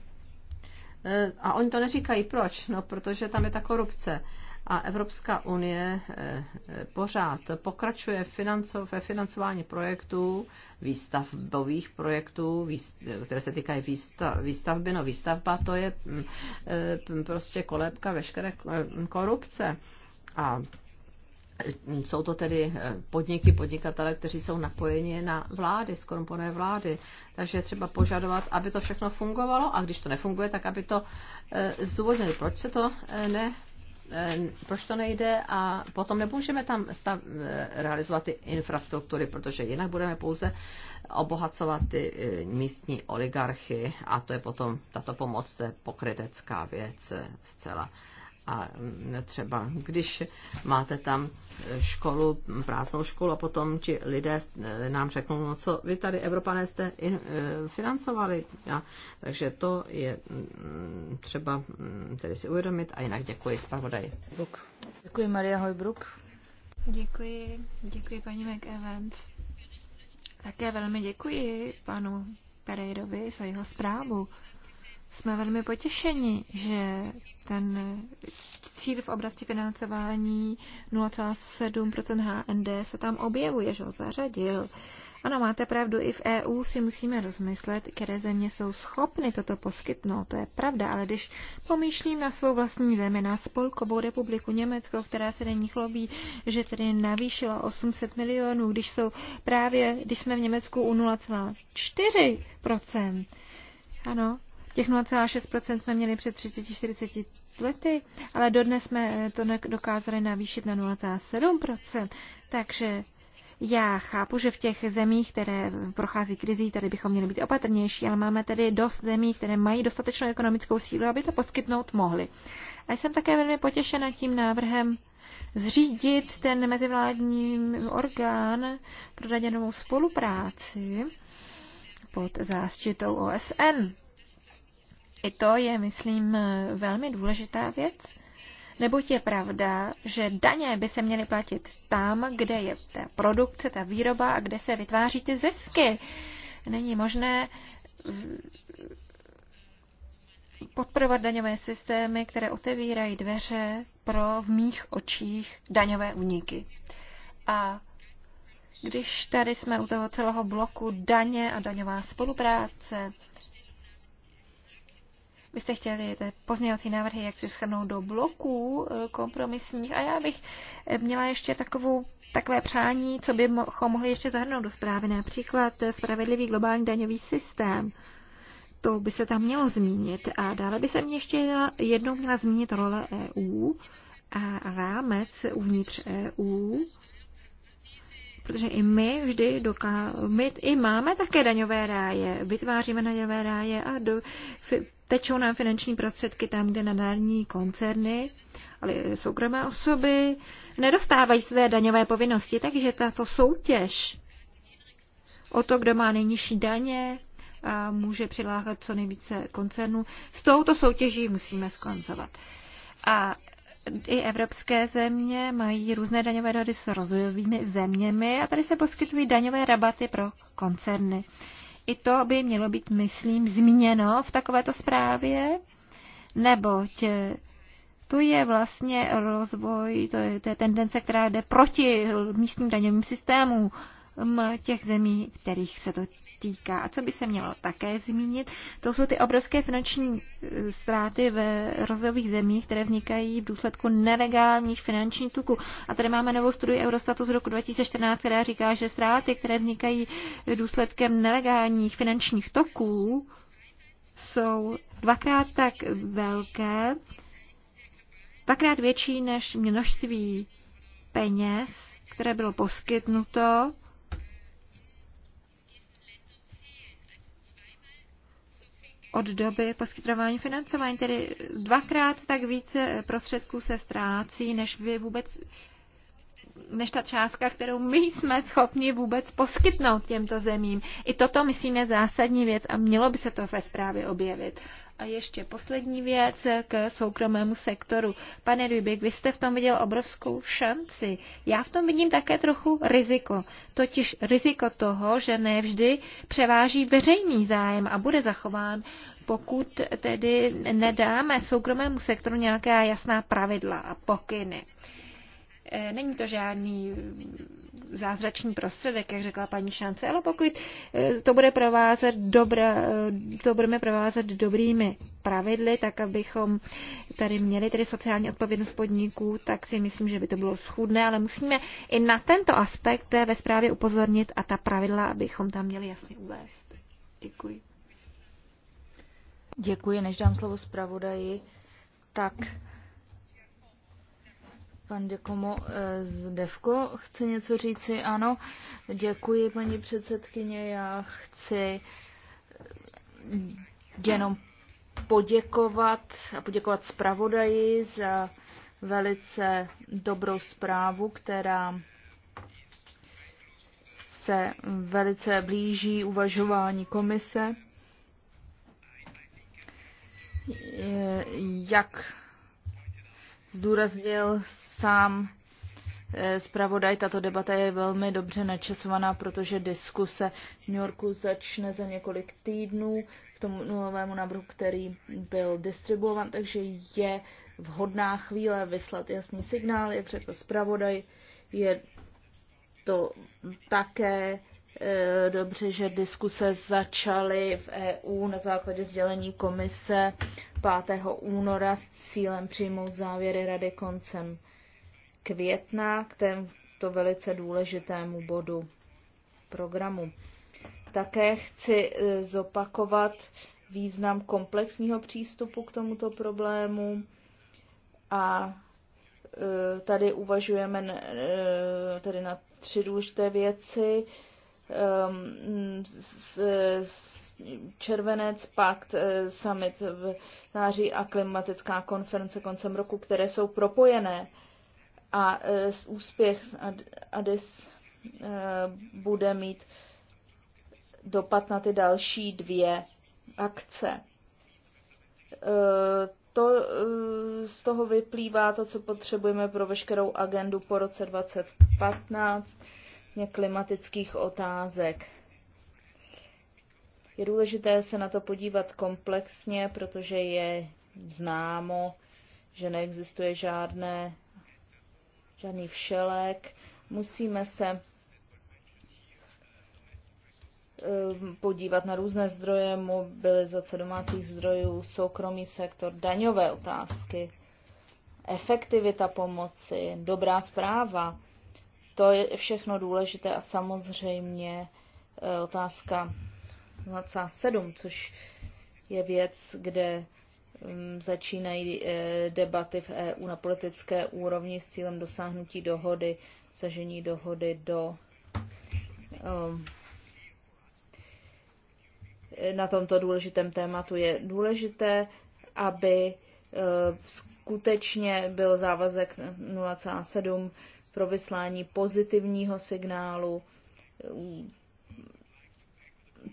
a oni to neříkají proč, no protože tam je ta korupce. A Evropská unie eh, eh, pořád pokračuje ve financování projektů, výstavbových projektů, které se týkají výstavby. No výstavba to je mm, eh, prostě kolébka veškeré korupce. A mm, jsou to tedy podniky, podnikatele, kteří jsou napojeni na vlády, skorumpované vlády. Takže je třeba požadovat, aby to všechno fungovalo a když to nefunguje, tak aby to zdůvodnili. Proč se to ne, Eh, proč to nejde a potom nemůžeme tam stav, eh, realizovat ty infrastruktury, protože jinak budeme pouze obohacovat ty eh, místní oligarchy a to je potom, tato pomoc, to je pokrytecká věc zcela a třeba když máte tam školu, prázdnou školu a potom ti lidé nám řeknou, no co vy tady Evropané jste eh, financovali. A, takže to je mm, třeba mm, tedy si uvědomit a jinak děkuji zpravodaji. Děkuji Maria Hojbruk. Děkuji, děkuji paní McEvans. Také velmi děkuji panu Pereirovi za jeho zprávu jsme velmi potěšeni, že ten cíl v oblasti financování 0,7 HND se tam objevuje, že ho zařadil. Ano, máte pravdu, i v EU si musíme rozmyslet, které země jsou schopny toto poskytnout, to je pravda, ale když pomýšlím na svou vlastní zemi, na Spolkovou republiku Německo, která se není chlobí, že tedy navýšila 800 milionů, když jsou právě, když jsme v Německu u 0,4%. Ano, Těch 0,6% jsme měli před 30-40 lety, ale dodnes jsme eh, to dokázali navýšit na 0,7%. Takže já chápu, že v těch zemích, které prochází krizí, tady bychom měli být opatrnější, ale máme tady dost zemí, které mají dostatečnou ekonomickou sílu, aby to poskytnout mohly. A jsem také velmi potěšena tím návrhem zřídit ten mezivládní orgán pro daněnou spolupráci pod záštitou OSN. I to je, myslím, velmi důležitá věc, neboť je pravda, že daně by se měly platit tam, kde je ta produkce, ta výroba a kde se vytváří ty zisky. Není možné podporovat daňové systémy, které otevírají dveře pro v mých očích daňové úniky. A když tady jsme u toho celého bloku daně a daňová spolupráce, byste chtěli ty pozměňovací návrhy jak si schrnout do bloků eh, kompromisních a já bych eh, měla ještě takovou takové přání, co bychom mohli ještě zahrnout do zprávy, například eh, spravedlivý globální daňový systém. To by se tam mělo zmínit. A dále by se mě ještě jednou měla zmínit role EU a rámec uvnitř EU protože i my vždy doká... my i máme také daňové ráje, vytváříme daňové ráje a do... tečou nám finanční prostředky tam, kde nadární koncerny, ale soukromé osoby nedostávají své daňové povinnosti, takže tato soutěž o to, kdo má nejnižší daně, a může přilákat co nejvíce koncernů. S touto soutěží musíme skoncovat. A i evropské země mají různé daňové dohody s rozvojovými zeměmi a tady se poskytují daňové rabaty pro koncerny. I to by mělo být, myslím, zmíněno v takovéto zprávě, neboť eh, to je vlastně rozvoj, to je, to je tendence, která jde proti místním daňovým systémům. Um, těch zemí, kterých se to týká. A co by se mělo také zmínit, to jsou ty obrovské finanční uh, ztráty ve rozvojových zemích, které vznikají v důsledku nelegálních finančních tuků. A tady máme novou studii Eurostatu z roku 2014, která říká, že ztráty, které vznikají důsledkem nelegálních finančních toků, jsou dvakrát tak velké, dvakrát větší než množství peněz, které bylo poskytnuto od doby poskytování financování, tedy dvakrát tak více prostředků se ztrácí, než vy vůbec než ta částka, kterou my jsme schopni vůbec poskytnout těmto zemím. I toto, myslím, je zásadní věc a mělo by se to ve zprávě objevit. A ještě poslední věc k soukromému sektoru. Pane Rybik, vy jste v tom viděl obrovskou šanci. Já v tom vidím také trochu riziko. Totiž riziko toho, že nevždy převáží veřejný zájem a bude zachován, pokud tedy nedáme soukromému sektoru nějaká jasná pravidla a pokyny. Eh, není to žádný zázračný prostředek, jak řekla paní Šance, ale pokud eh, to, bude provázet dobra, eh, to budeme provázet dobrými pravidly, tak abychom tady měli tedy sociální odpovědnost podniků, tak si myslím, že by to bylo schůdné, ale musíme i na tento aspekt ve zprávě upozornit a ta pravidla, abychom tam měli jasně uvést. Děkuji. Děkuji, než dám slovo zpravodaji, tak Pan Děkomo eh, z Devko chce něco říci? Ano, děkuji paní předsedkyně. Já chci eh, jenom poděkovat a poděkovat zpravodaji za velice dobrou zprávu, která se velice blíží uvažování komise. Eh, jak zdůraznil sám eh, zpravodaj, tato debata je velmi dobře načasovaná, protože diskuse v New Yorku začne za několik týdnů k tomu nulovému návrhu, který byl distribuovan, takže je vhodná chvíle vyslat jasný signál, jak řekl zpravodaj, je to také eh, dobře, že diskuse začaly v EU na základě sdělení komise 5. února s cílem přijmout závěry rady koncem května k to velice důležitému bodu programu. Také chci e, zopakovat význam komplexního přístupu k tomuto problému a e, tady uvažujeme e, tady na tři důležité věci. Z, ehm, z, červenec, pakt, eh, summit v září a klimatická konference koncem roku, které jsou propojené. A eh, úspěch ADIS eh, bude mít dopad na ty další dvě akce. To z toho vyplývá to, co potřebujeme pro veškerou agendu po roce 2015 klimatických otázek. Je důležité se na to podívat komplexně, protože je známo, že neexistuje žádné, žádný všelek. Musíme se eh, podívat na různé zdroje, mobilizace domácích zdrojů, soukromý sektor, daňové otázky, efektivita pomoci, dobrá zpráva. To je všechno důležité a samozřejmě eh, otázka 0,7, což je věc, kde um, začínají eh, debaty v EU na politické úrovni s cílem dosáhnutí dohody, sažení dohody do um, na tomto důležitém tématu je důležité, aby eh, skutečně byl závazek 0,7 pro vyslání pozitivního signálu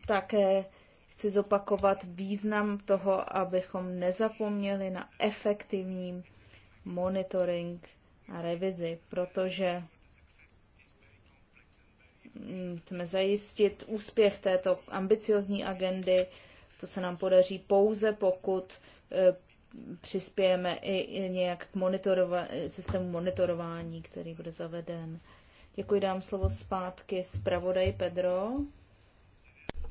také chci zopakovat význam toho, abychom nezapomněli na efektivní monitoring a revizi, protože mm, chceme zajistit úspěch této ambiciozní agendy. To se nám podaří pouze, pokud e, přispějeme i nějak k monitorova- systému monitorování, který bude zaveden. Děkuji, dám slovo zpátky zpravodaj Pedro.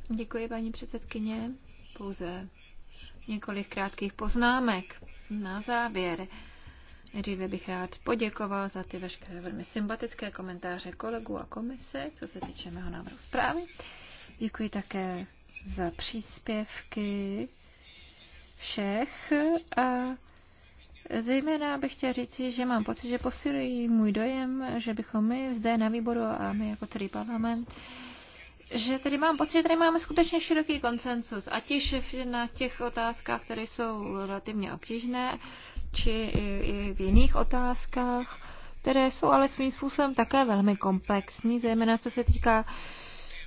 Děkuji, paní předsedkyně. Pouze několik krátkých poznámek na závěr. Nejdříve bych rád poděkoval za ty veškeré velmi sympatické komentáře kolegů a komise, co se týče mého návrhu zprávy. Děkuji také za příspěvky všech a Zejména bych chtěl říci, že mám pocit, že posilují můj dojem, že bychom my zde na výboru a my jako celý parlament že tady mám pocit, že tady máme skutečně široký konsensus, ať již na těch otázkách, které jsou relativně obtížné, či i v jiných otázkách, které jsou ale svým způsobem také velmi komplexní, zejména co se týká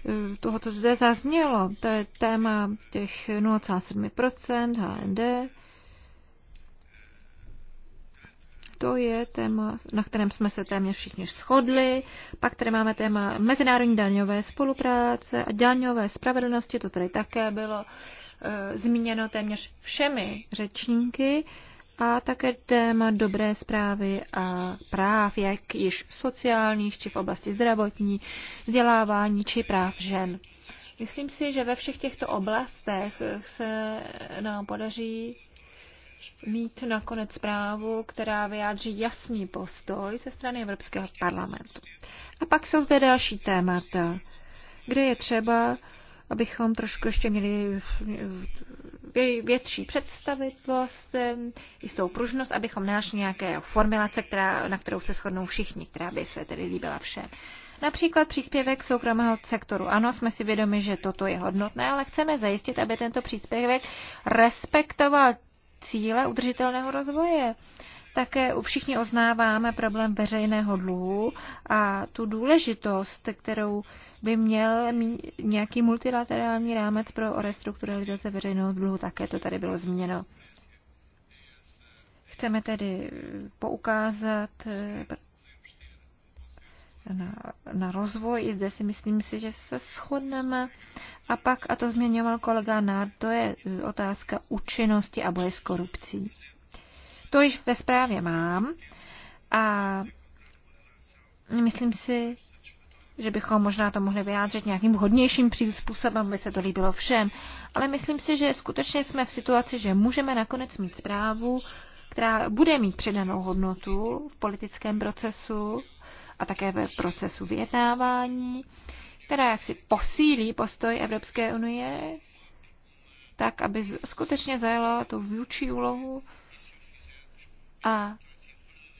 eh, toho, co zde zaznělo, to je téma těch 0,7% HND, To je téma, na kterém jsme se téměř všichni shodli. Pak tady máme téma mezinárodní daňové spolupráce a daňové spravedlnosti. To tady také bylo e, zmíněno téměř všemi řečníky. A také téma dobré zprávy a práv, jak již sociálních, či v oblasti zdravotní, vzdělávání, či práv žen. Myslím si, že ve všech těchto oblastech eh, se nám podaří mít nakonec zprávu, která vyjádří jasný postoj ze strany Evropského parlamentu. A pak jsou zde další témata, kde je třeba, abychom trošku ještě měli větší představitlost, jistou pružnost, abychom našli nějaké formulace, která, na kterou se shodnou všichni, která by se tedy líbila všem. Například příspěvek soukromého sektoru. Ano, jsme si vědomi, že toto je hodnotné, ale chceme zajistit, aby tento příspěvek respektoval cíle udržitelného rozvoje. Také všichni oznáváme problém veřejného dluhu a tu důležitost, kterou by měl nějaký multilaterální rámec pro restrukturalizaci veřejného dluhu, také to tady bylo zmíněno. Chceme tedy poukázat na, na rozvoj. I zde si myslím si, že se shodneme. A pak, a to změňoval kolega Nard, to je otázka účinnosti a boje s korupcí. To již ve zprávě mám a myslím si, že bychom možná to mohli vyjádřit nějakým hodnějším způsobem, by se to líbilo všem. Ale myslím si, že skutečně jsme v situaci, že můžeme nakonec mít zprávu, která bude mít přidanou hodnotu v politickém procesu a také ve procesu vyjednávání, která jaksi posílí postoj Evropské unie, tak, aby skutečně zajela tu vůči úlohu a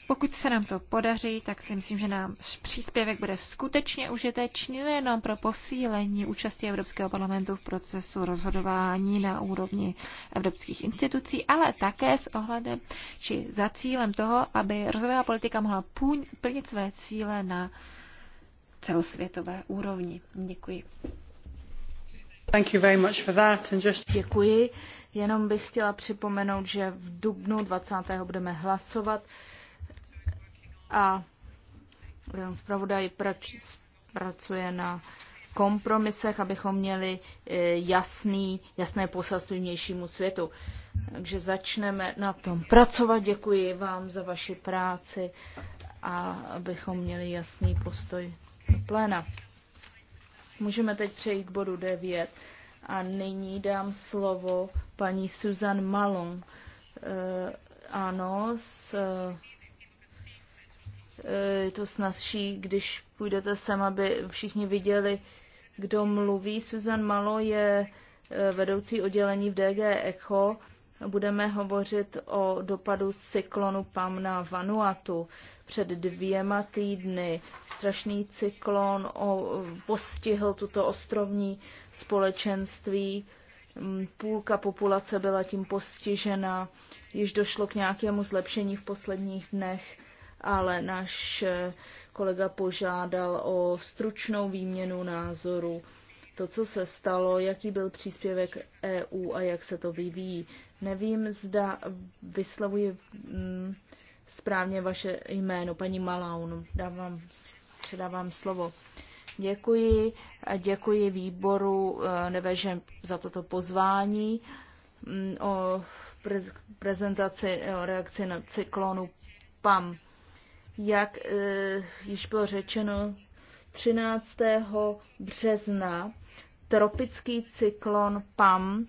pokud se nám to podaří, tak si myslím, že nám příspěvek bude skutečně užitečný nejenom pro posílení účasti Evropského parlamentu v procesu rozhodování na úrovni evropských institucí, ale také s ohledem či za cílem toho, aby rozvojová politika mohla plnit své cíle na celosvětové úrovni. Děkuji. Thank you very much for that and just... Děkuji. Jenom bych chtěla připomenout, že v dubnu 20. budeme hlasovat a zpravodaj pracuje na kompromisech, abychom měli e, jasný, jasné poselství vnějšímu světu. Takže začneme na tom pracovat. Děkuji vám za vaši práci a abychom měli jasný postoj pléna. Můžeme teď přejít k bodu 9 a nyní dám slovo paní Susan Malon. E, ano, z e, je eh, to snazší, když půjdete sem, aby všichni viděli, kdo mluví. Susan Malo je eh, vedoucí oddělení v DG Echo. Budeme hovořit o dopadu cyklonu PAM na Vanuatu. Před dvěma týdny strašný cyklon o, postihl tuto ostrovní společenství. Mm, půlka populace byla tím postižena. Již došlo k nějakému zlepšení v posledních dnech ale náš eh, kolega požádal o stručnou výměnu názoru, to, co se stalo, jaký byl příspěvek EU a jak se to vyvíjí. Nevím, zda vyslovuji mm, správně vaše jméno, paní Malaun. Dávám, předávám slovo. Děkuji a děkuji výboru eh, Nevežem za toto pozvání mm, o prezentaci o reakci na cyklonu PAM. Jak e, již bylo řečeno, 13. března tropický cyklon PAM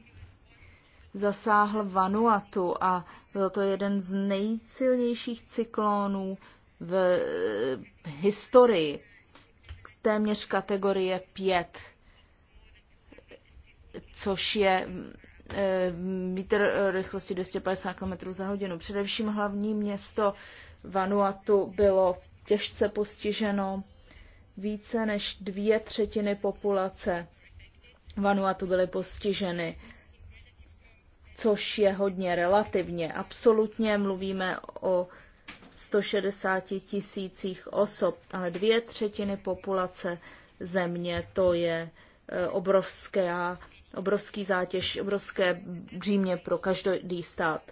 zasáhl Vanuatu a byl to jeden z nejsilnějších cyklonů v eh, historii téměř kategorie 5, což je eh, vítr rychlosti 250 km za hodinu. Především hlavní město Vanuatu bylo těžce postiženo. Více než dvě třetiny populace Vanuatu byly postiženy, což je hodně relativně. Absolutně mluvíme o 160 tisících osob, ale dvě třetiny populace země to je e, obrovské, obrovský zátěž, obrovské břímě pro každý stát.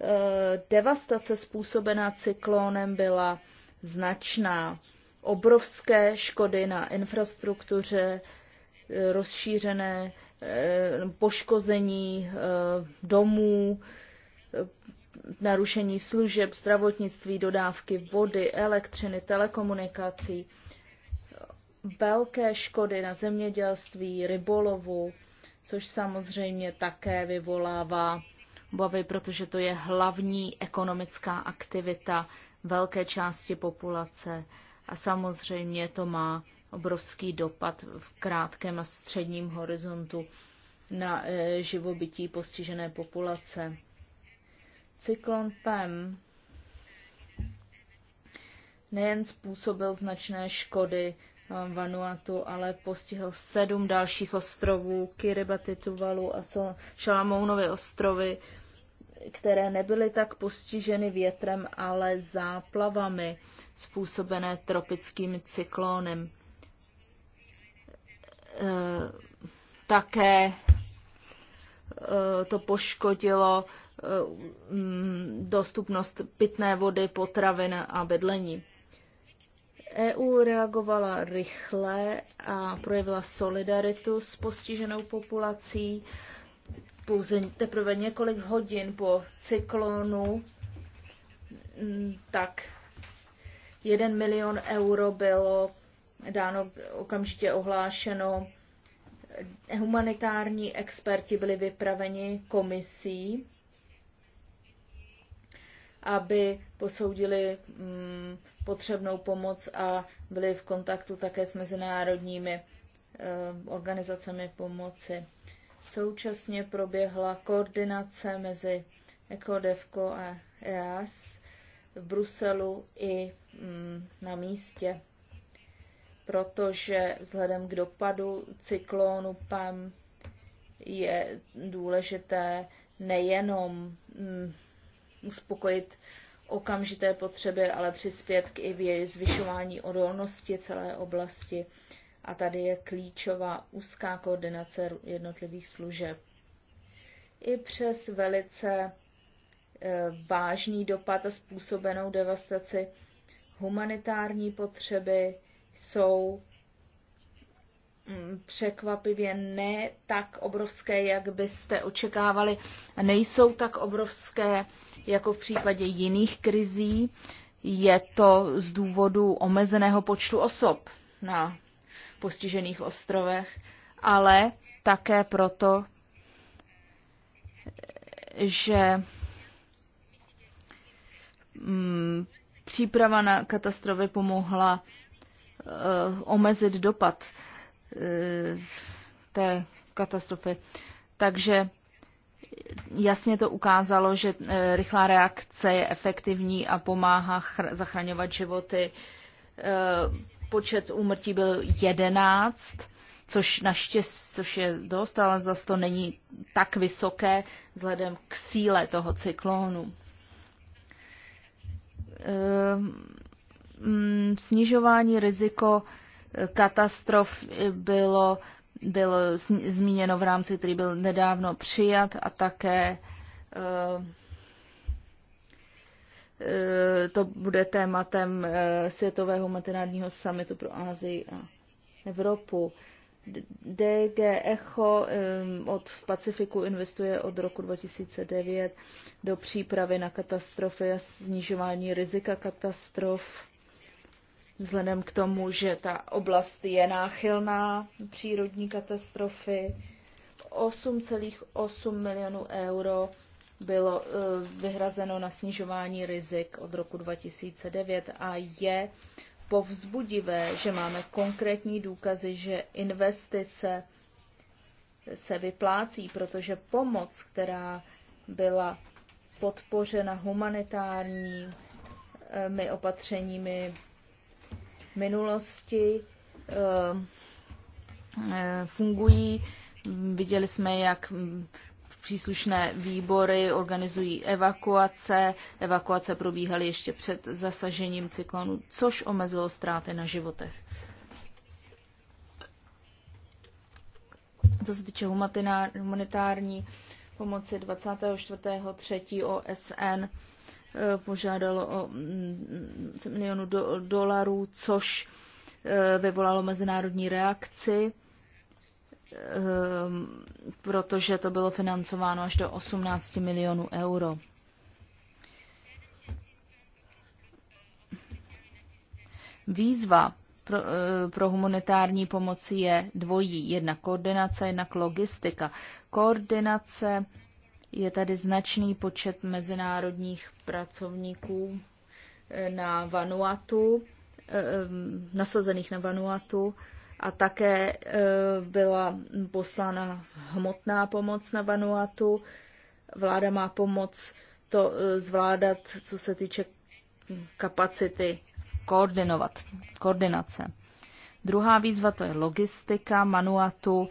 Eh, devastace způsobená cyklónem byla značná. Obrovské škody na infrastruktuře, eh, rozšířené eh, poškození domů, narušení služeb, zdravotnictví, dodávky vody, elektřiny, telekomunikací, velké škody na zemědělství, rybolovu, což samozřejmě také vyvolává obavy, protože to je hlavní ekonomická aktivita velké části populace a samozřejmě to má obrovský dopad v krátkém a středním horizontu na e, živobytí postižené populace. Cyklon PEM nejen způsobil značné škody Vanuatu, ale postihl sedm dalších ostrovů, Kiribati, Tuvalu a Šalamounovy ostrovy, které nebyly tak postiženy větrem, ale záplavami způsobené tropickým cyklónem. E, také e, to poškodilo e, dostupnost pitné vody, potravin a bydlení. EU reagovala rychle a projevila solidaritu s postiženou populací. Pouze teprve několik hodin po cyklonu, mm, tak jeden milion euro bylo dáno okamžitě ohlášeno. Humanitární experti byli vypraveni komisí, aby posoudili mm, potřebnou pomoc a byli v kontaktu také s mezinárodními eh, organizacemi pomoci. Současně proběhla koordinace mezi ECODEVCO a EAS v Bruselu i mm, na místě, protože vzhledem k dopadu cyklónu PAM je důležité nejenom mm, uspokojit okamžité potřeby, ale přispět k i zvyšování odolnosti celé oblasti. A tady je klíčová úzká koordinace jednotlivých služeb. I přes velice e, vážný dopad a způsobenou devastaci humanitární potřeby jsou Mm, překvapivě ne tak obrovské, jak byste očekávali, nejsou tak obrovské jako v případě jiných krizí. Je to z důvodu omezeného počtu osob na postižených ostrovech, ale také proto, že mm, příprava na katastrofy pomohla eh, omezit dopad Eh, té katastrofy. Takže jasně to ukázalo, že eh, rychlá reakce je efektivní a pomáhá zachraňovat životy. Eh, počet úmrtí byl 11, což naštěstí, což je dost, ale zase to není tak vysoké vzhledem k síle toho cyklónu. Mm, snižování riziko katastrof bylo, bylo zmíněno v rámci, který byl nedávno přijat a také eh, eh, to bude tématem eh, Světového metinárního summitu pro Ázii a Evropu. DG Echo od Pacifiku investuje od roku 2009 do přípravy na katastrofy a snižování rizika katastrof vzhledem k tomu, že ta oblast je náchylná přírodní katastrofy. 8,8 milionů euro bylo eh, vyhrazeno na snižování rizik od roku 2009 a je povzbudivé, že máme konkrétní důkazy, že investice se vyplácí, protože pomoc, která byla podpořena humanitárními opatřeními, minulosti eh, eh, fungují. Viděli jsme, jak příslušné výbory organizují evakuace. Evakuace probíhaly ještě před zasažením cyklonu, což omezilo ztráty na životech. Co se týče humanitární pomoci 24.3. OSN, Eh, požádalo o mm, mm, milionu do, dolarů, což eh, vyvolalo mezinárodní reakci, eh, protože to bylo financováno až do 18 milionů euro. Výzva pro, pro humanitární pomoc je dvojí. Jedna koordinace, jednak logistika. Koordinace je tady značný počet mezinárodních pracovníků eh, na Vanuatu, eh, nasazených na Vanuatu a také eh, byla poslána hmotná pomoc na Vanuatu. Vláda má pomoc to zvládat, co se týče kapacity koordinovat, koordinace. Druhá výzva to je logistika Manuatu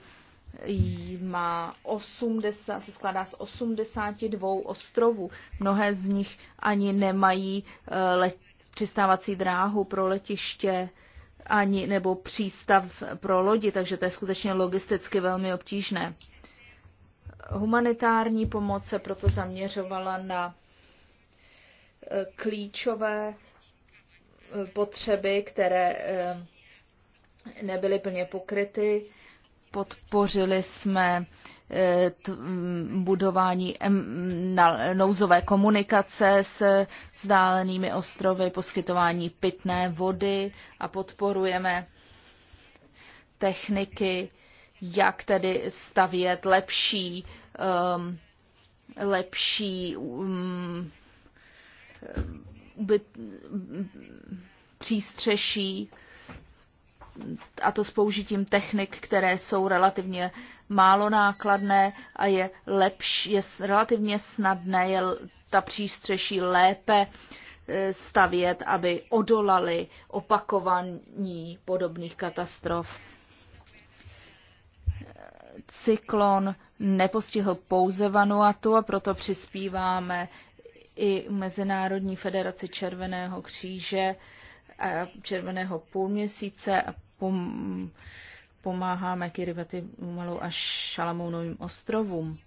má 80, se skládá z 82 ostrovů. Mnohé z nich ani nemají eh, let, přistávací dráhu pro letiště ani nebo přístav pro lodi, takže to je skutečně logisticky velmi obtížné. Humanitární pomoc se proto zaměřovala na eh, klíčové eh, potřeby, které nebyly plně pokryty Podpořili jsme eh, budování nouzové komunikace s vzdálenými ostrovy, poskytování pitné vody a podporujeme techniky, jak tedy stavět lepší, um, lepší um, přístřeší a to s použitím technik, které jsou relativně málo nákladné a je lepší, je relativně snadné, je ta přístřeší lépe e, stavět, aby odolali opakovaní podobných katastrof. Cyklon nepostihl pouze Vanuatu a proto přispíváme i Mezinárodní federaci Červeného kříže, Červeného půlměsíce a pom- pomáháme Kiribati Malou a Šalamounovým ostrovům.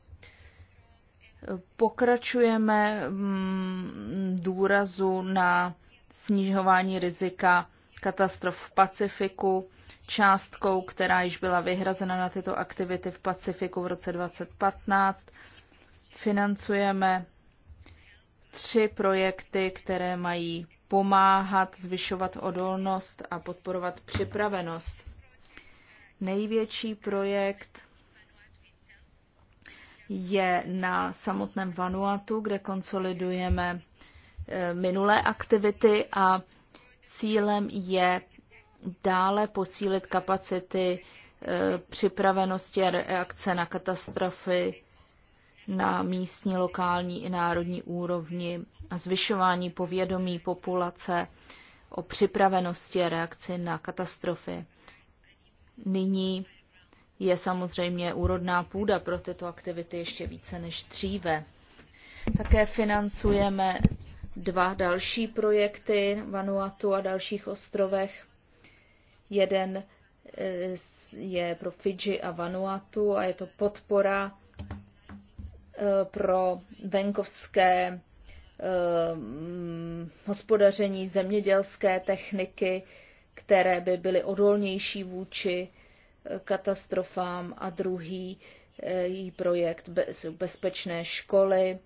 Pokračujeme mm, důrazu na snižování rizika katastrof v Pacifiku částkou, která již byla vyhrazena na tyto aktivity v Pacifiku v roce 2015. Financujeme tři projekty, které mají pomáhat zvyšovat odolnost a podporovat připravenost. Největší projekt je na samotném Vanuatu, kde konsolidujeme eh, minulé aktivity a cílem je dále posílit kapacity eh, připravenosti a reakce na katastrofy na místní, lokální i národní úrovni a zvyšování povědomí populace o připravenosti a reakci na katastrofy. Nyní je samozřejmě úrodná půda pro tyto aktivity ještě více než dříve. Také financujeme dva další projekty v Vanuatu a dalších ostrovech. Jeden eh, je pro Fidži a Vanuatu a je to podpora Eh, pro venkovské eh, hospodaření, zemědělské techniky, které by byly odolnější vůči eh, katastrofám a druhý její projekt bezpečné školy.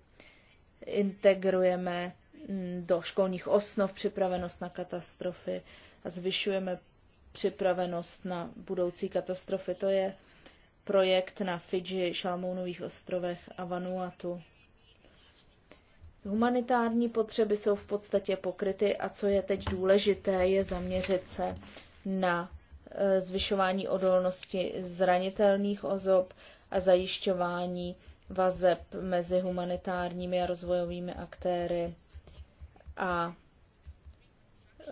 Integrujeme mm, do školních osnov připravenost na katastrofy a zvyšujeme připravenost na budoucí katastrofy. To je projekt na Fidži, Šalmounových ostrovech a Vanuatu. Humanitární potřeby jsou v podstatě pokryty a co je teď důležité, je zaměřit se na e, zvyšování odolnosti zranitelných osob a zajišťování vazeb mezi humanitárními a rozvojovými aktéry a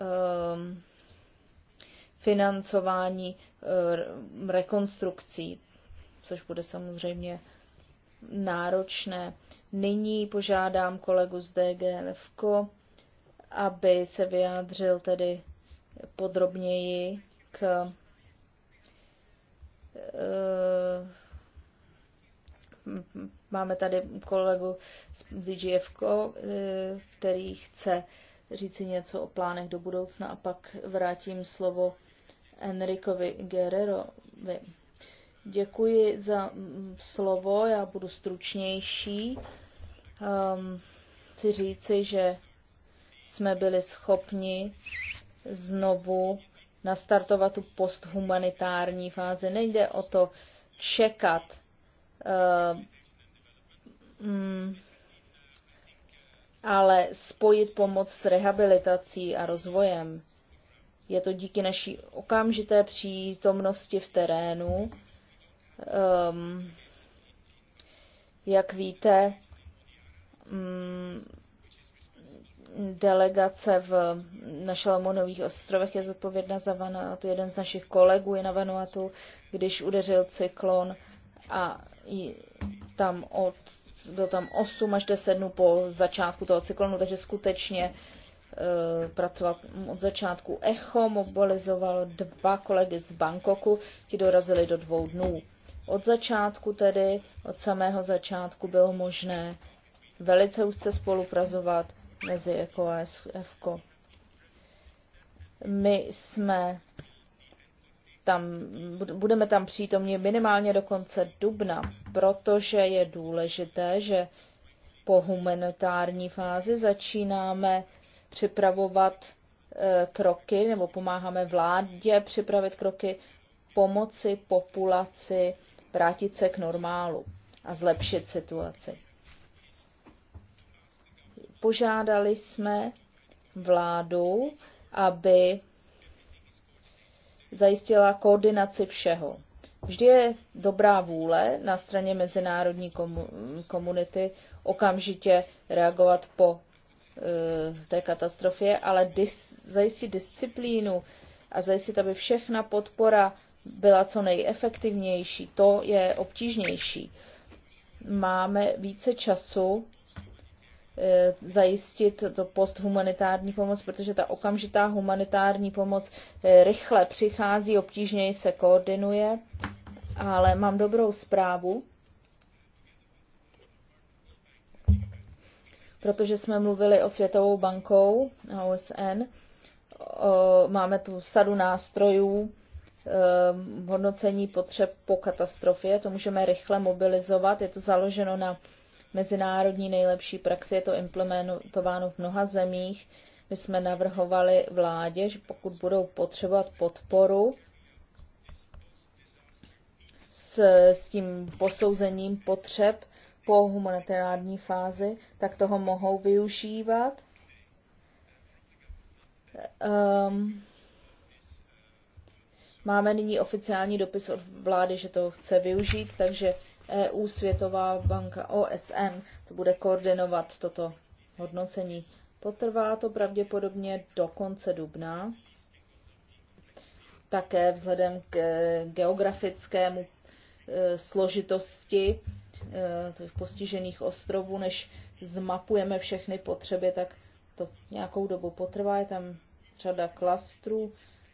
um, financování um, rekonstrukcí což bude samozřejmě náročné. Nyní požádám kolegu z DGFK, aby se vyjádřil tedy podrobněji k eh, máme tady kolegu z DGFK, eh, který chce říci něco o plánech do budoucna a pak vrátím slovo Enrikovi Guerrerovi. Děkuji za mm, slovo, já budu stručnější. Um, chci říci, že jsme byli schopni znovu nastartovat tu posthumanitární fázi. Nejde o to čekat. Uh, mm, ale spojit pomoc s rehabilitací a rozvojem. Je to díky naší okamžité přítomnosti v terénu, Um, jak víte, um, delegace v, na Šalamonových ostrovech je zodpovědná za Vanuatu. Jeden z našich kolegů je na Vanuatu, když udeřil cyklon a tam od, byl tam 8 až 10 dnů po začátku toho cyklonu, takže skutečně e, eh, pracoval od začátku. Echo mobilizoval dva kolegy z Bangkoku, ti dorazili do dvou dnů. Od začátku tedy, od samého začátku bylo možné velice úzce spolupracovat mezi ECO a SFKO. My jsme tam, budeme tam přítomni minimálně do konce dubna, protože je důležité, že po humanitární fázi začínáme připravovat e, kroky, nebo pomáháme vládě připravit kroky pomoci populaci vrátit se k normálu a zlepšit situaci. Požádali jsme vládu, aby zajistila koordinaci všeho. Vždy je dobrá vůle na straně mezinárodní komunity okamžitě reagovat po eh, té katastrofě, ale dis, zajistit disciplínu a zajistit, aby všechna podpora byla co nejefektivnější. To je obtížnější. Máme více času eh, zajistit to posthumanitární pomoc, protože ta okamžitá humanitární pomoc eh, rychle přichází, obtížněji se koordinuje, ale mám dobrou zprávu, protože jsme mluvili o Světovou bankou a OSN, máme tu sadu nástrojů, Eh, hodnocení potřeb po katastrofě. To můžeme rychle mobilizovat. Je to založeno na mezinárodní nejlepší praxi, je to implementováno v mnoha zemích. My jsme navrhovali vládě, že pokud budou potřebovat podporu s, s tím posouzením potřeb po humanitární fázi, tak toho mohou využívat. Um, Máme nyní oficiální dopis od vlády, že to chce využít, takže EU, Světová banka, OSN to bude koordinovat toto hodnocení. Potrvá to pravděpodobně do konce dubna. Také vzhledem k eh, geografickému eh, složitosti eh, těch postižených ostrovů, než zmapujeme všechny potřeby, tak to nějakou dobu potrvá. Je tam řada klastrů,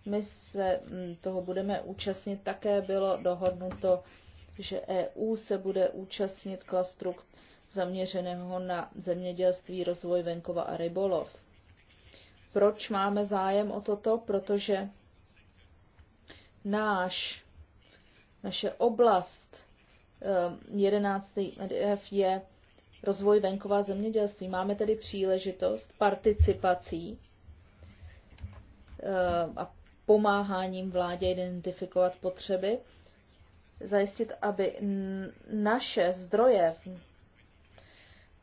my se mm, toho budeme účastnit. Také bylo dohodnuto, že EU se bude účastnit klastru zaměřeného na zemědělství, rozvoj venkova a rybolov. Proč máme zájem o toto? Protože náš, naše oblast 11. Eh, EDF je rozvoj venkova zemědělství. Máme tedy příležitost participací eh, a pomáháním vládě identifikovat potřeby, zajistit, aby naše zdroje v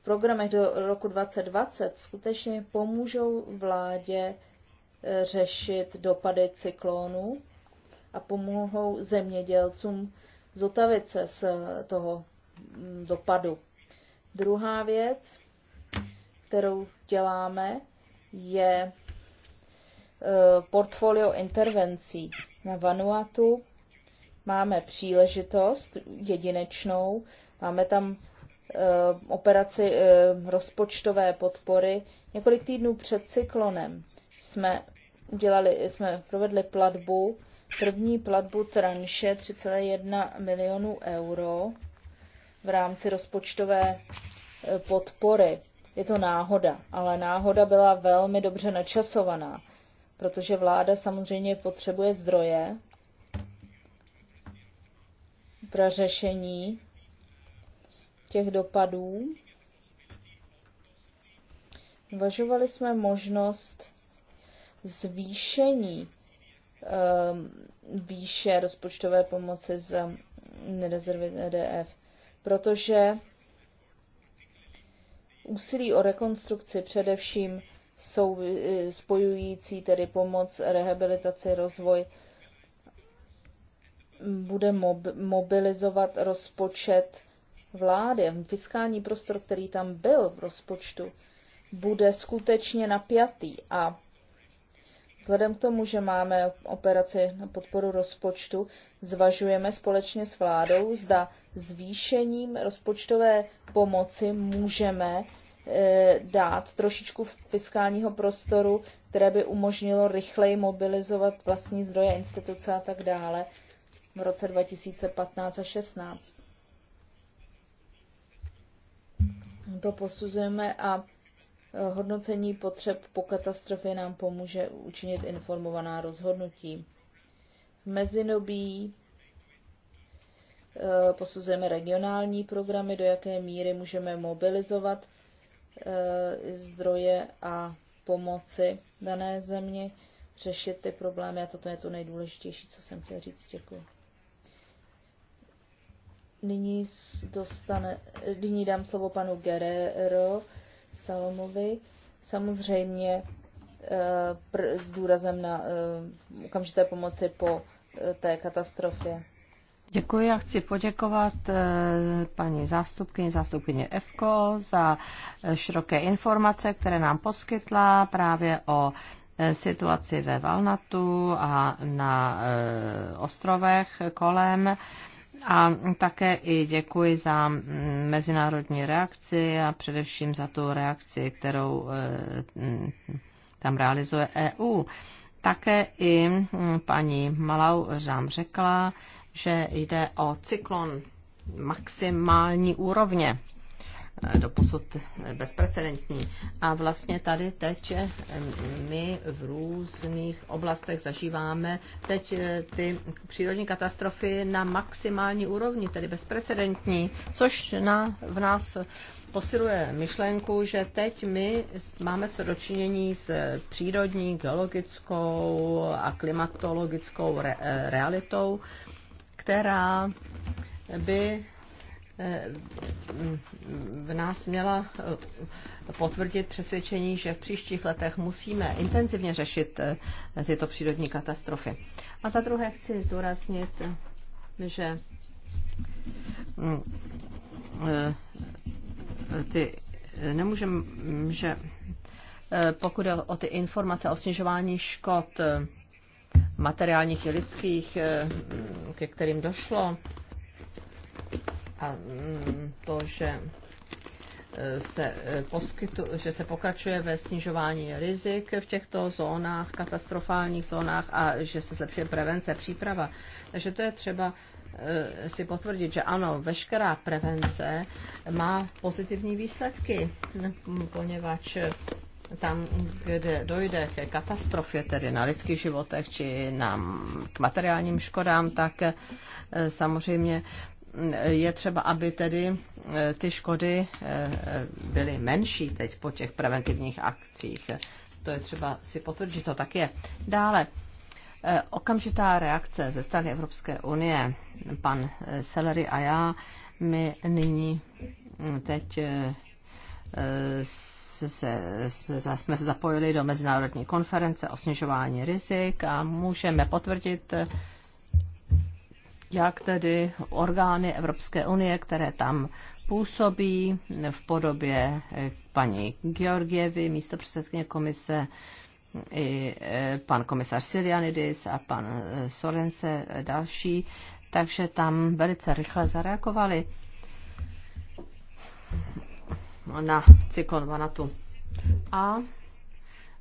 programech do roku 2020 skutečně pomůžou vládě e, řešit dopady cyklónu a pomohou zemědělcům zotavit se z toho dopadu. Druhá věc, kterou děláme, je Eh, portfolio intervencí na Vanuatu. Máme příležitost jedinečnou, máme tam eh, operaci eh, rozpočtové podpory. Několik týdnů před cyklonem jsme, udělali, jsme provedli platbu, první platbu tranše 3,1 milionů euro v rámci rozpočtové podpory. Je to náhoda, ale náhoda byla velmi dobře načasovaná protože vláda samozřejmě potřebuje zdroje pro řešení těch dopadů. Uvažovali jsme možnost zvýšení ehm, výše rozpočtové pomoci z nerezervy EDF, protože úsilí o rekonstrukci především sou, eh, spojující tedy pomoc, rehabilitaci, rozvoj, bude mob, mobilizovat rozpočet vlády. Fiskální prostor, který tam byl v rozpočtu, bude skutečně napjatý a Vzhledem k tomu, že máme operaci na podporu rozpočtu, zvažujeme společně s vládou, zda zvýšením rozpočtové pomoci můžeme E, dát trošičku fiskálního prostoru, které by umožnilo rychleji mobilizovat vlastní zdroje, instituce a tak dále v roce 2015 a 16. To posuzujeme a e, hodnocení potřeb po katastrofě nám pomůže učinit informovaná rozhodnutí. V mezinobí e, posuzujeme regionální programy, do jaké míry můžeme mobilizovat Eh, zdroje a pomoci dané zemi řešit ty problémy a toto je to nejdůležitější, co jsem chtěla říct. Děkuji. Nyní, dostane, nyní dám slovo panu Guerrero Salomovi. Samozřejmě eh, s důrazem na eh, okamžité pomoci po té katastrofě. Děkuji a chci poděkovat eh, paní zástupkyni, zástupkyně EFKO za eh, široké informace, které nám poskytla právě o eh, situaci ve Valnatu a na ostrovech kolem. A také i děkuji za mm, mezinárodní reakci a především za tu reakci, kterou mm, tam realizuje EU. Také i mm, paní Malau řám řekla, že jde o cyklon maximální úrovně, eh, doposud bezprecedentní. A vlastně tady teď eh, my v různých oblastech zažíváme teď eh, ty přírodní katastrofy na maximální úrovni, tedy bezprecedentní, což na, v nás posiluje myšlenku, že teď my máme co dočinění s přírodní, geologickou a klimatologickou re- realitou, která by eh, v nás měla eh, potvrdit přesvědčení, že v příštích letech musíme intenzivně řešit eh, tyto přírodní katastrofy. A za druhé chci zdůraznit, že mm, ty nemůžeme, že pokud o ty informace o snižování škod, materiálních i lidských, eh, ke kterým došlo. A mm, to, že eh, se, eh, poskytu, že se pokračuje ve snižování rizik v těchto zónách, katastrofálních zónách a že se zlepšuje prevence, příprava. Takže to je třeba si potvrdit, že ano, veškerá prevence má pozitivní výsledky, poněvadž tam, kde dojde ke katastrofě, tedy na lidských životech či na, k materiálním škodám, tak eh, samozřejmě eh, je třeba, aby tedy eh, ty škody byly menší teď po těch preventivních akcích. To je třeba si potvrdit, že to tak je. Dále, okamžitá reakce ze strany Evropské unie. Pan Selery a já, my nyní hm, teď se, se, jsme se zapojili do mezinárodní konference o snižování rizik a můžeme potvrdit, jak tedy orgány Evropské unie, které tam působí v podobě paní Georgievy, místo předsedkyně komise, i e, pan komisař Silianidis a pan e, Sorense e, další, takže tam velice rychle zareagovali na cyklon Vanatu. A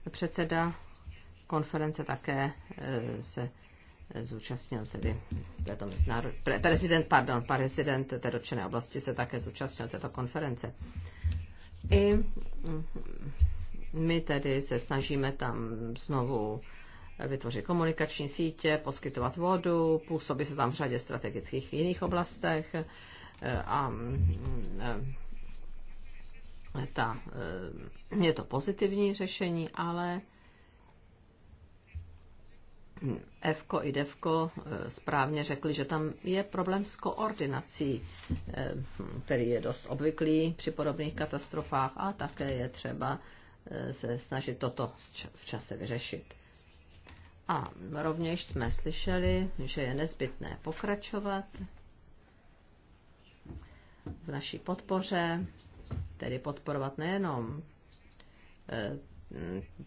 předseda konference také e, se e, zúčastnil tedy této mezinárodní, pre, prezident, pardon, prezident té dotčené oblasti se také zúčastnil této konference. I mm, my tedy se snažíme tam znovu vytvořit komunikační sítě, poskytovat vodu, působí se tam v řadě strategických jiných oblastech e, a mm, ta, eh, je to pozitivní řešení, ale F i DEVKO eh, správně řekli, že tam je problém s koordinací, eh, který je dost obvyklý při podobných katastrofách a také je třeba se snažit toto v čase vyřešit. A rovněž jsme slyšeli, že je nezbytné pokračovat v naší podpoře tedy podporovat nejenom eh,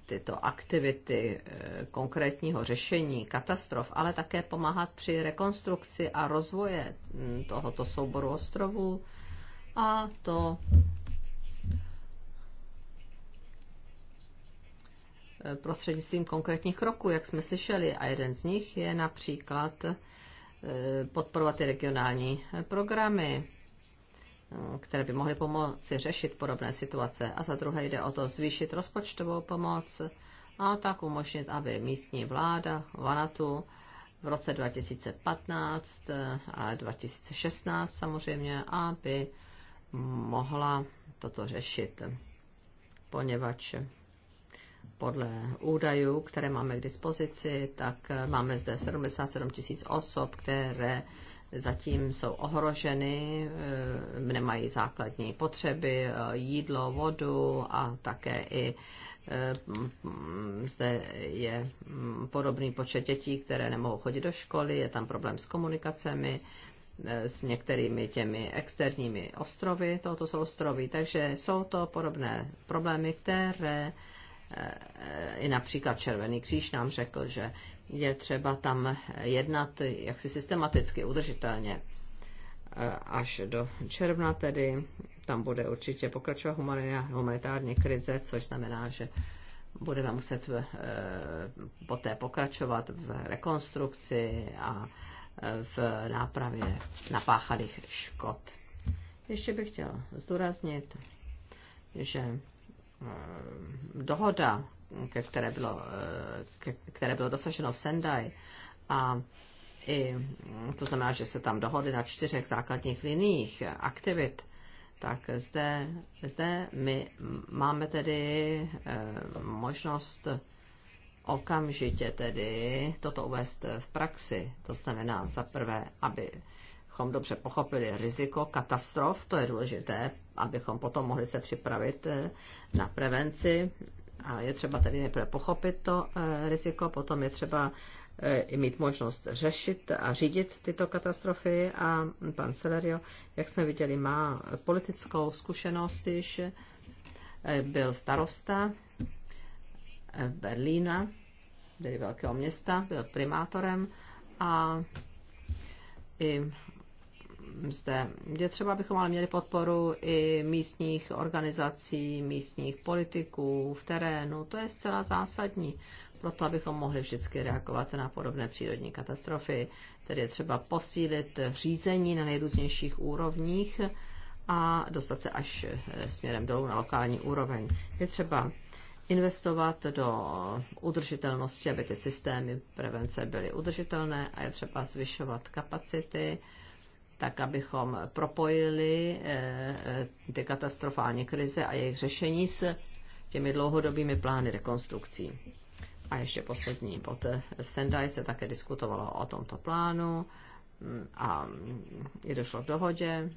tyto aktivity eh, konkrétního řešení katastrof, ale také pomáhat při rekonstrukci a rozvoje hm, tohoto souboru ostrovů a to eh, prostřednictvím konkrétních kroků, jak jsme slyšeli. A jeden z nich je například podporovat ty regionální programy, které by mohly pomoci řešit podobné situace. A za druhé jde o to zvýšit rozpočtovou pomoc a tak umožnit, aby místní vláda Vanatu v roce 2015 a 2016 samozřejmě, aby mohla toto řešit, poněvadž podle údajů, které máme k dispozici, tak máme zde 77 tisíc osob, které zatím jsou ohroženy, eh, nemají základní potřeby, eh, jídlo, vodu a také i eh, zde je mm, podobný počet dětí, které nemohou chodit do školy, je tam problém s komunikacemi, s některými těmi externími ostrovy, tohoto jsou ostrovy, takže jsou to podobné problémy, které Eh, i například Červený kříž nám řekl, že je třeba tam jednat jaksi systematicky, udržitelně. Eh, až do června tedy tam bude určitě pokračovat humanitární krize, což znamená, že budeme muset eh, poté pokračovat v rekonstrukci a v nápravě napáchaných škod. Ještě bych chtěl zdůraznit, že Eh, dohoda, ke které bylo, eh, ke které bylo dosaženo v Sendai, a i, mm, to znamená, že se tam dohodly na čtyřech základních liních aktivit, tak zde, zde my máme tedy eh, možnost okamžitě tedy toto uvést v praxi. To znamená za prvé, aby abychom dobře pochopili riziko katastrof, to je důležité, abychom potom mohli se připravit eh, na prevenci. A je třeba tedy nejprve pochopit to eh, riziko, potom je třeba eh, i mít možnost řešit a řídit tyto katastrofy a pan Celerio, jak jsme viděli, má politickou zkušenost již, byl starosta Berlína, tedy velkého města, byl primátorem a i zde. Je třeba, abychom ale měli podporu i místních organizací, místních politiků v terénu. To je zcela zásadní proto, abychom mohli vždycky reagovat na podobné přírodní katastrofy. Tedy je třeba posílit řízení na nejrůznějších úrovních a dostat se až eh, směrem dolů na lokální úroveň. Je třeba investovat do udržitelnosti, aby ty systémy prevence byly udržitelné a je třeba zvyšovat kapacity tak abychom propojili eh, eh, ty katastrofální krize a jejich řešení s těmi dlouhodobými plány rekonstrukcí. A ještě poslední bod. V Sendai se také diskutovalo o tomto plánu mm, a je mm, došlo k dohodě,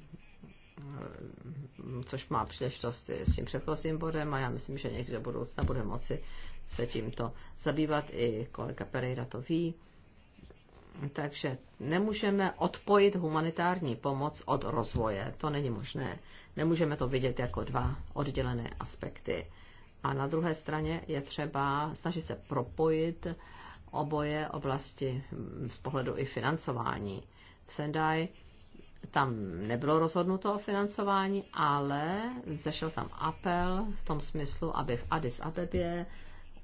mm, což má příležitost s tím předchozím bodem a já myslím, že někdy do budoucna bude moci se tímto zabývat. I kolega Pereira to ví. Takže nemůžeme odpojit humanitární pomoc od rozvoje. To není možné. Nemůžeme to vidět jako dva oddělené aspekty. A na druhé straně je třeba snažit se propojit oboje oblasti z pohledu i financování. V Sendai tam nebylo rozhodnuto o financování, ale vzešel tam apel v tom smyslu, aby v Addis Abebě,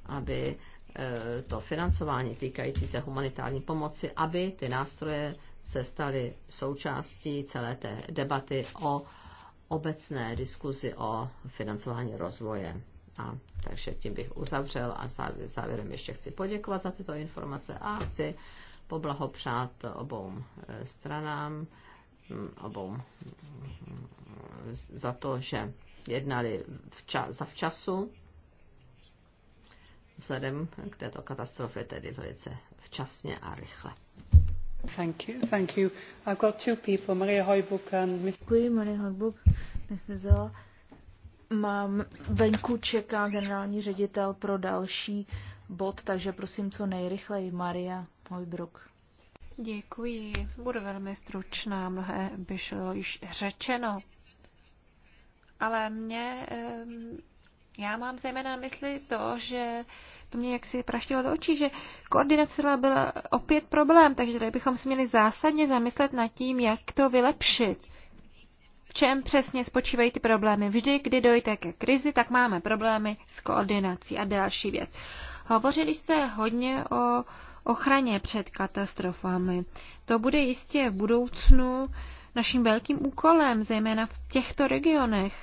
aby Eh, to financování týkající se humanitární pomoci, aby ty nástroje se staly součástí celé té debaty o obecné diskuzi o financování rozvoje. A takže tím bych uzavřel a závěrem ještě chci poděkovat za tyto informace a chci poblahopřát obou eh, stranám, hm, obou hm, hm, za to, že jednali včas, za včasu vzhledem k této katastrofě tedy velice včasně a rychle. Thank you, thank you. I've got two people, Maria Hojbuk and Miss... Děkuji, Maria Hojbuk. Mám venku čeká generální ředitel pro další bod, takže prosím co nejrychleji, Maria Hojbruk. Děkuji, budu velmi stručná, mnohé by šlo již řečeno. Ale mě já mám zejména na mysli to, že to mě jaksi praštilo do očí, že koordinace byla opět problém, takže tady bychom si měli zásadně zamyslet nad tím, jak to vylepšit. V čem přesně spočívají ty problémy? Vždy, kdy dojde ke krizi, tak máme problémy s koordinací. A další věc. Hovořili jste hodně o ochraně před katastrofami. To bude jistě v budoucnu naším velkým úkolem, zejména v těchto regionech.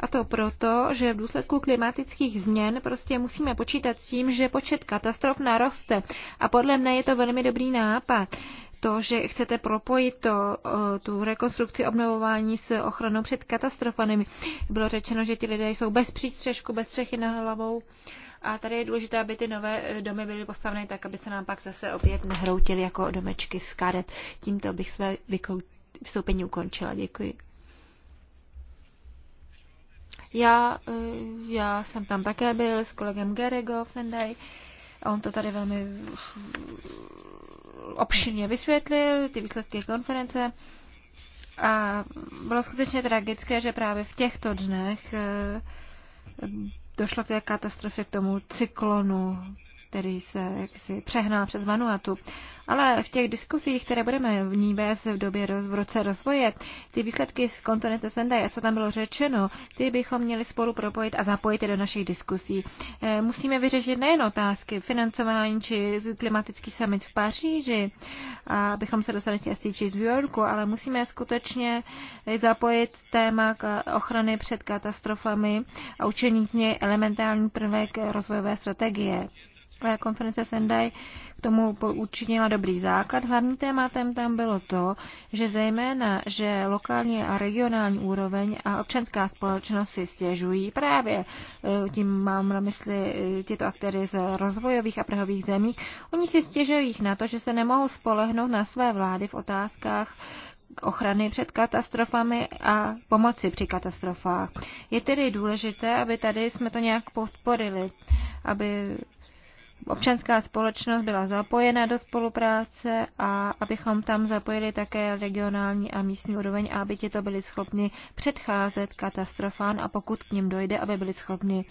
A to proto, že v důsledku klimatických změn prostě musíme počítat s tím, že počet katastrof naroste. A podle mne je to velmi dobrý nápad to, že chcete propojit to, tu rekonstrukci obnovování s ochranou před katastrofami. Bylo řečeno, že ti lidé jsou bez přístřežku, bez střechy na hlavou. A tady je důležité, aby ty nové e, domy byly postaveny tak, aby se nám pak zase opět nehroutily jako domečky z karet. Tímto bych své vykoučil vstoupení ukončila. Děkuji. Já, eh, já jsem tam také byl s kolegem Gerego v Sendai. On to tady velmi obširně vysvětlil, ty výsledky konference. A bylo skutečně tragické, že právě v těchto dnech eh, došlo k té katastrofě, k tomu cyklonu který se jaksi přehnal přes Vanuatu. Ale v těch diskusích, které budeme v ní vést v době roz, v roce rozvoje, ty výsledky z kontinente Sendai a co tam bylo řečeno, ty bychom měli spolu propojit a zapojit do našich diskusí. Eh, musíme vyřešit nejen otázky financování či klimatický summit v Paříži, a abychom se dostali k či z New Yorku, ale musíme skutečně zapojit téma ochrany před katastrofami a učinit z něj elementární prvek rozvojové strategie. Eh, konference Sendai k tomu učinila dobrý základ. Hlavním tématem tam bylo to, že zejména, že lokální a regionální úroveň a občanská společnost si stěžují právě, eh, tím mám na mysli eh, tyto aktéry z rozvojových a prhových zemí, oni si stěžují na to, že se nemohou spolehnout na své vlády v otázkách, ochrany před katastrofami a pomoci při katastrofách. Je tedy důležité, aby tady jsme to nějak podporili, aby občanská společnost byla zapojena do spolupráce a abychom tam zapojili také regionální a místní úroveň, aby ti to byli schopni předcházet katastrofám a pokud k ním dojde, aby byli schopni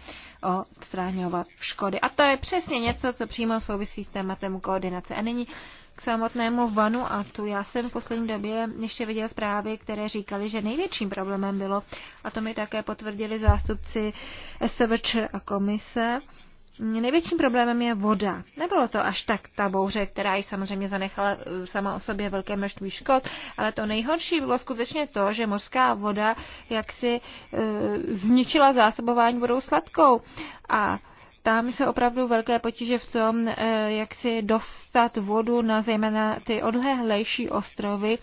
odstráňovat škody. A to je přesně něco, co přímo souvisí s tématem koordinace. A nyní k samotnému vanu a tu. Já jsem v poslední době ještě viděl zprávy, které říkali, že největším problémem bylo, a to mi také potvrdili zástupci SVČ a komise, Největším problémem je voda. Nebylo to až tak ta bouře, která ji samozřejmě zanechala e, sama o sobě velké množství škod, ale to nejhorší bylo skutečně to, že mořská voda jaksi e, zničila zásobování vodou sladkou. A tam se opravdu velké potíže v tom, e, jak si dostat vodu na zejména ty odlehlejší ostrovy,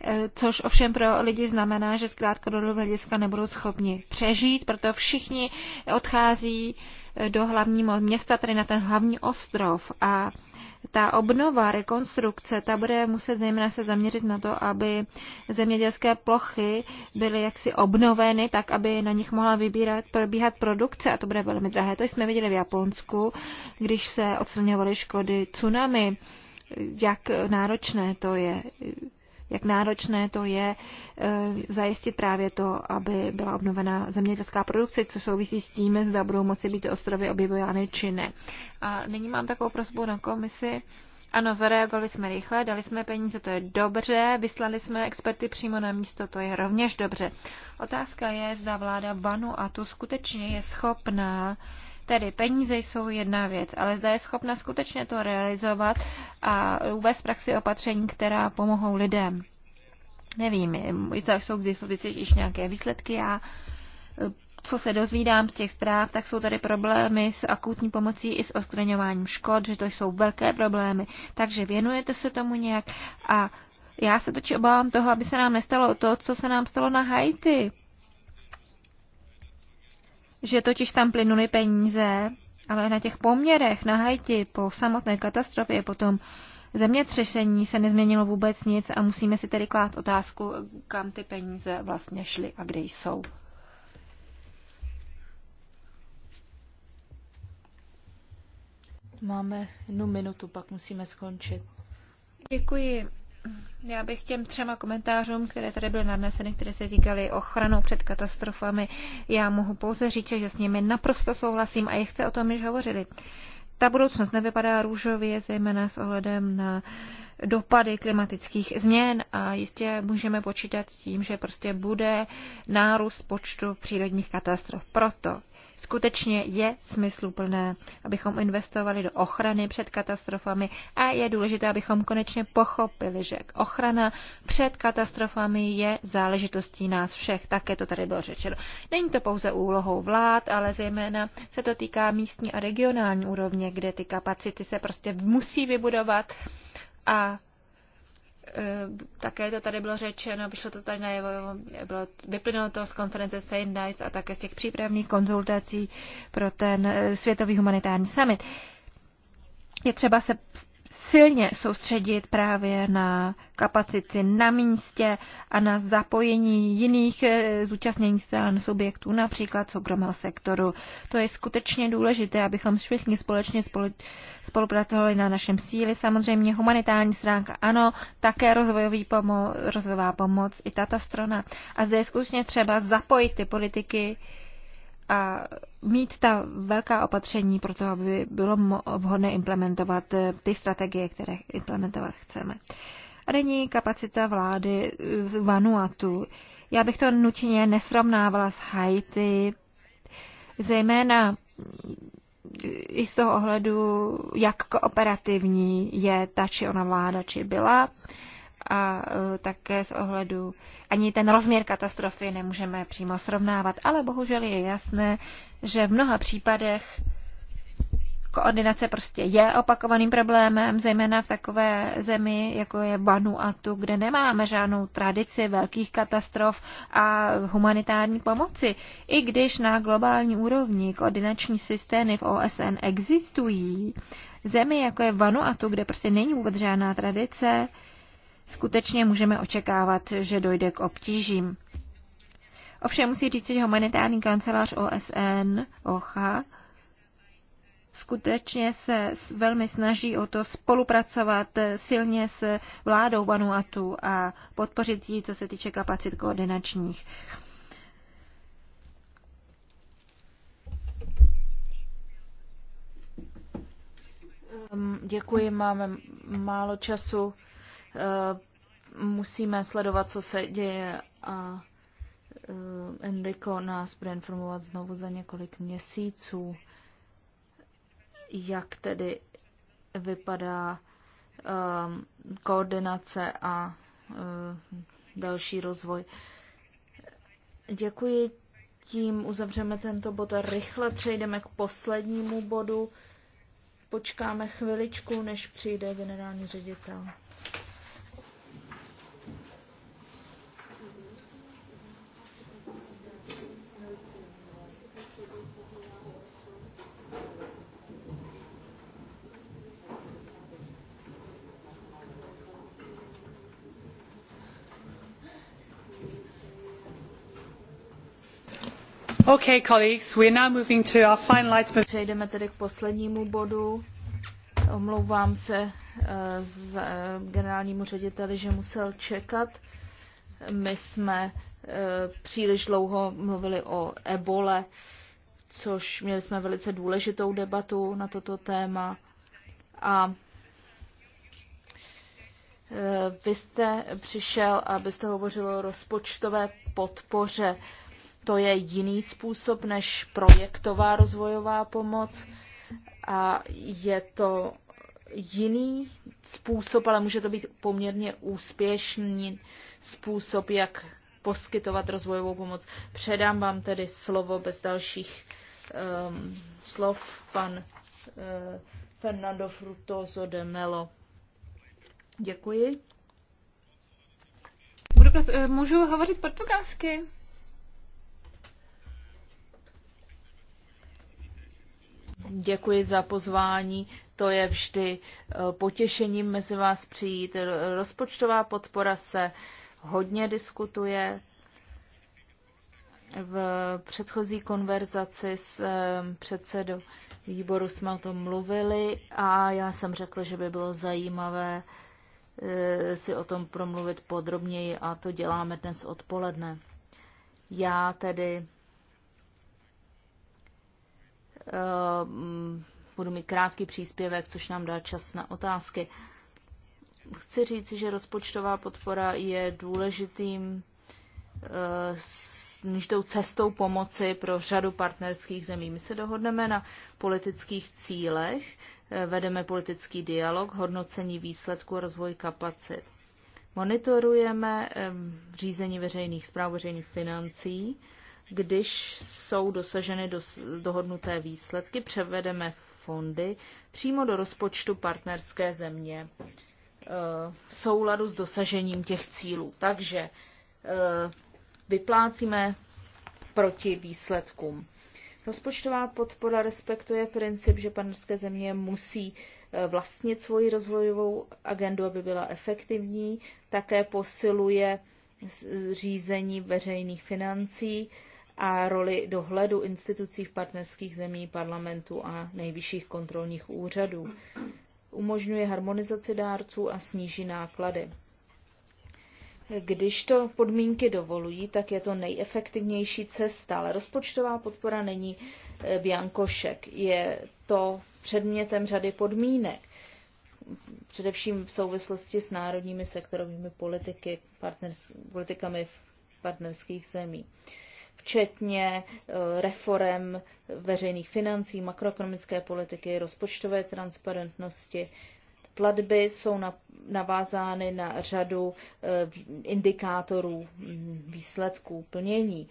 e, což ovšem pro lidi znamená, že zkrátka do hlediska nebudou schopni přežít, proto všichni odchází do hlavního města, tedy na ten hlavní ostrov. A ta obnova, rekonstrukce, ta bude muset zejména se zaměřit na to, aby zemědělské plochy byly jaksi obnoveny, tak aby na nich mohla vybírat, probíhat produkce a to bude velmi drahé. To jsme viděli v Japonsku, když se odstraňovaly škody tsunami, jak náročné to je jak náročné to je eh, zajistit právě to, aby byla obnovena zemědělská produkce, co souvisí s tím, zda budou moci být ostrovy objevovány či ne. A nyní mám takovou prosbu na komisi. Ano, zareagovali jsme rychle, dali jsme peníze, to je dobře, vyslali jsme experty přímo na místo, to je rovněž dobře. Otázka je, zda vláda a tu skutečně je schopná uh, Tedy peníze jsou jedna věc, ale zda je schopna skutečně to realizovat a vůbec praxi opatření, která pomohou lidem. Nevím, zda jsou k dispozici již nějaké výsledky. A co se dozvídám z těch zpráv, tak jsou tady problémy s akutní pomocí i s odstraňováním škod, že to jsou velké problémy. Takže věnujete se tomu nějak a já se točím obávám toho, aby se nám nestalo to, co se nám stalo na Haiti že totiž tam plynuly peníze, ale na těch poměrech na Haiti po samotné katastrofě, potom zemětřesení se nezměnilo vůbec nic a musíme si tedy klát otázku, kam ty peníze vlastně šly a kde jsou. Máme jednu minutu, pak musíme skončit. Děkuji. Já bych těm třema komentářům, které tady byly nadneseny, které se týkaly ochranou před katastrofami, já mohu pouze říct, že s nimi naprosto souhlasím a je chce o tom již hovořili. Ta budoucnost nevypadá růžově, zejména s ohledem na dopady klimatických změn a jistě můžeme počítat s tím, že prostě bude nárůst počtu přírodních katastrof. Proto skutečně je smysluplné, abychom investovali do ochrany před katastrofami a je důležité, abychom konečně pochopili, že ochrana před katastrofami je záležitostí nás všech. Také to tady bylo řečeno. Není to pouze úlohou vlád, ale zejména se to týká místní a regionální úrovně, kde ty kapacity se prostě musí vybudovat a Eh, také to tady bylo řečeno, vyšlo to tady najevo, bylo, vyplynulo to z konference Same Nights a také z těch přípravných konzultací pro ten eh, Světový humanitární summit. Je třeba se silně soustředit právě na kapacity na místě a na zapojení jiných eh, zúčastněných stran subjektů, například soukromého sektoru. To je skutečně důležité, abychom všichni společně spolupracovali na našem síli. Samozřejmě humanitární stránka, ano, také rozvojový pomo- rozvojová pomoc, i tato strana. A zde je skutečně třeba zapojit ty politiky, a mít ta velká opatření pro to, aby bylo vhodné implementovat eh, ty strategie, které implementovat chceme. A není kapacita vlády eh, z Vanuatu. Já bych to nutně nesrovnávala s Haiti, zejména mm, i z toho ohledu, jak kooperativní je ta či ona vláda, či byla a eh, také z ohledu ani ten rozměr katastrofy nemůžeme přímo srovnávat, ale bohužel je jasné, že v mnoha případech koordinace prostě je opakovaným problémem, zejména v takové zemi, jako je Vanuatu, kde nemáme žádnou tradici velkých katastrof a humanitární pomoci. I když na globální úrovni koordinační systémy v OSN existují, zemi, jako je Vanuatu, kde prostě není vůbec žádná tradice, skutečně můžeme očekávat, že dojde k obtížím. Ovšem musí říct, že humanitární kancelář OSN, OCHA, skutečně se velmi snaží o to spolupracovat silně s vládou Vanuatu a podpořit ji, co se týče kapacit koordinačních. Děkuji, máme málo času. Eh, musíme sledovat, co se děje a eh, Enrico nás bude informovat znovu za několik měsíců, jak tedy vypadá ehm, koordinace a eh, další rozvoj. Děkuji, tím uzavřeme tento bod a rychle přejdeme k poslednímu bodu. Počkáme chviličku, než přijde generální ředitel. Přejdeme tedy k poslednímu bodu. Omlouvám se eh, z eh, generálnímu řediteli, že musel čekat. My jsme eh, příliš dlouho mluvili o ebole, což měli jsme velice důležitou debatu na toto téma. A vy jste přišel, abyste hovořil o rozpočtové podpoře to je jiný způsob než projektová rozvojová pomoc a je to jiný způsob, ale může to být poměrně úspěšný způsob, jak poskytovat rozvojovou pomoc. Předám vám tedy slovo bez dalších um, slov pan uh, Fernando Frutoso de Melo. Děkuji. Budu, eh, můžu hovořit portugalsky? Děkuji za pozvání. To je vždy eh, potěšením mezi vás přijít. Rozpočtová podpora se hodně diskutuje. V předchozí konverzaci s eh, předsedou výboru jsme o tom mluvili a já jsem řekla, že by bylo zajímavé eh, si o tom promluvit podrobněji a to děláme dnes odpoledne. Já tedy Eh, budu mít krátký příspěvek, což nám dá čas na otázky. Chci říci, že rozpočtová podpora je důležitým eh, s cestou pomoci pro řadu partnerských zemí. My se dohodneme na politických cílech, eh, vedeme politický dialog, hodnocení výsledku a rozvoj kapacit. Monitorujeme řízení veřejných zpráv, veřejných financí, když jsou dosaženy dos- dohodnuté výsledky, převedeme fondy přímo do rozpočtu partnerské země eh, v souladu s dosažením těch cílů. Takže eh, vyplácíme proti výsledkům. Rozpočtová podpora respektuje princip, že partnerské země musí eh, vlastnit svoji rozvojovou agendu, aby byla efektivní, také posiluje řízení veřejných financí a roli dohledu institucí v partnerských zemí, parlamentu a nejvyšších kontrolních úřadů. Umožňuje harmonizaci dárců a sníží náklady. Když to podmínky dovolují, tak je to nejefektivnější cesta, ale rozpočtová podpora není eh, biankošek. Je to předmětem řady podmínek, především v souvislosti s národními sektorovými politiky, partners, politikami partnerských zemí včetně eh, reform veřejných financí, makroekonomické politiky, rozpočtové transparentnosti. Platby jsou navázány na řadu eh, indikátorů mm, výsledků plnění.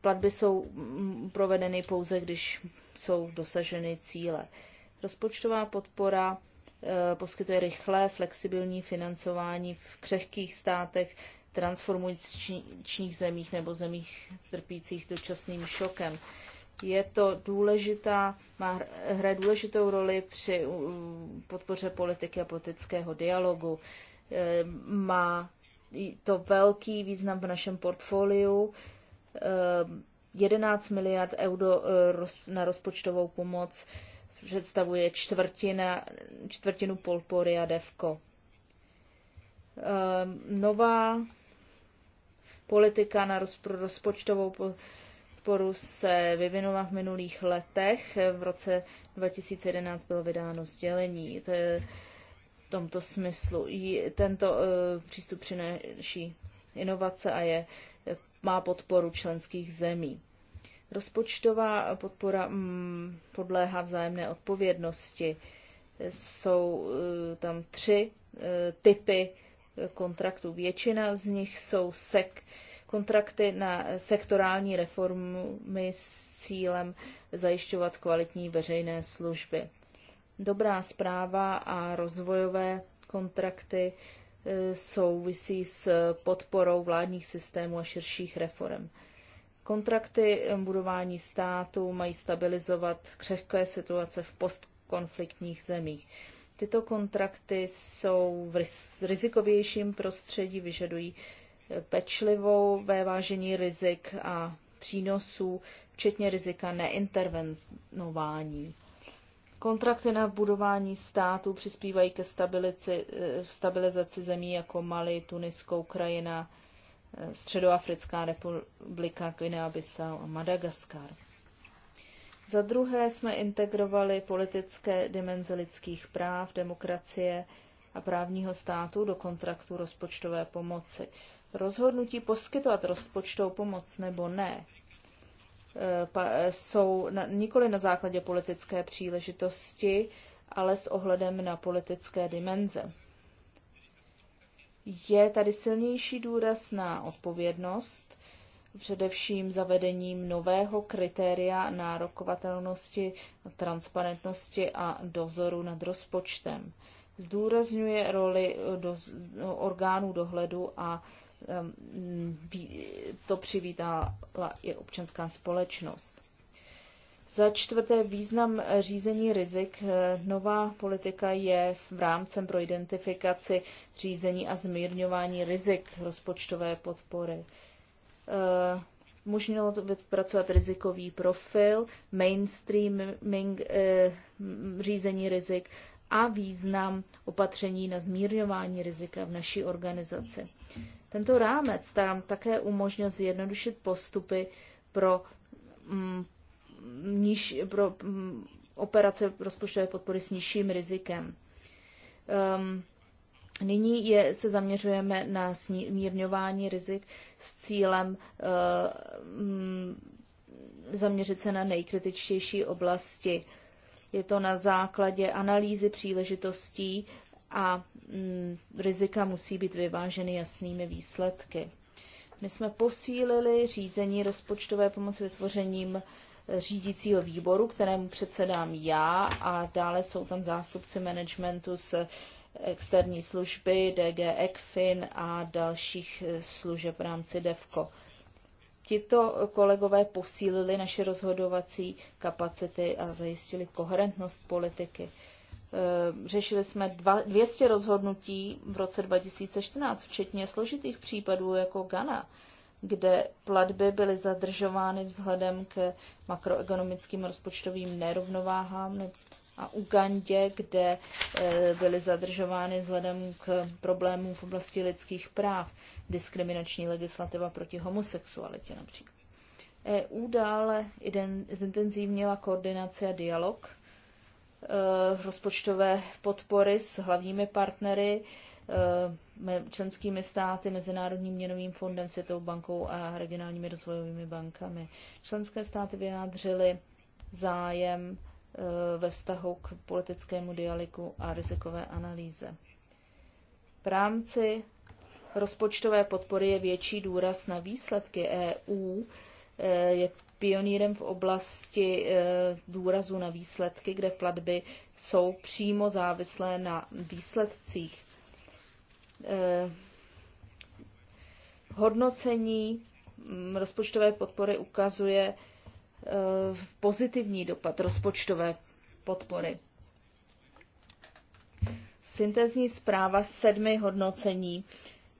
Platby jsou mm, provedeny pouze, když jsou dosaženy cíle. Rozpočtová podpora eh, poskytuje rychlé, flexibilní financování v křehkých státech transformujících zemích nebo zemích trpících dočasným šokem. Je to důležitá, má, hraje důležitou roli při podpoře politiky a politického dialogu. E, má to velký význam v našem portfoliu. 11 e, miliard euro e, na rozpočtovou pomoc představuje čtvrtina, čtvrtinu Polpory a Devko. Nová Politika na rozpočtovou podporu se vyvinula v minulých letech. V roce 2011 bylo vydáno sdělení. To je v tomto smyslu. Tento e, přístup přináší inovace a je, má podporu členských zemí. Rozpočtová podpora mm, podléhá vzájemné odpovědnosti. Jsou e, tam tři e, typy kontraktů. Většina z nich jsou sek, kontrakty na sektorální reformy s cílem zajišťovat kvalitní veřejné služby. Dobrá zpráva a rozvojové kontrakty e, souvisí s podporou vládních systémů a širších reform. Kontrakty e, budování státu mají stabilizovat křehké situace v postkonfliktních zemích. Tyto kontrakty jsou v rizikovějším prostředí, vyžadují eh, pečlivou vážení rizik a přínosů, včetně rizika neintervenování. Kontrakty na budování států přispívají ke eh, stabilizaci zemí jako Mali, Tunisko, Ukrajina, eh, Středoafrická republika, Guinea-Bissau a Madagaskar. Za druhé jsme integrovali politické dimenze lidských práv, demokracie a právního státu do kontraktu rozpočtové pomoci. Rozhodnutí poskytovat rozpočtovou pomoc nebo ne e, jsou nikoli na základě politické příležitosti, ale s ohledem na politické dimenze. Je tady silnější důraz na odpovědnost především zavedením nového kritéria nárokovatelnosti, transparentnosti a dozoru nad rozpočtem. Zdůrazňuje roli do, orgánů dohledu a to přivítala i občanská společnost. Za čtvrté význam řízení rizik. Nová politika je v rámcem pro identifikaci řízení a zmírňování rizik rozpočtové podpory umožnilo eh, to vypracovat rizikový profil, mainstreaming eh, řízení rizik a význam opatření na zmírňování rizika v naší organizaci. Tento rámec tam také umožnil zjednodušit postupy pro, m, mm, niž, pro m, mm, operace rozpočtové podpory s nižším rizikem. Um, Nyní je, se zaměřujeme na smírňování rizik s cílem e, zaměřit se na nejkritičtější oblasti. Je to na základě analýzy příležitostí a mm, rizika musí být vyváženy jasnými výsledky. My jsme posílili řízení rozpočtové pomoci vytvořením eh, řídícího výboru, kterému předsedám já a dále jsou tam zástupci managementu z externí služby, DG ECFIN a dalších služeb v rámci DEVCO. Tito kolegové posílili naše rozhodovací kapacity a zajistili koherentnost politiky. E, řešili jsme 200 rozhodnutí v roce 2014, včetně složitých případů jako Ghana, kde platby byly zadržovány vzhledem k makroekonomickým rozpočtovým nerovnováhám a Ugandě, kde eh, byly zadržovány vzhledem k problémům v oblasti lidských práv, diskriminační legislativa proti homosexualitě například. EU dále zintenzivnila koordinaci a dialog eh, rozpočtové podpory s hlavními partnery, eh, členskými státy, Mezinárodním měnovým fondem, Světovou bankou a regionálními rozvojovými bankami. Členské státy vyjádřily zájem Eh, ve vztahu k politickému dialogu a rizikové analýze. V rámci rozpočtové podpory je větší důraz na výsledky EU, eh, je pionýrem v oblasti eh, důrazu na výsledky, kde platby jsou přímo závislé na výsledcích. Hodnocení mm, rozpočtové podpory ukazuje, Eh, pozitivní dopad rozpočtové podpory. Syntezní zpráva sedmi hodnocení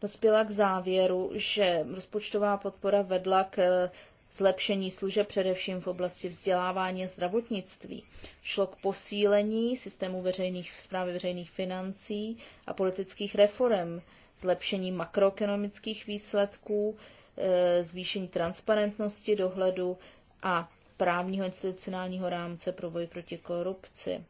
dospěla k závěru, že rozpočtová podpora vedla k eh, zlepšení služeb především v oblasti vzdělávání a zdravotnictví. Šlo k posílení systému veřejných, zprávy veřejných financí a politických reform, zlepšení makroekonomických výsledků, eh, zvýšení transparentnosti dohledu, a právního institucionálního rámce pro boj proti korupci.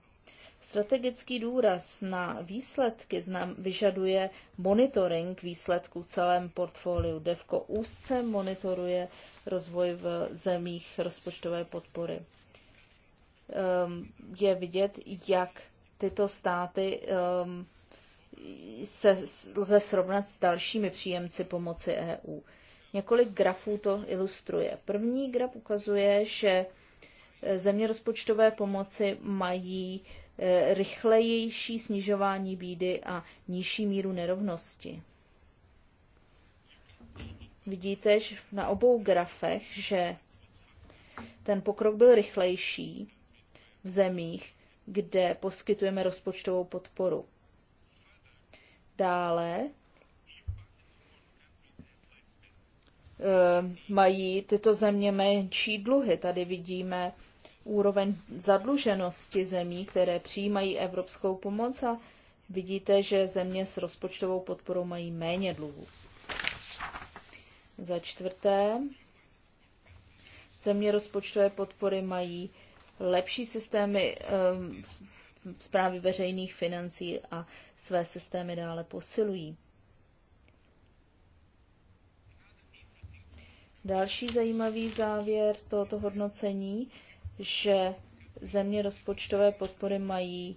Strategický důraz na výsledky znam, vyžaduje monitoring výsledků celém portfoliu. DEVKO úzce monitoruje rozvoj v zemích rozpočtové podpory. Ehm, je vidět, jak tyto státy ehm, se lze srovnat s dalšími příjemci pomoci EU. Několik grafů to ilustruje. První graf ukazuje, že e, země rozpočtové pomoci mají e, rychlejší snižování bídy a nižší míru nerovnosti. Vidíte že na obou grafech, že ten pokrok byl rychlejší v zemích, kde poskytujeme rozpočtovou podporu. Dále Eh, mají tyto země menší dluhy. Tady vidíme úroveň zadluženosti zemí, které přijímají evropskou pomoc a vidíte, že země s rozpočtovou podporou mají méně dluhů. Za čtvrté, země rozpočtové podpory mají lepší systémy zprávy eh, veřejných financí a své systémy dále posilují. Další zajímavý závěr z tohoto hodnocení, že země rozpočtové podpory mají e,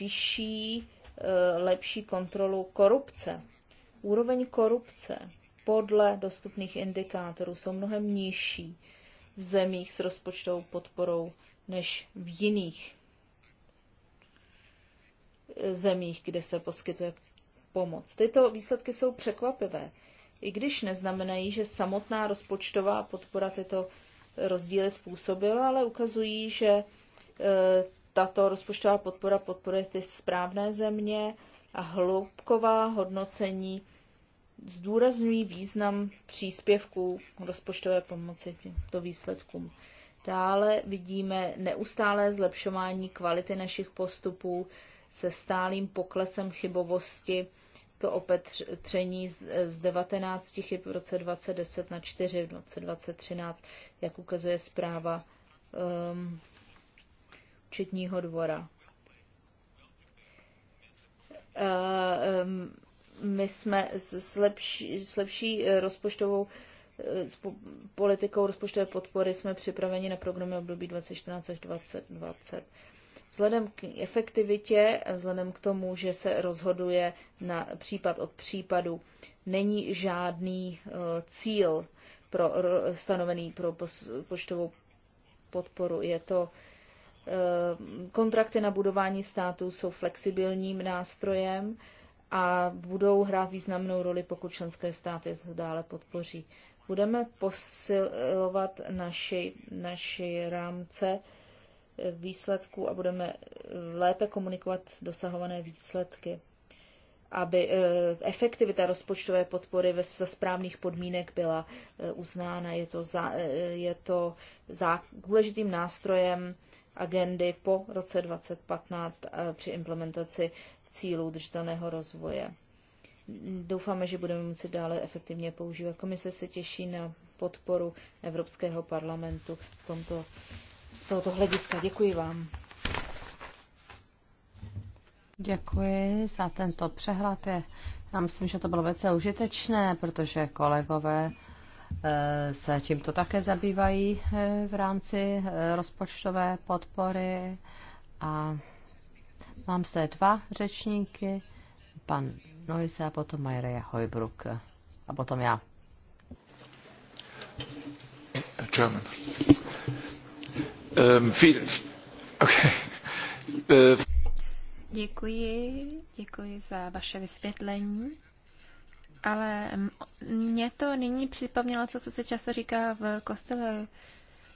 vyšší, e, lepší kontrolu korupce. Úroveň korupce podle dostupných indikátorů jsou mnohem nižší v zemích s rozpočtovou podporou než v jiných e, zemích, kde se poskytuje pomoc. Tyto výsledky jsou překvapivé i když neznamenají, že samotná rozpočtová podpora tyto rozdíly způsobila, ale ukazují, že e, tato rozpočtová podpora podporuje ty správné země a hloubková hodnocení zdůrazňují význam příspěvků rozpočtové pomoci těmto výsledkům. Dále vidíme neustálé zlepšování kvality našich postupů se stálým poklesem chybovosti to opetření z 19 chyb v roce 2010 na 4 v roce 2013, jak ukazuje zpráva um, Četního dvora. Uh, um, my jsme s lepší, s lepší rozpočtovou eh, s politikou rozpočtové podpory jsme připraveni na programy období 2014 až 2020. Vzhledem k efektivitě, vzhledem k tomu, že se rozhoduje na případ od případu, není žádný eh, cíl pro, stanovený pro počtovou podporu. Je to eh, kontrakty na budování státu jsou flexibilním nástrojem a budou hrát významnou roli, pokud členské státy to dále podpoří. Budeme posilovat naši, naši rámce výsledků a budeme eh, lépe komunikovat dosahované výsledky, aby eh, efektivita rozpočtové podpory za správných podmínek byla eh, uznána. Je to, za, je to za důležitým nástrojem agendy po roce 2015 při implementaci cílů držitelného rozvoje. Doufáme, že budeme muset dále efektivně používat. Komise se těší na podporu Evropského parlamentu v tomto z tohoto hlediska. Děkuji vám. Děkuji za tento přehled. Já myslím, že to bylo velice užitečné, protože kolegové eh, se tímto také zabývají eh, v rámci eh, rozpočtové podpory. A mám zde dva řečníky, pan Noise a potom Majereja Hojbruk. A potom já. German. Ehm, ehm. Děkuji, děkuji za vaše vysvětlení. Ale mě to nyní připomnělo, co se často říká v kostele,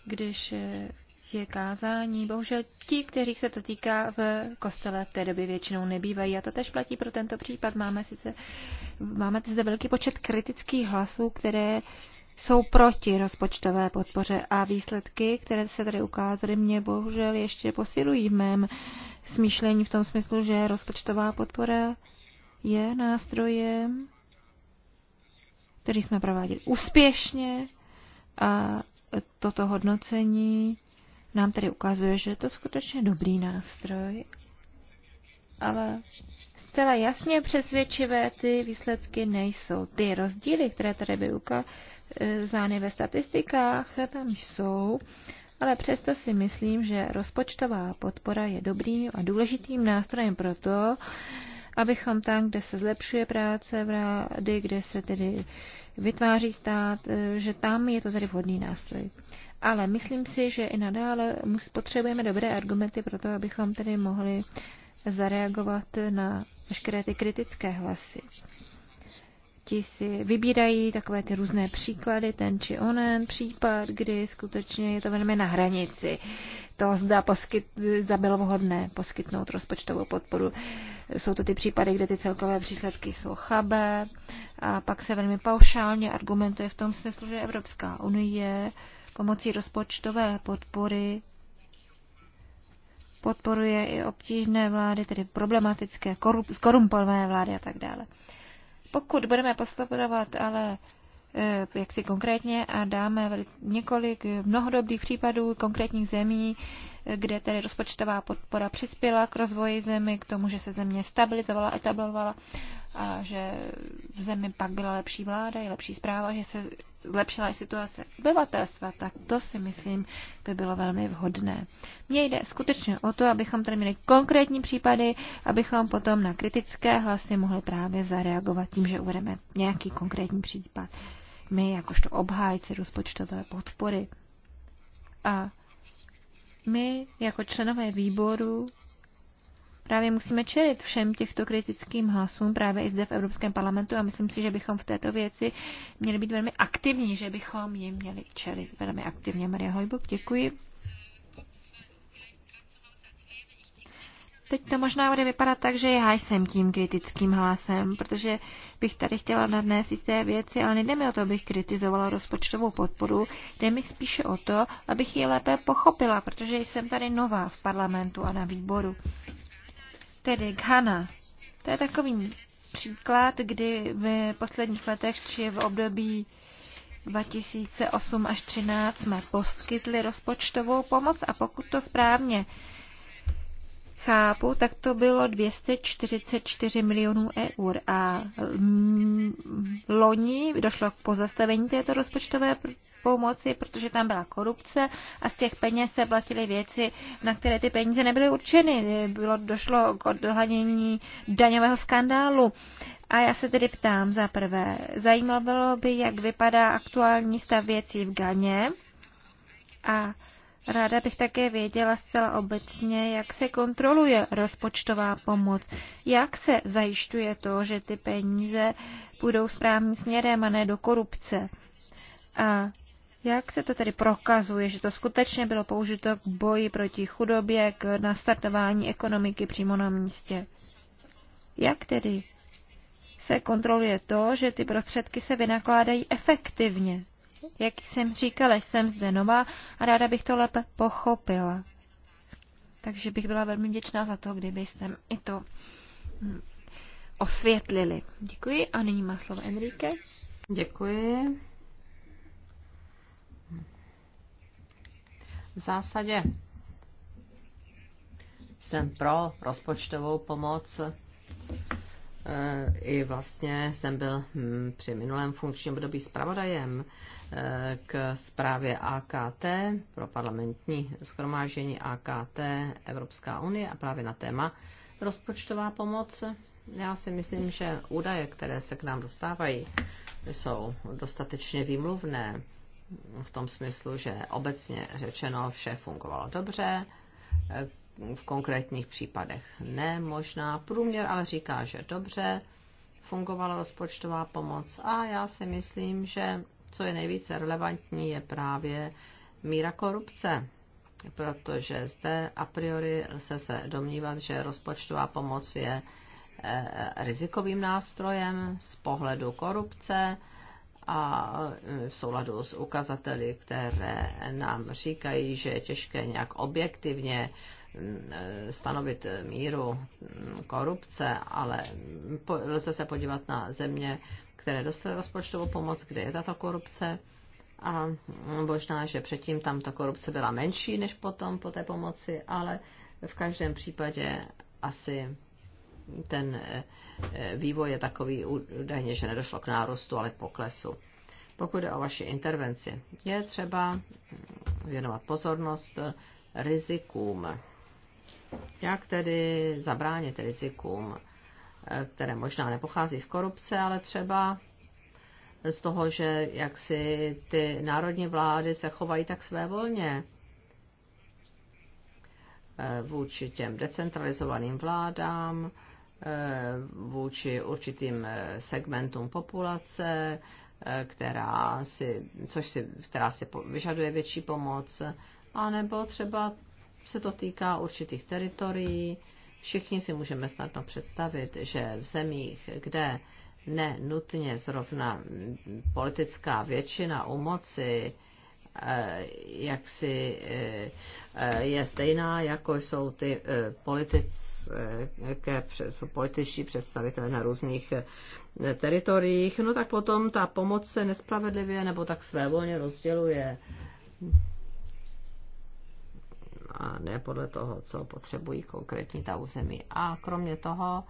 když je kázání. Bohužel ti, kterých se to týká v kostele v té době většinou nebývají. A to tež platí pro tento případ. Máme sice, máme zde velký počet kritických hlasů, které jsou proti rozpočtové podpoře a výsledky, které se tady ukázaly, mě bohužel ještě posilují v mém smýšlení v tom smyslu, že rozpočtová podpora je nástrojem, který jsme prováděli úspěšně a toto hodnocení nám tedy ukazuje, že je to skutečně dobrý nástroj, ale zcela jasně přesvědčivé ty výsledky nejsou. Ty rozdíly, které tady byly ukázány ve statistikách, tam jsou, ale přesto si myslím, že rozpočtová podpora je dobrým a důležitým nástrojem pro to, abychom tam, kde se zlepšuje práce v rády, kde se tedy vytváří stát, že tam je to tedy vhodný nástroj. Ale myslím si, že i nadále potřebujeme dobré argumenty pro to, abychom tedy mohli zareagovat na veškeré ty kritické hlasy. Ti si vybírají takové ty různé příklady, ten či onen případ, kdy skutečně je to velmi na hranici. To zda, poskyt, zda bylo vhodné poskytnout rozpočtovou podporu. Jsou to ty případy, kde ty celkové přísledky jsou chabé a pak se velmi paušálně argumentuje v tom smyslu, že Evropská unie pomocí rozpočtové podpory podporuje i obtížné vlády, tedy problematické, korup, skorumpované vlády a tak dále. Pokud budeme postupovat ale e, jak si konkrétně a dáme několik mnohodobých případů konkrétních zemí, e, kde tedy rozpočtová podpora přispěla k rozvoji zemi, k tomu, že se země stabilizovala, etablovala a že v zemi pak byla lepší vláda, i lepší zpráva, že se zlepšila situace obyvatelstva, tak to si myslím by bylo velmi vhodné. Mně jde skutečně o to, abychom tady měli konkrétní případy, abychom potom na kritické hlasy mohli právě zareagovat tím, že uvedeme nějaký konkrétní případ. My, jakožto obhájci rozpočtové podpory. A my, jako členové výboru, Právě musíme čelit všem těchto kritickým hlasům právě i zde v Evropském parlamentu a myslím si, že bychom v této věci měli být velmi aktivní, že bychom jim měli čelit velmi aktivně. Maria Hojbob, děkuji. Teď to možná bude vypadat tak, že já jsem tím kritickým hlasem, protože bych tady chtěla nadnést jisté věci, ale nejde mi o to, abych kritizovala rozpočtovou podporu, jde mi spíše o to, abych ji lépe pochopila, protože jsem tady nová v parlamentu a na výboru. Tedy Ghana. To je takový příklad, kdy v posledních letech či v období 2008 až 2013 jsme poskytli rozpočtovou pomoc a pokud to správně chápu, tak to bylo 244 milionů eur a mm, loni došlo k pozastavení této rozpočtové pomoci, protože tam byla korupce a z těch peněz se platily věci, na které ty peníze nebyly určeny. Bylo, došlo k odhanění daňového skandálu. A já se tedy ptám za prvé, zajímalo by, jak vypadá aktuální stav věcí v Ganě a Ráda bych také věděla zcela obecně, jak se kontroluje rozpočtová pomoc, jak se zajišťuje to, že ty peníze půjdou správným směrem a ne do korupce. A jak se to tedy prokazuje, že to skutečně bylo použito k boji proti chudobě, k nastartování ekonomiky přímo na místě? Jak tedy se kontroluje to, že ty prostředky se vynakládají efektivně? Jak jsem říkala, jsem zde nová a ráda bych to lépe pochopila. Takže bych byla velmi vděčná za to, kdybyste i to hm, osvětlili. Děkuji a nyní má slovo Enrique. Děkuji. V zásadě jsem pro rozpočtovou pomoc i vlastně jsem byl hm, při minulém funkčním období zpravodajem eh, k zprávě AKT pro parlamentní schromážení AKT Evropská unie a právě na téma rozpočtová pomoc. Já si myslím, že údaje, které se k nám dostávají, jsou dostatečně výmluvné v tom smyslu, že obecně řečeno vše fungovalo dobře, v konkrétních případech ne, možná průměr, ale říká, že dobře, fungovala rozpočtová pomoc a já si myslím, že co je nejvíce relevantní, je právě míra korupce. Protože zde a priori se se domnívat, že rozpočtová pomoc je eh, rizikovým nástrojem z pohledu korupce, a e, v souladu s ukazateli, které nám říkají, že je těžké nějak objektivně mm, e, stanovit míru mm, korupce, ale lze se podívat na země, které dostaly rozpočtovou pomoc, kde je tato korupce. A mm, možná, že předtím tam ta korupce byla menší než potom po té pomoci, ale v každém případě asi ten eh, eh, vývoj je takový údajně, že nedošlo k nárostu, ale k poklesu. Pokud jde o vaši intervenci, je třeba mm, věnovat pozornost eh, rizikům. Jak tedy zabránit rizikům, které možná nepochází z korupce, ale třeba z toho, že jak si ty národní vlády se chovají tak svévolně vůči těm decentralizovaným vládám, Eh, vůči určitým eh, segmentům populace, eh, která si, což si, která si vyžaduje větší pomoc, anebo třeba se to týká určitých teritorií. Všichni si můžeme snadno představit, že v zemích, kde ne nutně zrovna politická většina u moci Eh, jaksi eh, je stejná, jako jsou ty eh, politické, političtí představitelé na různých teritoriích, no tak potom ta pomoc se nespravedlivě nebo tak svévolně rozděluje. A ne podle toho, co potřebují konkrétní ta území. A kromě toho,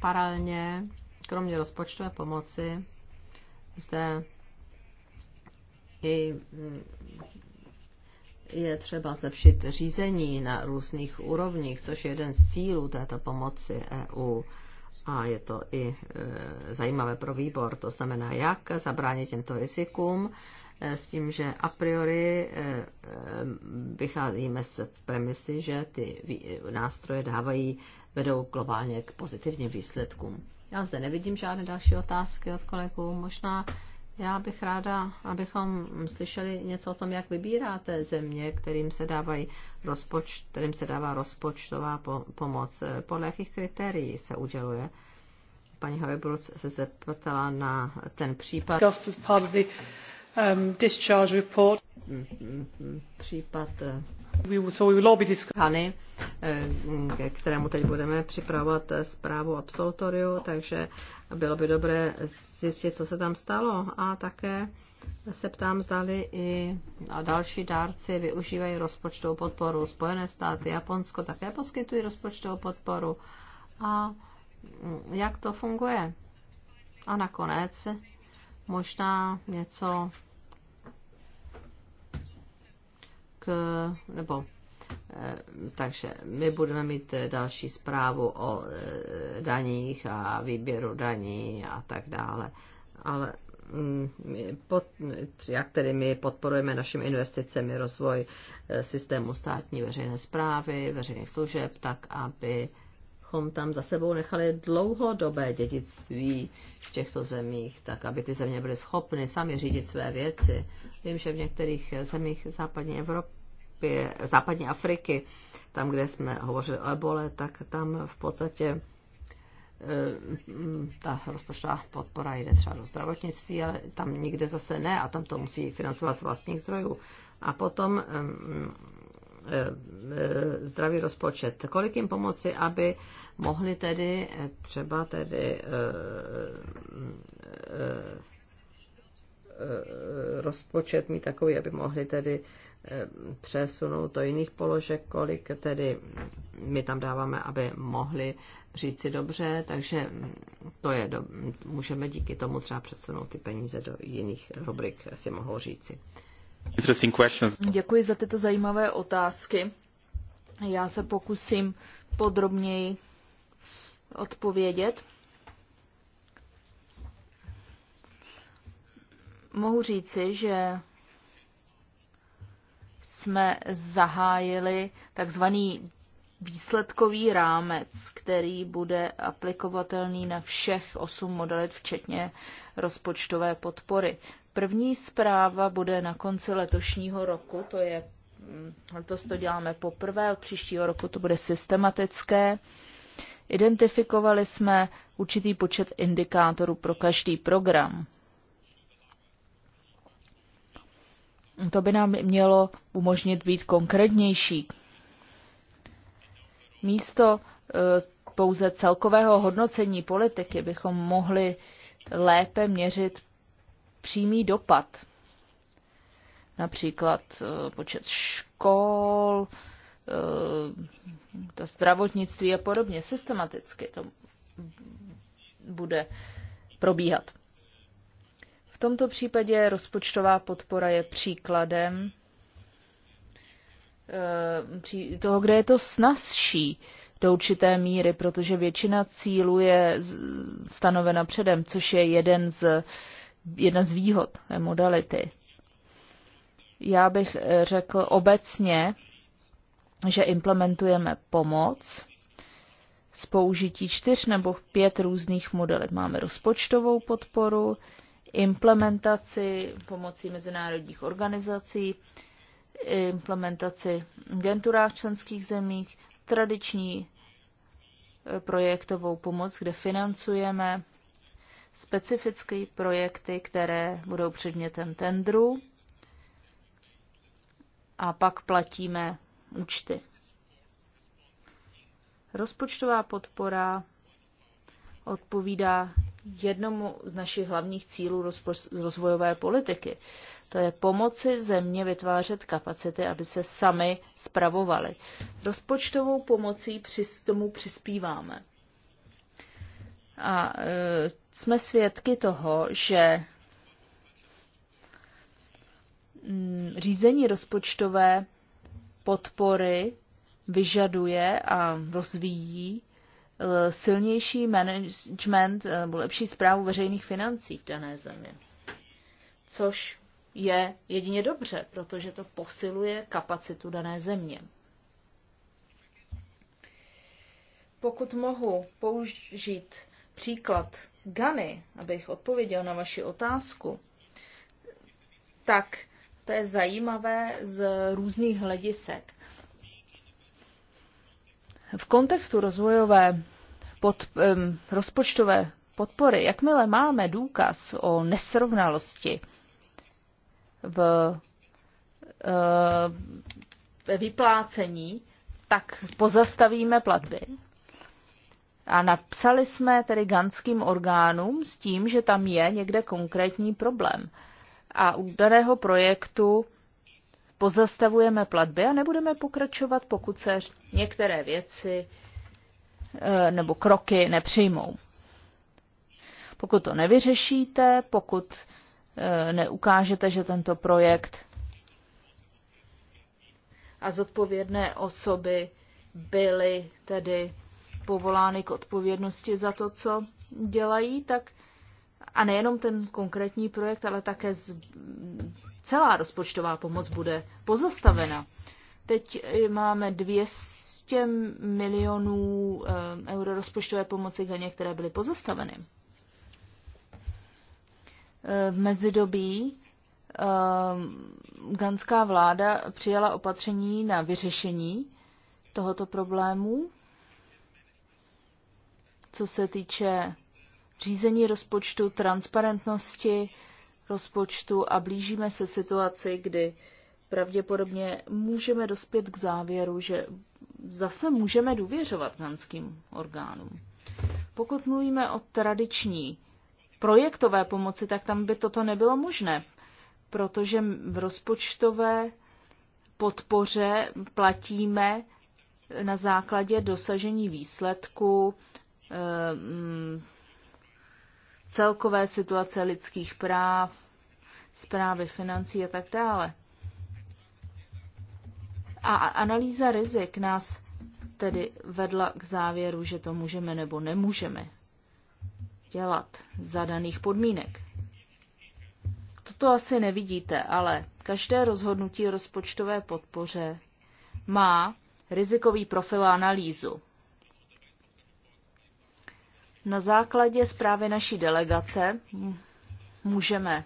paralelně, kromě rozpočtové pomoci, zde i mm, je třeba zlepšit řízení na různých úrovních, což je jeden z cílů této pomoci EU. A je to i e, zajímavé pro výbor, to znamená, jak zabránit těmto rizikům e, s tím, že a priori e, e, vycházíme z premisy, že ty vý, nástroje dávají, vedou globálně k pozitivním výsledkům. Já zde nevidím žádné další otázky od kolegů. Možná já bych ráda, abychom slyšeli něco o tom, jak vybíráte země, kterým se, dávají rozpočt, kterým se dává rozpočtová pomoc. Podle jakých kritérií se uděluje? Paní Hojbruc se zeptala na ten případ. Um, mm, mm, mm, případ eh, Hany, eh, ke kterému teď budeme připravovat eh, zprávu absolutoriu, takže bylo by dobré zjistit, co se tam stalo. A také se ptám, zdali i další dárci využívají rozpočtovou podporu. Spojené státy, Japonsko také poskytují rozpočtovou podporu. A mm, jak to funguje? A nakonec možná něco Eh, nebo eh, takže my budeme mít eh, další zprávu o daních a výběru daní a tak dále. Ale mm, pod, jak tedy my podporujeme našimi investicemi rozvoj systému státní veřejné zprávy, veřejných služeb, tak aby bychom tam za sebou nechali dlouhodobé dědictví v těchto zemích, tak aby ty země byly schopny sami řídit své věci. Vím, že v některých zemích západní Evropy západní Afriky, tam, kde jsme hovořili o ebole, tak tam v podstatě eh, ta rozpočtová podpora jde třeba do zdravotnictví, ale tam nikde zase ne a tam to musí financovat z vlastních zdrojů. A potom eh, Eh, zdravý rozpočet. Kolik jim pomoci, aby mohli tedy eh, třeba tedy eh, rozpočet mít takový, aby mohli tedy přesunout do jiných položek, kolik tedy my tam dáváme, aby mohli říct si dobře, takže to je, do, můžeme díky tomu třeba přesunout ty peníze do jiných rubrik, si mohou říci. Děkuji za tyto zajímavé otázky. Já se pokusím podrobněji odpovědět. Mohu říci, že jsme zahájili takzvaný výsledkový rámec, který bude aplikovatelný na všech osm modelit, včetně rozpočtové podpory. První zpráva bude na konci letošního roku, to je, mm, letos to děláme poprvé, od příštího roku to bude systematické. Identifikovali jsme určitý počet indikátorů pro každý program. To by nám mělo umožnit být konkrétnější. Místo e, pouze celkového hodnocení politiky bychom mohli lépe měřit přímý dopad. Například eh, počet škol, eh, to zdravotnictví a podobně. Systematicky to bude probíhat. V tomto případě rozpočtová podpora je příkladem eh, toho, kde je to snazší do určité míry, protože většina cílů je stanovena předem, což je jeden z jedna z výhod té modality. Já bych eh, řekl obecně, že implementujeme pomoc s použití čtyř nebo pět různých modelů. Máme rozpočtovou podporu, implementaci pomocí mezinárodních organizací, implementaci v agenturách členských zemích, tradiční eh, projektovou pomoc, kde financujeme specifické projekty, které budou předmětem tendru a pak platíme účty. Rozpočtová podpora odpovídá jednomu z našich hlavních cílů rozvojové politiky. To je pomoci země vytvářet kapacity, aby se sami spravovali. Rozpočtovou pomocí při, tomu přispíváme. A e, jsme svědky toho, že mm, řízení rozpočtové podpory vyžaduje a rozvíjí eh, silnější management eh, nebo lepší zprávu veřejných financí v dané zemi. Což je jedině dobře, protože to posiluje kapacitu dané země. Pokud mohu použít příklad Gany, abych odpověděl na vaši otázku, tak to je zajímavé z různých hledisek. V kontextu rozvojové pod, um, rozpočtové podpory, jakmile máme důkaz o nesrovnalosti v eh, ve vyplácení, tak pozastavíme platby a napsali jsme tedy ganským orgánům s tím, že tam je někde konkrétní problém. A u daného projektu pozastavujeme platby a nebudeme pokračovat, pokud se některé věci eh, nebo kroky nepřijmou. Pokud to nevyřešíte, pokud eh, neukážete, že tento projekt a zodpovědné osoby byly tedy povolány k odpovědnosti za to, co dělají, tak a nejenom ten konkrétní projekt, ale také z, celá rozpočtová pomoc bude pozastavena. Teď eh, máme 200 milionů eh, euro rozpočtové pomoci které byly pozastaveny. Eh, v mezidobí ganská vláda přijala opatření na vyřešení tohoto problému co se týče řízení rozpočtu, transparentnosti rozpočtu a blížíme se situaci, kdy pravděpodobně můžeme dospět k závěru, že zase můžeme důvěřovat kanským orgánům. Pokud mluvíme o tradiční projektové pomoci, tak tam by toto nebylo možné, protože v rozpočtové podpoře platíme na základě dosažení výsledku Ehm, celkové situace lidských práv, zprávy financí a tak dále. A analýza rizik nás tedy vedla k závěru, že to můžeme nebo nemůžeme dělat za daných podmínek. Toto asi nevidíte, ale každé rozhodnutí o rozpočtové podpoře má rizikový profil a analýzu. Na základě zprávy naší delegace můžeme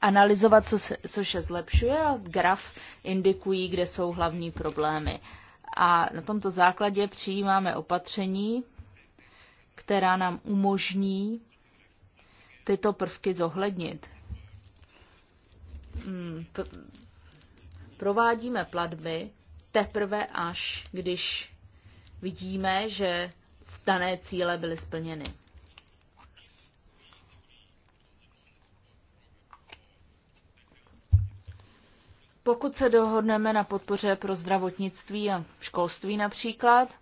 analyzovat, co se, co se zlepšuje a graf indikují, kde jsou hlavní problémy. A na tomto základě přijímáme opatření, která nám umožní tyto prvky zohlednit. Hmm, provádíme platby teprve až, když vidíme, že dané cíle byly splněny. Pokud se dohodneme na podpoře pro zdravotnictví a školství například,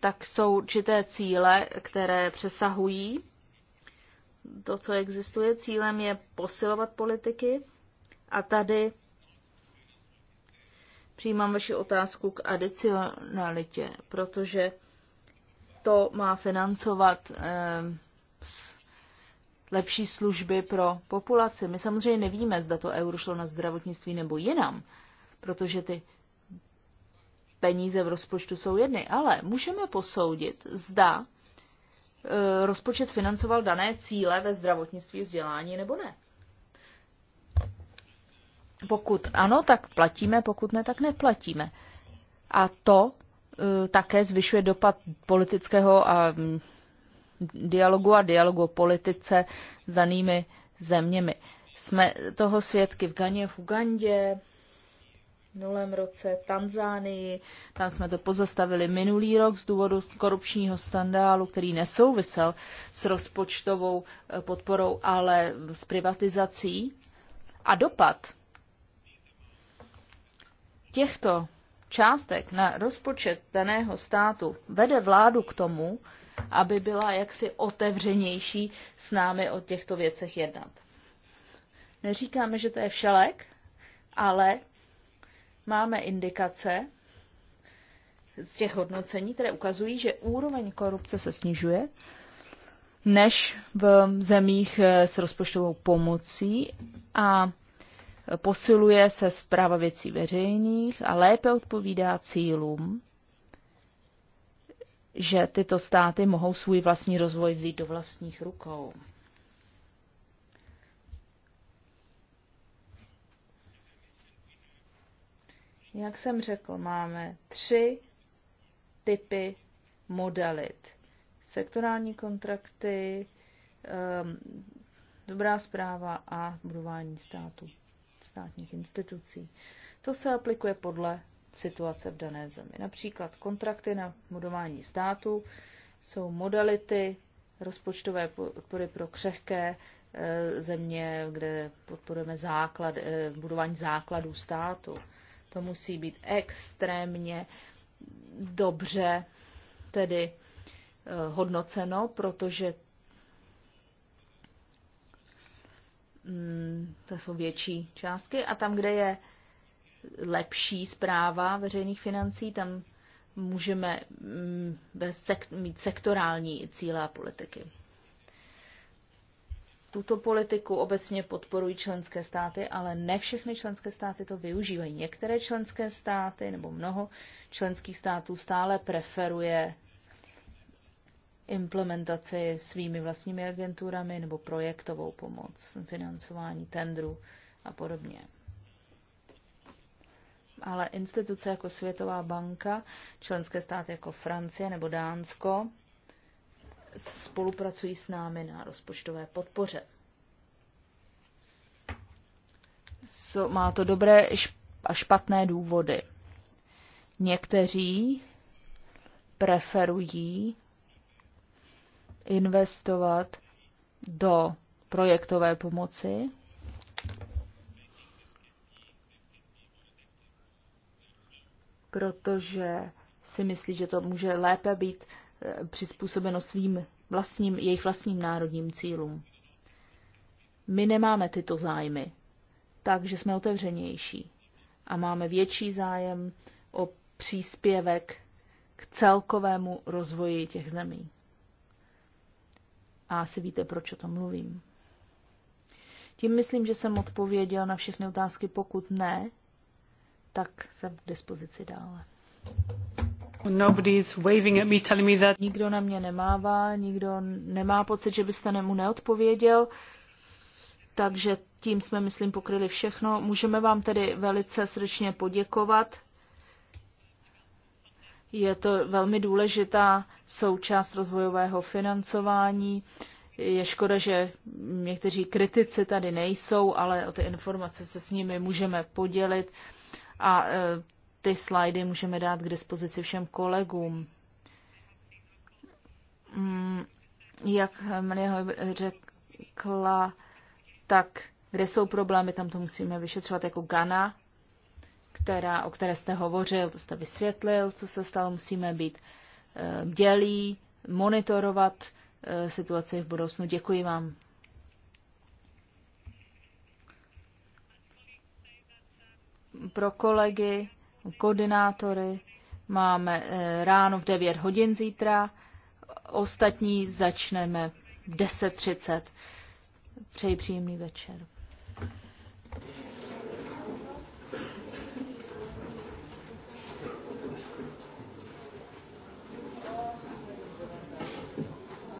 tak jsou určité cíle, které přesahují to, co existuje. Cílem je posilovat politiky a tady přijímám vaši otázku k adicionalitě, protože to má financovat ehm, lepší služby pro populaci. My samozřejmě nevíme, zda to euro šlo na zdravotnictví nebo jinam, protože ty peníze v rozpočtu jsou jedny, ale můžeme posoudit, zda eh, rozpočet financoval dané cíle ve zdravotnictví, vzdělání nebo ne. Pokud ano, tak platíme, pokud ne, tak neplatíme. A to e, také zvyšuje dopad politického a mm, dialogu a dialogu o politice s danými zeměmi. Jsme toho svědky v Ghaně, v Ugandě, v minulém roce, Tanzánii, tam jsme to pozastavili minulý rok z důvodu korupčního standálu, který nesouvisel s rozpočtovou e, podporou, ale s privatizací. A dopad těchto částek na rozpočet daného státu vede vládu k tomu, aby byla jaksi otevřenější s námi o těchto věcech jednat. Neříkáme, že to je všelek, ale máme indikace z těch hodnocení, které ukazují, že úroveň korupce se snižuje, než v zemích eh, s rozpočtovou pomocí a posiluje se zpráva věcí veřejných a lépe odpovídá cílům, že tyto státy mohou svůj vlastní rozvoj vzít do vlastních rukou. Jak jsem řekl, máme tři typy modalit. Sektorální kontrakty, ehm, dobrá zpráva a budování státu státních institucí. To se aplikuje podle situace v dané zemi. Například kontrakty na budování státu jsou modality rozpočtové podpory pro křehké e, země, kde podporujeme základ, e, budování základů státu. To musí být extrémně dobře tedy e, hodnoceno, protože Mm, to jsou větší částky. A tam, kde je lepší zpráva veřejných financí, tam můžeme mm, mít sektorální cíle a politiky. Tuto politiku obecně podporují členské státy, ale ne všechny členské státy to využívají. Některé členské státy nebo mnoho členských států stále preferuje implementaci svými vlastními agenturami nebo projektovou pomoc, financování tendru a podobně. Ale instituce jako Světová banka, členské státy jako Francie nebo Dánsko spolupracují s námi na rozpočtové podpoře. So, má to dobré a špatné důvody. Někteří preferují investovat do projektové pomoci. protože si myslí, že to může lépe být eh, přizpůsobeno svým vlastním, jejich vlastním národním cílům. My nemáme tyto zájmy, takže jsme otevřenější a máme větší zájem o příspěvek k celkovému rozvoji těch zemí. A asi víte, proč o tom mluvím. Tím myslím, že jsem odpověděl na všechny otázky. Pokud ne, tak jsem k dispozici dále. Nobody's waving at me, telling me that... Nikdo na mě nemává, nikdo nemá pocit, že byste nemu neodpověděl. Takže tím jsme, myslím, pokryli všechno. Můžeme vám tedy velice srdečně poděkovat je to velmi důležitá součást rozvojového financování. Je škoda, že někteří kritici tady nejsou, ale o ty informace se s nimi můžeme podělit a e, ty slajdy můžeme dát k dispozici všem kolegům. Mm, jak mě řekla, tak kde jsou problémy, tam to musíme vyšetřovat jako Gana která, o které jste hovořil, to jste vysvětlil, co se stalo, musíme být eh, dělí, monitorovat eh, situaci v budoucnu. Děkuji vám. Pro kolegy, koordinátory máme eh, ráno v 9 hodin zítra, ostatní začneme v 10.30. Přeji příjemný večer.